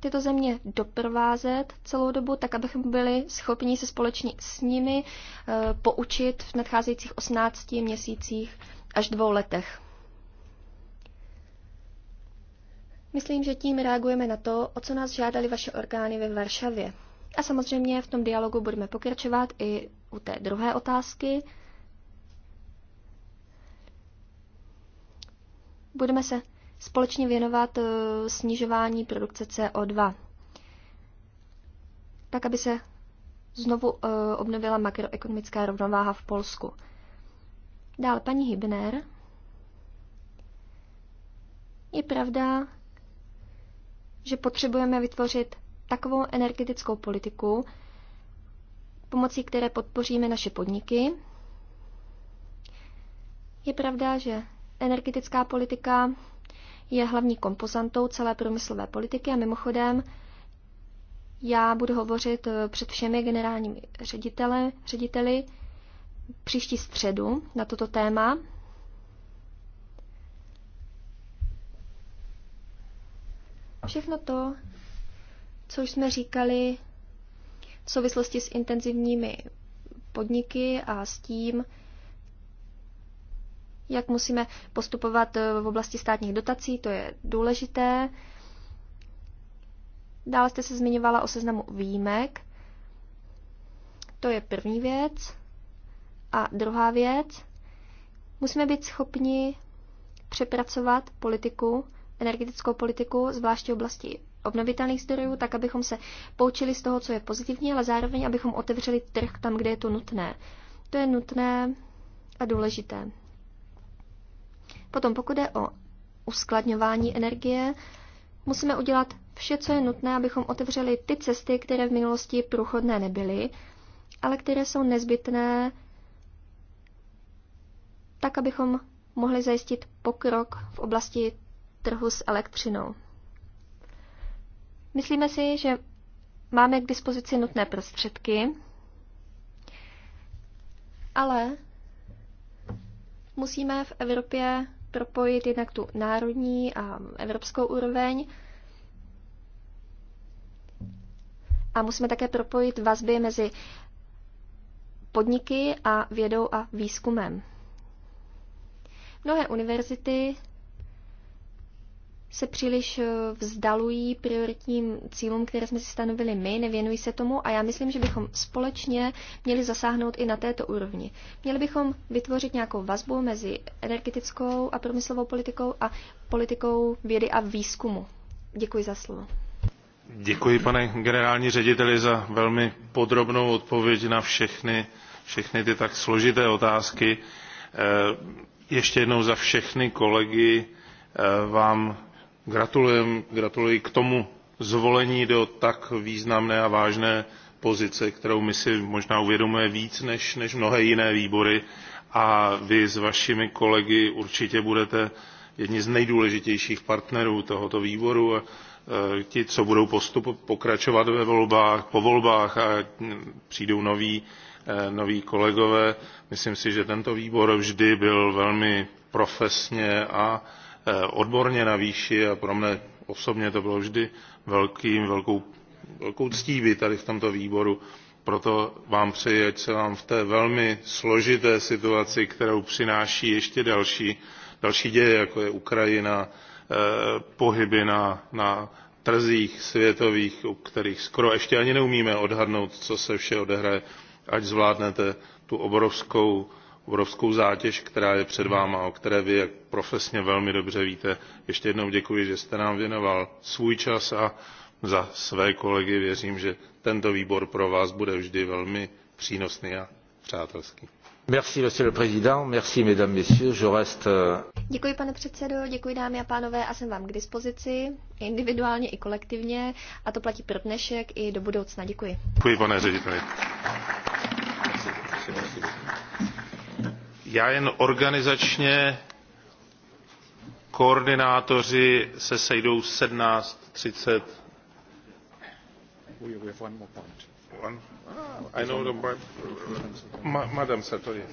tyto země doprovázet celou dobu, tak abychom byli schopni se společně s nimi eh, poučit v nadcházejících 18 měsících až dvou letech. Myslím, že tím reagujeme na to, o co nás žádali vaše orgány ve Varšavě. A samozřejmě v tom dialogu budeme pokračovat i u té druhé otázky. Budeme se společně věnovat eh, snižování produkce CO2, tak aby se znovu eh, obnovila makroekonomická rovnováha v Polsku. Dále paní Hibner. Je pravda, že potřebujeme vytvořit takovou energetickou politiku, pomocí které podpoříme naše podniky. Je pravda, že energetická politika je hlavní kompozantou celé průmyslové politiky a mimochodem já budu hovořit eh, před všemi generálními řediteli, řediteli příští středu na toto téma. Všechno to, co už jsme říkali v souvislosti s intenzivními podniky a s tím, jak musíme postupovat eh, v oblasti státních dotací, to je důležité. Dále jste se zmiňovala o seznamu výjimek. To je první věc. A druhá věc, musíme být schopni přepracovat politiku, energetickou politiku, zvláště oblasti obnovitelných zdrojů, tak abychom se poučili z toho, co je pozitivní, ale zároveň abychom otevřeli trh tam, kde je to nutné. To je nutné a důležité. Potom pokud je o uskladňování energie, musíme udělat vše, co je nutné, abychom otevřeli ty cesty, které v minulosti průchodné nebyly, ale které jsou nezbytné tak, abychom mohli zajistit pokrok v oblasti trhu s elektřinou. Myslíme si, že máme k dispozici nutné prostředky, ale musíme v Evropě propojit jednak tu národní a evropskou úroveň. A musíme také propojit vazby mezi podniky a vědou a výzkumem. Mnohé univerzity se příliš eh, vzdalují prioritním cílům, které jsme si stanovili my, nevěnují se tomu a já myslím, že bychom společně měli zasáhnout i na této úrovni. Měli bychom vytvořit nějakou vazbu mezi energetickou a průmyslovou politikou a politikou vědy a výzkumu. Děkuji za slovo.
Děkuji, pane generální řediteli, za velmi podrobnou odpověď na všechny, všechny ty tak složité otázky. Eh, ještě jednou za všechny kolegy eh, vám gratuluji k tomu zvolení do tak významné a vážné pozice kterou my si možná uvědomujeme víc než, než mnohé jiné výbory a vy s vašimi kolegy určitě budete jedni z nejdůležitějších partnerů tohoto výboru a e, ti co budou postup, pokračovat ve volbách, po volbách a přijdou noví, e, noví kolegové myslím si že tento výbor vždy byl velmi profesně a Eh, odborně na výši a pro mne osobně to bylo vždy velkým, velkou, velkou ctí být tady v tomto výboru. Proto vám přeji, ať se vám v té velmi složité situaci, kterou přináší ještě další, další děje, jako je Ukrajina, eh, pohyby na, na trzích světových, u kterých skoro ještě ani neumíme odhadnout, co se vše odehraje, ať zvládnete tu obrovskou obrovskou zátěž která je před vámi a o které vy jak profesně velmi dobře víte. ještě jednou děkuji že jste nám věnoval svůj čas a za své kolegy věřím že tento výbor pro vás bude vždy velmi přínosný a přátelský.
Euh,
děkuji, pane předsedo, děkuji dámy a pánové a jsem vám k dispozici individuálně i kolektivně a to platí pro dnešek i do budoucna. Děkuji.
Děkuji, pane řediteli já jen organizačně koordinátoři se sejdou v 17.30. thirty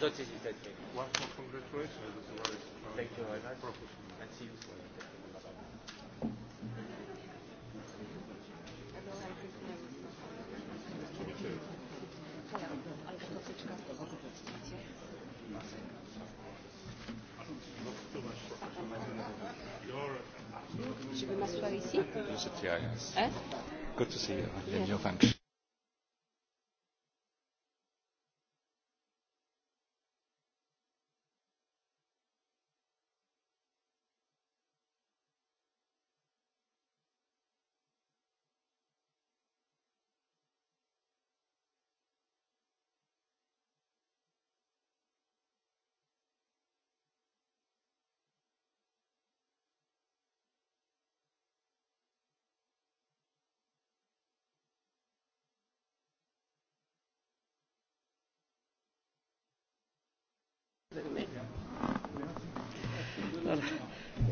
That is Thank you
very much. Professional. see you soon. Je peux Good to see you. Yes. Your function.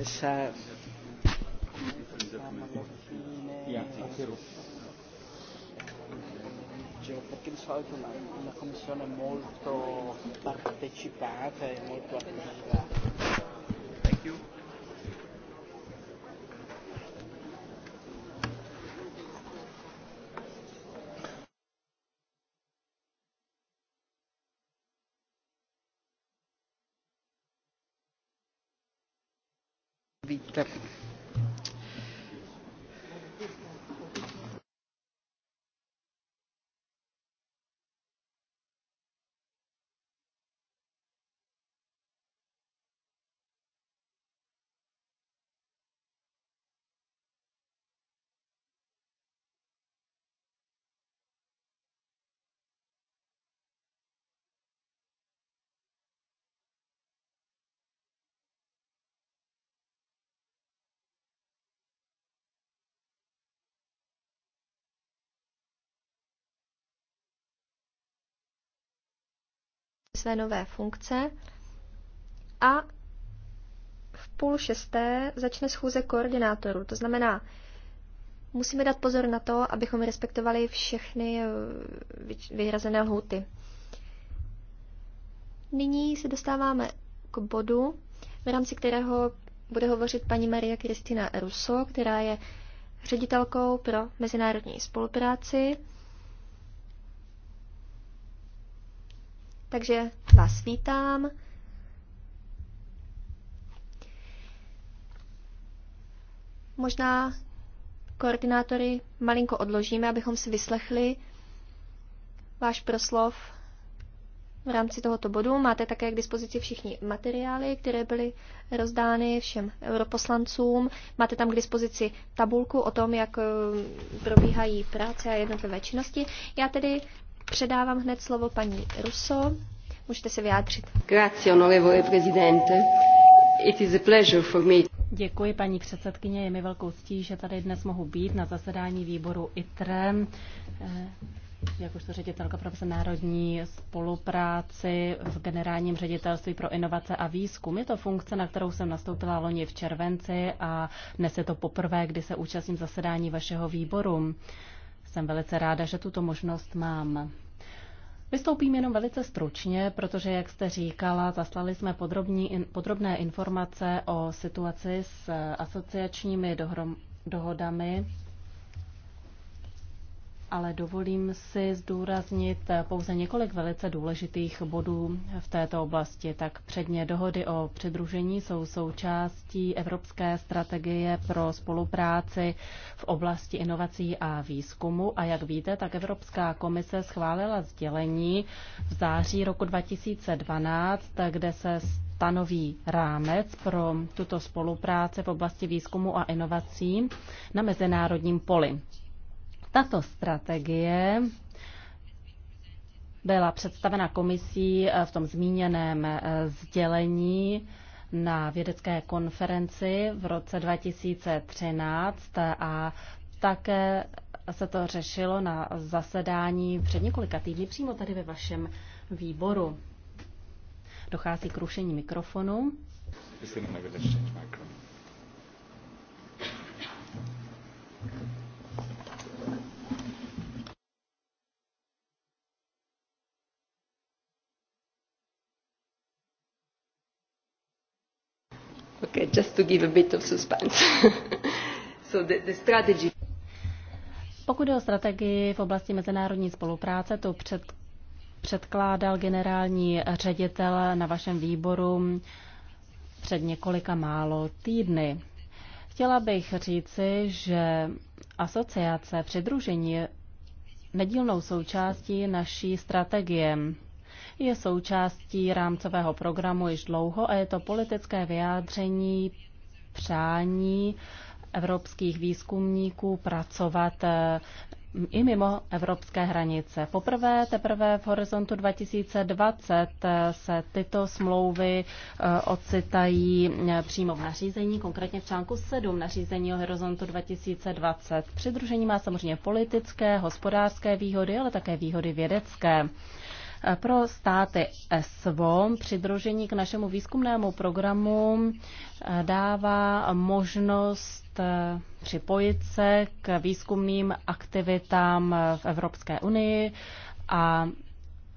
essa perché di solito è una, una commissione molto partecipata e molto attiva
víte.
své nové funkce a v půl šesté začne schůze koordinátorů. To znamená, musíme dát pozor na to, abychom respektovali všechny eh, vyhrazené lhuty. Nyní se dostáváme k bodu, v rámci kterého bude hovořit paní Maria Kristina Russo, která je ředitelkou pro mezinárodní spolupráci takže vás vítám. Možná koordinátory malinko odložíme, abychom si vyslechli váš proslov v rámci tohoto bodu. Máte také k dispozici všichni materiály, které byly rozdány všem europoslancům. Máte tam k dispozici tabulku o tom, jak eh, probíhají práce a jednotlivé činnosti. Já tedy Předávám hned slovo paní Russo. Můžete se
vyjádřit. Grazie, onorevole prezidente. It is a pleasure for me. Děkuji, paní předsedkyně. Je mi velkou ctí, že tady dnes mohu být na zasedání výboru ITRE eh, jakožto ředitelka pro národní spolupráci v generálním ředitelství pro inovace a výzkum. Je to funkce, na kterou jsem nastoupila loni v červenci a dnes je to poprvé, kdy se účastním zasedání vašeho výboru. Jsem velice ráda, že tuto možnost mám. Vystoupím jenom velice stručně, protože, jak jste říkala, zaslali jsme podrobní, podrobné informace o situaci s asociačními dohrom, dohodami ale dovolím si zdůraznit pouze několik velice důležitých bodů v této oblasti. Tak předně dohody o přidružení jsou součástí Evropské strategie pro spolupráci v oblasti inovací a výzkumu. A jak víte, tak Evropská komise schválila sdělení v září roku 2012, kde se stanoví rámec pro tuto spolupráci v oblasti výzkumu a inovací na mezinárodním poli. Tato strategie byla představena komisí eh, v tom zmíněném eh, sdělení na vědecké konferenci v roce 2013 a také se to řešilo na zasedání před několika týdny přímo tady ve vašem výboru. Dochází k rušení mikrofonu.
Okay, just to give a bit of suspense. <laughs> so the, the strategy.
Pokud je o strategii v oblasti mezinárodní spolupráce, to před, předkládal generální ředitel na vašem výboru před několika málo týdny. Chtěla bych říci, že asociace přidružení nedílnou součástí naší strategie je součástí rámcového programu již dlouho a je to politické vyjádření přání evropských výzkumníků pracovat eh, i mimo evropské hranice. Poprvé teprve v horizontu 2020 eh, se tyto smlouvy eh, ocitají přímo v nařízení, konkrétně v článku 7 nařízení o horizontu 2020. Přidružení má samozřejmě politické, hospodářské výhody, ale také výhody vědecké. Pro státy ESVO přidružení k našemu výzkumnému programu eh, dává možnost eh, připojit se k výzkumným aktivitám v Evropské unii a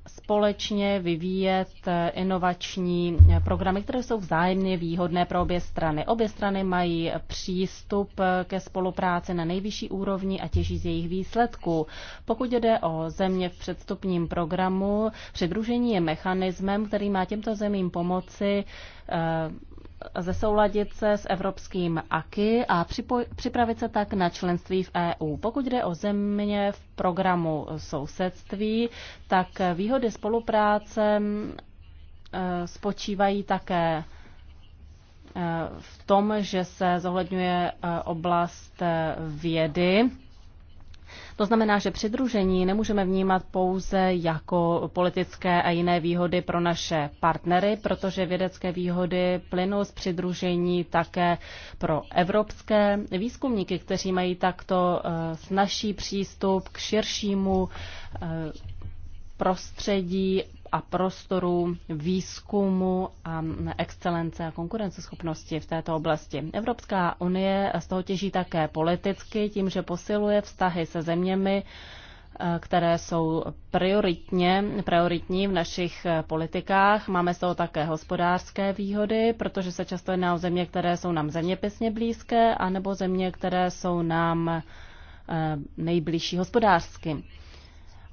společně vyvíjet eh, inovační eh, programy, které jsou vzájemně výhodné pro obě strany. Obě strany mají přístup eh, ke spolupráci na nejvyšší úrovni a těží z jejich výsledků. Pokud jde o země v předstupním programu, přidružení je mechanismem, který má těmto zemím pomoci zesouladit se s evropským AKI a připravit se tak na členství v EU. Pokud jde o země v programu sousedství, tak výhody spolupráce e, spočívají také e, v tom, že se zohledňuje e, oblast vědy to znamená, že přidružení nemůžeme vnímat pouze jako politické a jiné výhody pro naše partnery, protože vědecké výhody plynou z přidružení také pro evropské výzkumníky, kteří mají takto eh, snažší přístup k širšímu eh, prostředí a prostoru výzkumu a excelence a konkurenceschopnosti v této oblasti. Evropská unie z toho těží také politicky tím, že posiluje vztahy se zeměmi, eh, které jsou prioritně, prioritní v našich eh, politikách. Máme z toho také hospodářské výhody, protože se často jedná o země, které jsou nám zeměpisně blízké, anebo země, které jsou nám eh, nejbližší hospodářsky.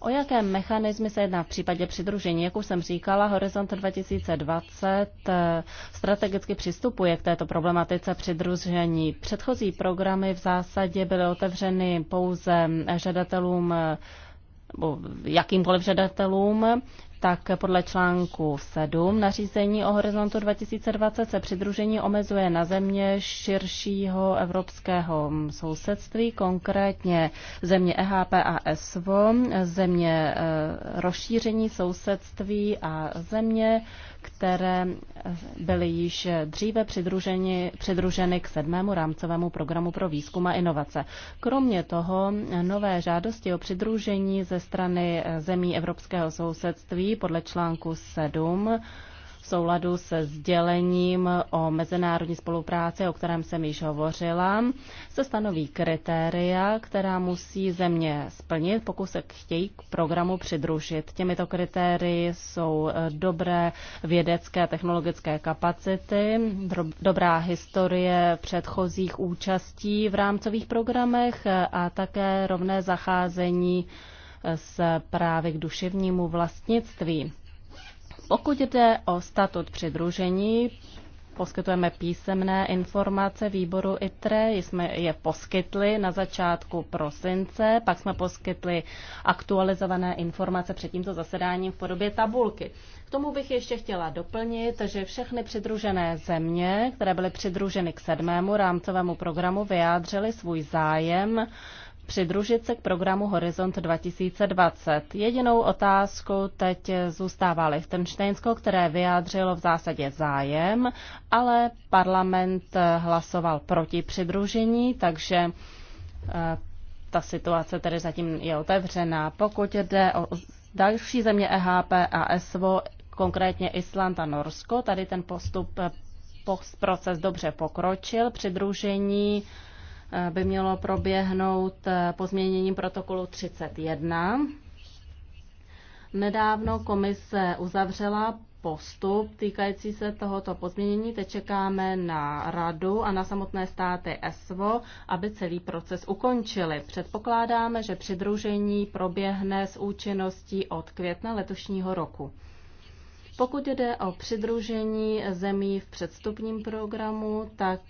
O jaké mechanizmy se jedná v případě přidružení? Jak už jsem říkala, Horizont 2020 eh, strategicky přistupuje k této problematice přidružení. Předchozí programy v zásadě byly otevřeny pouze žadatelům eh, jakýmkoliv žadatelům tak podle článku 7 nařízení o horizontu 2020 se přidružení omezuje na země širšího evropského sousedství, konkrétně země EHP a ESVO, země eh, rozšíření sousedství a země, které eh, byly již dříve přidruženy, přidruženy k sedmému rámcovému programu pro výzkum a inovace. Kromě toho nové žádosti o přidružení ze strany eh, zemí evropského sousedství podle článku 7 v souladu se sdělením o mezinárodní spolupráci, o kterém jsem již hovořila, se stanoví kritéria, která musí země splnit, pokud se chtějí k programu přidružit. Těmito kritérii jsou eh, dobré vědecké a technologické kapacity, dobrá historie předchozích účastí v rámcových programech eh, a také rovné zacházení s právy k duševnímu vlastnictví. Pokud jde o statut přidružení, poskytujeme písemné informace výboru ITRE, jsme je poskytli na začátku prosince, pak jsme poskytli aktualizované informace před tímto zasedáním v podobě tabulky. K tomu bych ještě chtěla doplnit, že všechny přidružené země, které byly přidruženy k sedmému rámcovému programu, vyjádřily svůj zájem přidružit se k programu Horizont 2020. Jedinou otázkou teď zůstává Lichtensteinsko, které vyjádřilo v zásadě zájem, ale parlament hlasoval proti přidružení, takže eh, ta situace tedy zatím je otevřená. Pokud jde o další země EHP a SVO, konkrétně Island a Norsko, tady ten postup eh, proces dobře pokročil. Přidružení Eh, by mělo proběhnout eh, pozměněním protokolu 31. Nedávno komise uzavřela postup týkající se tohoto pozměnění. Teď čekáme na radu a na samotné státy ESVO, aby celý proces ukončili. Předpokládáme, že přidružení proběhne s účinností od května letošního roku. Pokud jde o přidružení zemí v předstupním programu, tak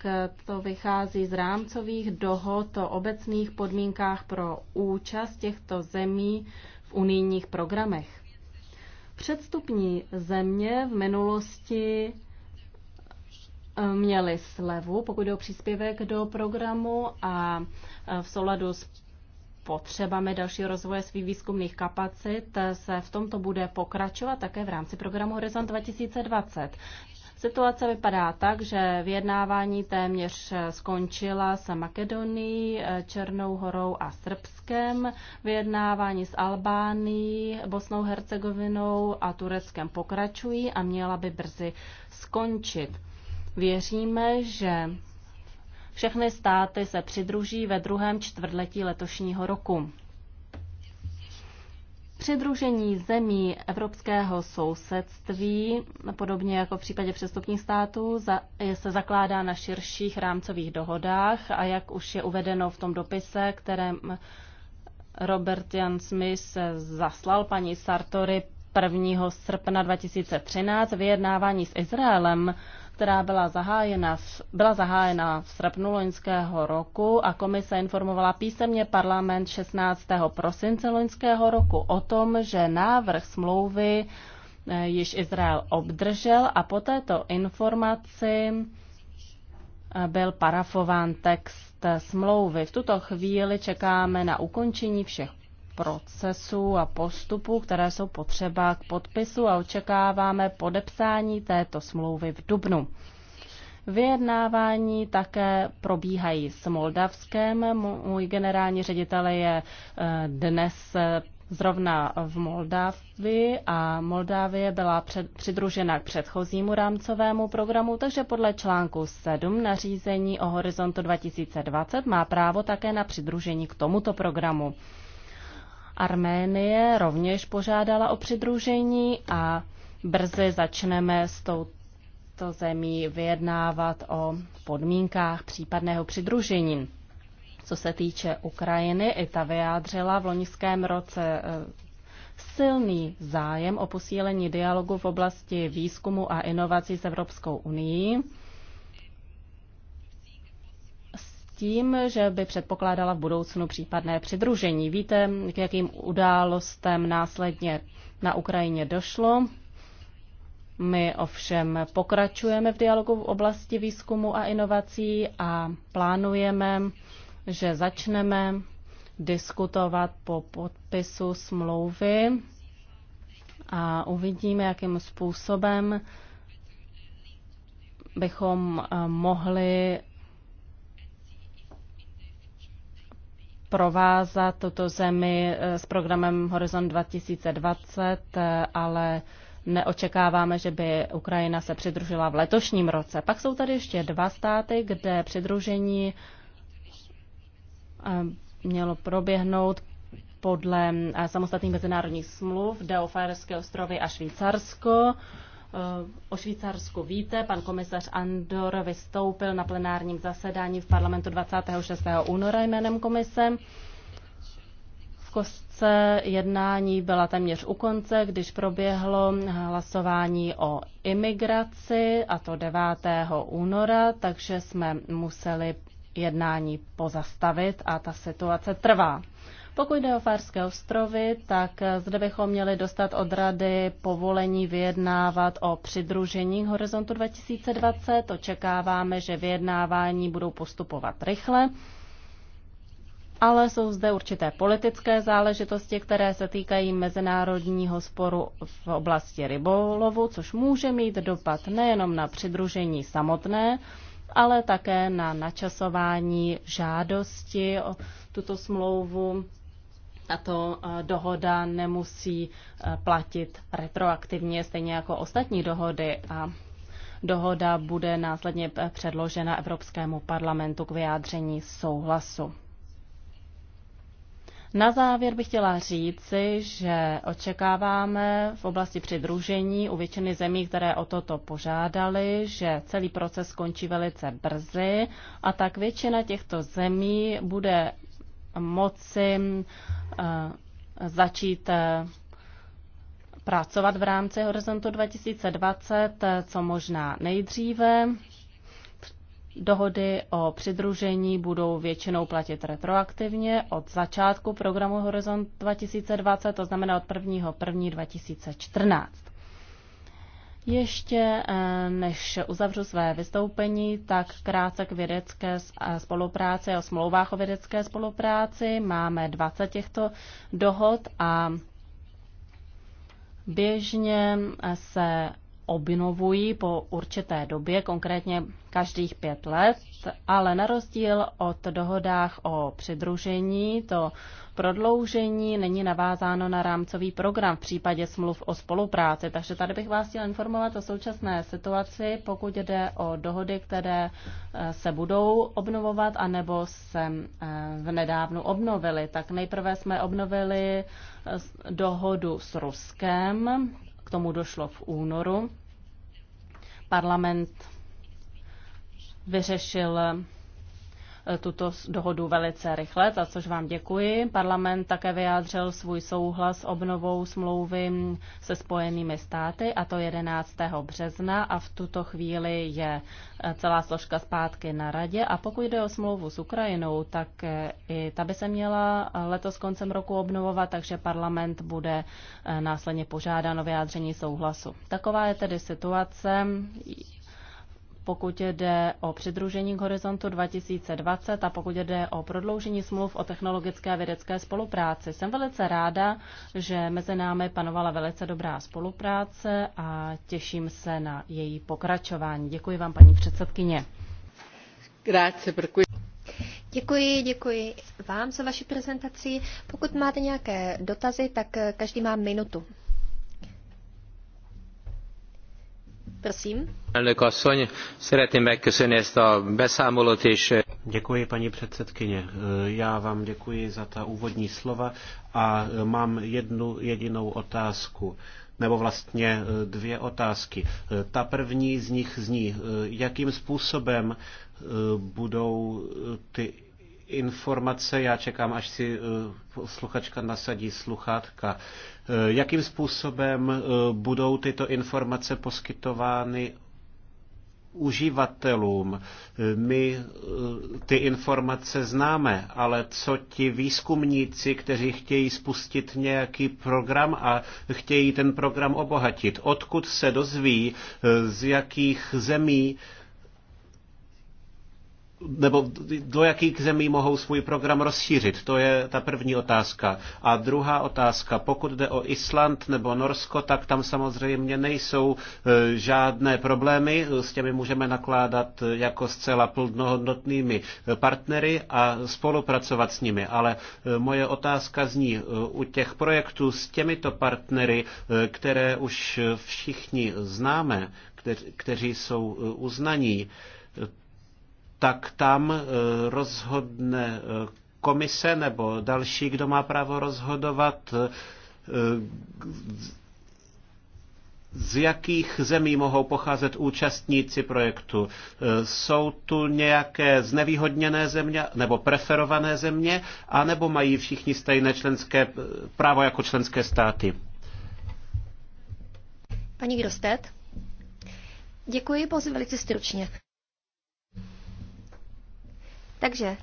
to vychází z rámcových dohod o obecných podmínkách pro účast těchto zemí v unijních programech. Předstupní země v minulosti eh, měly slevu, pokud jde o příspěvek do programu a eh, v souladu s potřebami dalšího rozvoje svých výzkumných kapacit se v tomto bude pokračovat také v rámci programu Horizont 2020. Situace vypadá tak, že vyjednávání téměř skončila s Makedonií, Černou horou a Srbskem. Vyjednávání s Albánií, Bosnou Hercegovinou a Tureckem pokračují a měla by brzy skončit. Věříme, že všechny státy se přidruží ve druhém čtvrtletí letošního roku. Přidružení zemí evropského sousedství, podobně jako v případě přestupních států, se zakládá na širších rámcových dohodách a jak už je uvedeno v tom dopise, kterém Robert Jan Smith zaslal paní Sartori 1. srpna 2013, vyjednávání s Izraelem která byla zahájena, byla zahájena v srpnu loňského roku a komise informovala písemně parlament 16. prosince loňského roku o tom, že návrh smlouvy eh, již Izrael obdržel a po této informaci eh, byl parafován text smlouvy. V tuto chvíli čekáme na ukončení všech procesů a postupů, které jsou potřeba k podpisu a očekáváme podepsání této smlouvy v Dubnu. Vyjednávání také probíhají s Moldavskem. Můj generální ředitel je eh, dnes eh, zrovna v Moldávii a Moldávie byla před, přidružena k předchozímu rámcovému programu, takže podle článku 7 nařízení o horizontu 2020 má právo také na přidružení k tomuto programu. Arménie rovněž požádala o přidružení a brzy začneme s touto zemí vyjednávat o podmínkách případného přidružení. Co se týče Ukrajiny, i ta vyjádřila v loňském roce eh, silný zájem o posílení dialogu v oblasti výzkumu a inovací s Evropskou unii. tím, že by předpokládala v budoucnu případné přidružení. Víte, k jakým událostem následně na Ukrajině došlo? My ovšem pokračujeme v dialogu v oblasti výzkumu a inovací a plánujeme, že začneme diskutovat po podpisu smlouvy a uvidíme, jakým způsobem bychom eh, mohli provázat tuto zemi eh, s programem Horizon 2020, eh, ale neočekáváme, že by Ukrajina se přidružila v letošním roce. Pak jsou tady ještě dva státy, kde přidružení eh, mělo proběhnout podle samostatných mezinárodních smluv, Deofajerské ostrovy a Švýcarsko. O Švýcarsku víte, pan komisař Andor vystoupil na plenárním zasedání v parlamentu 26. února jménem komise. V kostce jednání byla téměř u konce, když proběhlo hlasování o imigraci, a to 9. února, takže jsme museli jednání pozastavit a ta situace trvá. Pokud jde o Farské ostrovy, tak zde bychom měli dostat od Rady povolení vyjednávat o přidružení Horizontu 2020. Očekáváme, že vyjednávání budou postupovat rychle. Ale jsou zde určité politické záležitosti, které se týkají mezinárodního sporu v oblasti rybolovu, což může mít dopad nejenom na přidružení samotné, ale také na načasování žádosti o tuto smlouvu tato eh, dohoda nemusí eh, platit retroaktivně, stejně jako ostatní dohody a dohoda bude následně eh, předložena Evropskému parlamentu k vyjádření souhlasu. Na závěr bych chtěla říci, že očekáváme v oblasti přidružení u většiny zemí, které o toto požádali, že celý proces skončí velice brzy a tak většina těchto zemí bude moci eh, začít eh, pracovat v rámci Horizontu 2020, eh, co možná nejdříve. Dohody o přidružení budou většinou platit retroaktivně od začátku programu Horizont 2020, to znamená od 1. 1. 2014. Ještě eh, než uzavřu své vystoupení, tak krátce k vědecké spolupráci o smlouvách o vědecké spolupráci. Máme 20 těchto dohod a běžně eh, se obnovují po určité době, konkrétně každých pět let, ale na rozdíl od dohodách o přidružení, to prodloužení není navázáno na rámcový program v případě smluv o spolupráci. Takže tady bych vás chtěl informovat o současné situaci, pokud jde o dohody, které eh, se budou obnovovat anebo se eh, v nedávnu obnovily. Tak nejprve jsme obnovili eh, dohodu s Ruskem, k tomu došlo v únoru. Parlament vyřešil tuto dohodu velice rychle, za což vám děkuji. Parlament také vyjádřil svůj souhlas obnovou smlouvy se Spojenými státy, a to 11. března a v tuto chvíli je eh, celá složka zpátky na radě. A pokud jde o smlouvu s Ukrajinou, tak eh, i ta by se měla letos koncem roku obnovovat, takže parlament bude eh, následně požádán o vyjádření souhlasu. Taková je tedy situace pokud jde o přidružení k horizontu 2020 a pokud jde o prodloužení smluv o technologické a vědecké spolupráci. Jsem velice ráda, že mezi námi panovala velice dobrá spolupráce a těším se na její pokračování. Děkuji vám, paní předsedkyně.
Děkuji, děkuji vám za vaši prezentaci. Pokud máte nějaké dotazy, tak eh, každý má minutu. Prosím.
Děkuji, paní předsedkyně. E, já vám děkuji za ta úvodní slova a e, mám jednu jedinou otázku nebo vlastně e, dvě otázky. Ta první z nich zní, jakým způsobem budou ty informace. Já čekám, až si eh, sluchačka nasadí sluchátka. Eh, jakým způsobem eh, budou tyto informace poskytovány uživatelům. My ty informace známe, ale co ti výzkumníci, kteří chtějí spustit nějaký program a chtějí ten program obohatit? Odkud se dozví, z jakých zemí nebo do jakých zemí mohou svůj program rozšířit? To je ta první otázka. A druhá otázka, pokud jde o Island nebo Norsko, tak tam samozřejmě nejsou e, žádné problémy, s těmi můžeme nakládat e, jako zcela plnohodnotnými e, partnery a spolupracovat s nimi. Ale moje otázka zní, u těch projektů s těmito partnery, které už všichni známe, kteři jsou uznaní, tak tam e, rozhodne e, komise nebo další, kdo má právo rozhodovat, e, z jakých zemí mohou pocházet účastníci projektu? Jsou tu nějaké znevýhodněné země nebo preferované země, anebo mají všichni stejné členské právo jako členské státy?
Paní Grostet, děkuji pozvali velice stručně. Takže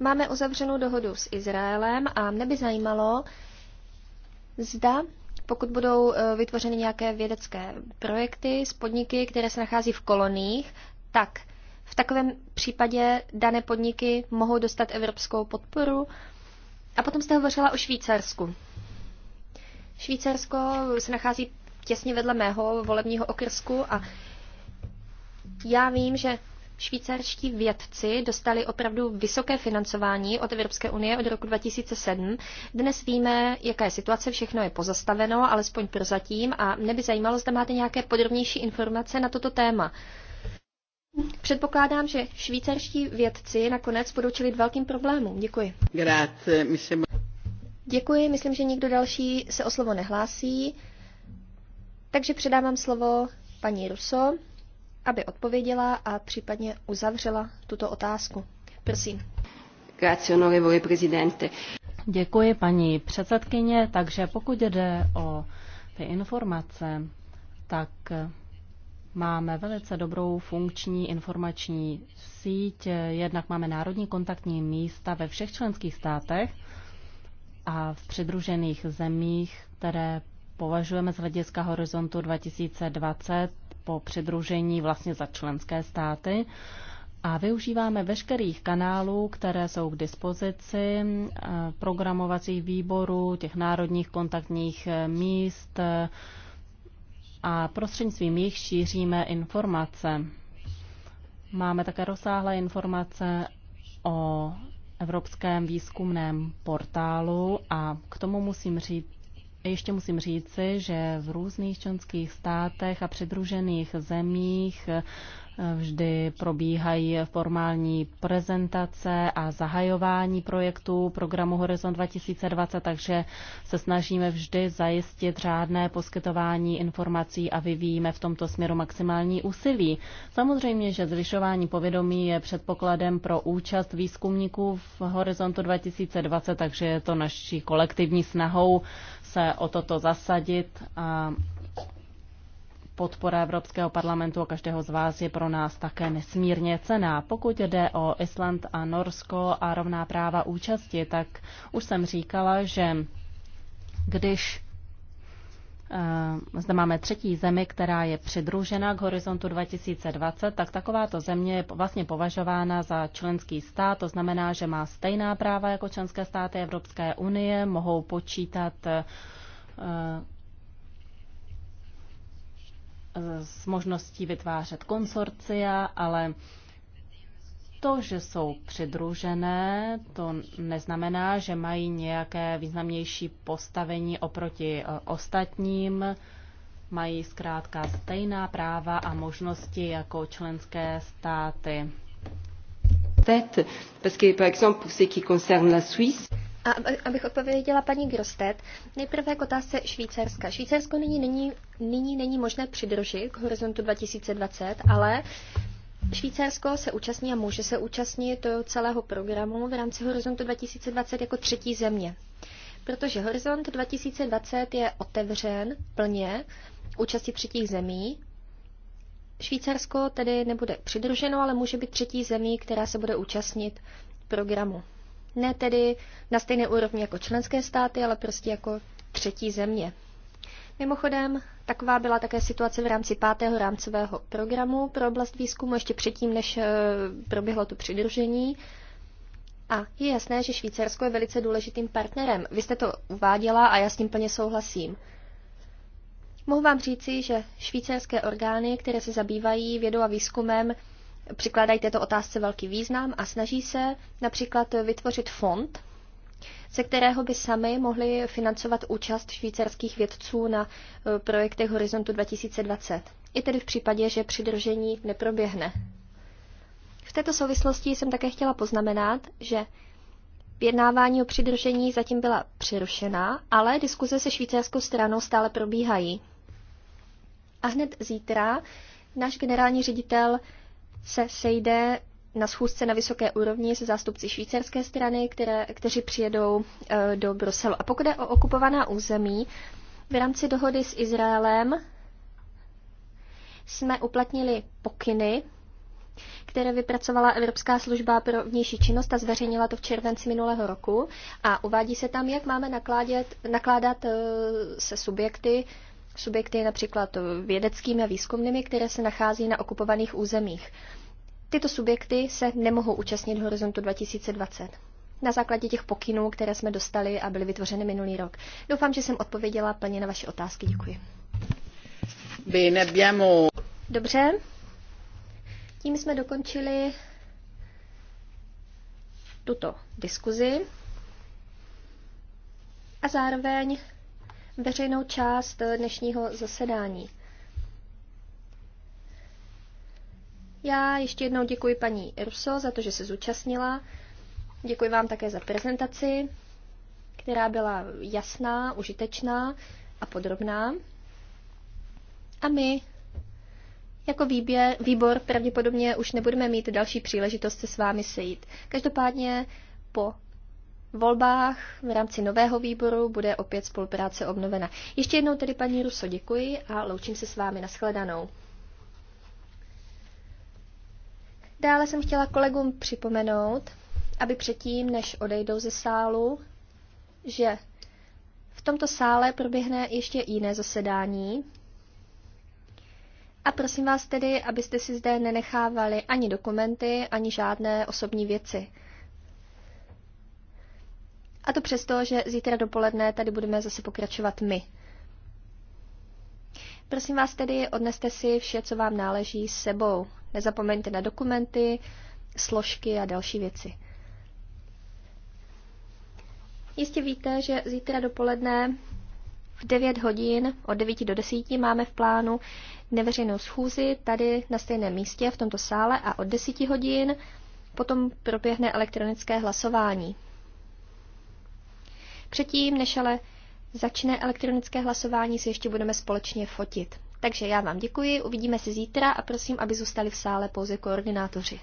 máme uzavřenou dohodu s Izraelem a mne by zajímalo, zda pokud budou e, vytvořeny nějaké vědecké projekty s podniky, které se nachází v koloních, tak v takovém případě dané podniky mohou dostat evropskou podporu. A potom jste hovořila o Švýcarsku. Švýcarsko se nachází těsně vedle mého volebního okrsku a já vím, že Švýcarští vědci dostali opravdu vysoké financování od Evropské unie od roku 2007. Dnes víme, jaká je situace, všechno je pozastaveno, alespoň prozatím, a mě by zajímalo, zda máte nějaké podrobnější informace na toto téma. Předpokládám, že švýcarští vědci nakonec budou čelit velkým problémům. Děkuji.
Grazie, myslím...
Děkuji, myslím, že nikdo další se o slovo nehlásí. Takže předávám slovo paní Ruso aby odpověděla a případně uzavřela tuto otázku. Prosím.
Grazie, onorevole prezidente. Děkuji, paní předsedkyně. Takže pokud jde o ty informace, tak máme velice dobrou funkční informační síť. Jednak máme národní kontaktní místa ve všech členských státech a v přidružených zemích, které považujeme z hlediska horizontu 2020 po přidružení vlastně za členské státy a využíváme veškerých kanálů, které jsou k dispozici, eh, programovacích výborů, těch národních kontaktních eh, míst eh, a prostřednictvím jich šíříme informace. Máme také rozsáhlé informace o Evropském výzkumném portálu a k tomu musím říct, ještě musím říci, že v různých členských státech a přidružených zemích eh, vždy probíhají formální prezentace a zahajování projektů programu Horizon 2020, takže se snažíme vždy zajistit řádné poskytování informací a vyvíjíme v tomto směru maximální úsilí. Samozřejmě, že zvyšování povědomí je předpokladem pro účast výzkumníků v Horizontu 2020, takže je to naší kolektivní snahou se o toto zasadit a podpora Evropského parlamentu a každého z vás je pro nás také nesmírně cená. Pokud jde o Island a Norsko a rovná práva účasti, tak už jsem říkala, že když Eh, zde máme třetí zemi, která je přidružena k horizontu 2020, tak takováto země je vlastně považována za členský stát, to znamená, že má stejná práva jako členské státy Evropské unie, mohou počítat s eh, možností vytvářet konsorcia, ale to, že jsou přidružené, to neznamená, že mají nějaké významnější postavení oproti e, ostatním. Mají zkrátka stejná práva a možnosti jako členské státy. A
abych odpověděla paní Grostet, nejprve k otázce Švýcarska. Švýcarsko nyní není, nyní není možné přidružit k horizontu 2020, ale Švýcarsko se účastní a může se účastnit celého programu v rámci Horizontu 2020 jako třetí země. Protože Horizont 2020 je otevřen plně účasti třetích zemí. Švýcarsko tedy nebude přidruženo, ale může být třetí zemí, která se bude účastnit programu. Ne tedy na stejné úrovni jako členské státy, ale prostě jako třetí země. Mimochodem, taková byla také situace v rámci pátého rámcového programu pro oblast výzkumu ještě předtím, než eh, proběhlo to přidružení. A je jasné, že Švýcarsko je velice důležitým partnerem. Vy jste to uváděla a já s tím plně souhlasím. Mohu vám říci, že švýcarské orgány, které se zabývají vědou a výzkumem, přikládají této otázce velký význam a snaží se například vytvořit fond, ze kterého by sami mohli financovat účast švýcarských vědců na e, projektech Horizontu 2020. I tedy v případě, že přidružení neproběhne. V této souvislosti jsem také chtěla poznamenat, že vědnávání o přidružení zatím byla přerušena, ale diskuze se švýcarskou stranou stále probíhají. A hned zítra náš generální ředitel se sejde na schůzce na vysoké úrovni se zástupci švýcarské strany, které, kteří přijedou eh, do Bruselu. A pokud je o okupovaná území, v rámci dohody s Izraelem jsme uplatnili pokyny, které vypracovala Evropská služba pro vnější činnost a zveřejnila to v červenci minulého roku. A uvádí se tam, jak máme nakládět, nakládat eh, se subjekty, subjekty například eh, vědeckými a výzkumnými, které se nachází na okupovaných územích tyto subjekty se nemohou účastnit Horizontu 2020 na základě těch pokynů, které jsme dostali a byly vytvořeny minulý rok. Doufám, že jsem odpověděla plně na vaše otázky. Děkuji. Dobře. Tím jsme dokončili tuto diskuzi a zároveň veřejnou část dnešního zasedání. Já ještě jednou děkuji paní Ruso za to, že se zúčastnila. Děkuji vám také za prezentaci, která byla jasná, užitečná a podrobná. A my jako výběr, výbor pravděpodobně už nebudeme mít další příležitost se s vámi sejít. Každopádně po volbách v rámci nového výboru bude opět spolupráce obnovena. Ještě jednou tedy paní Ruso děkuji a loučím se s vámi. Naschledanou. Dále jsem chtěla kolegům připomenout, aby předtím, než odejdou ze sálu, že v tomto sále proběhne ještě jiné zasedání. A prosím vás tedy, abyste si zde nenechávali ani dokumenty, ani žádné osobní věci. A to přesto, že zítra dopoledne tady budeme zase pokračovat my. Prosím vás tedy, odneste si vše, co vám náleží s sebou. Nezapomeňte na dokumenty, složky a další věci. Jistě víte, že zítra dopoledne v 9 hodin od 9 do 10 máme v plánu neveřejnou schůzi tady na stejném místě v tomto sále a od 10 hodin potom proběhne elektronické hlasování. Předtím, než ale začne elektronické hlasování, se ještě budeme společně fotit. Takže já vám děkuji, uvidíme se zítra a prosím, aby zůstali v sále pouze koordinátoři.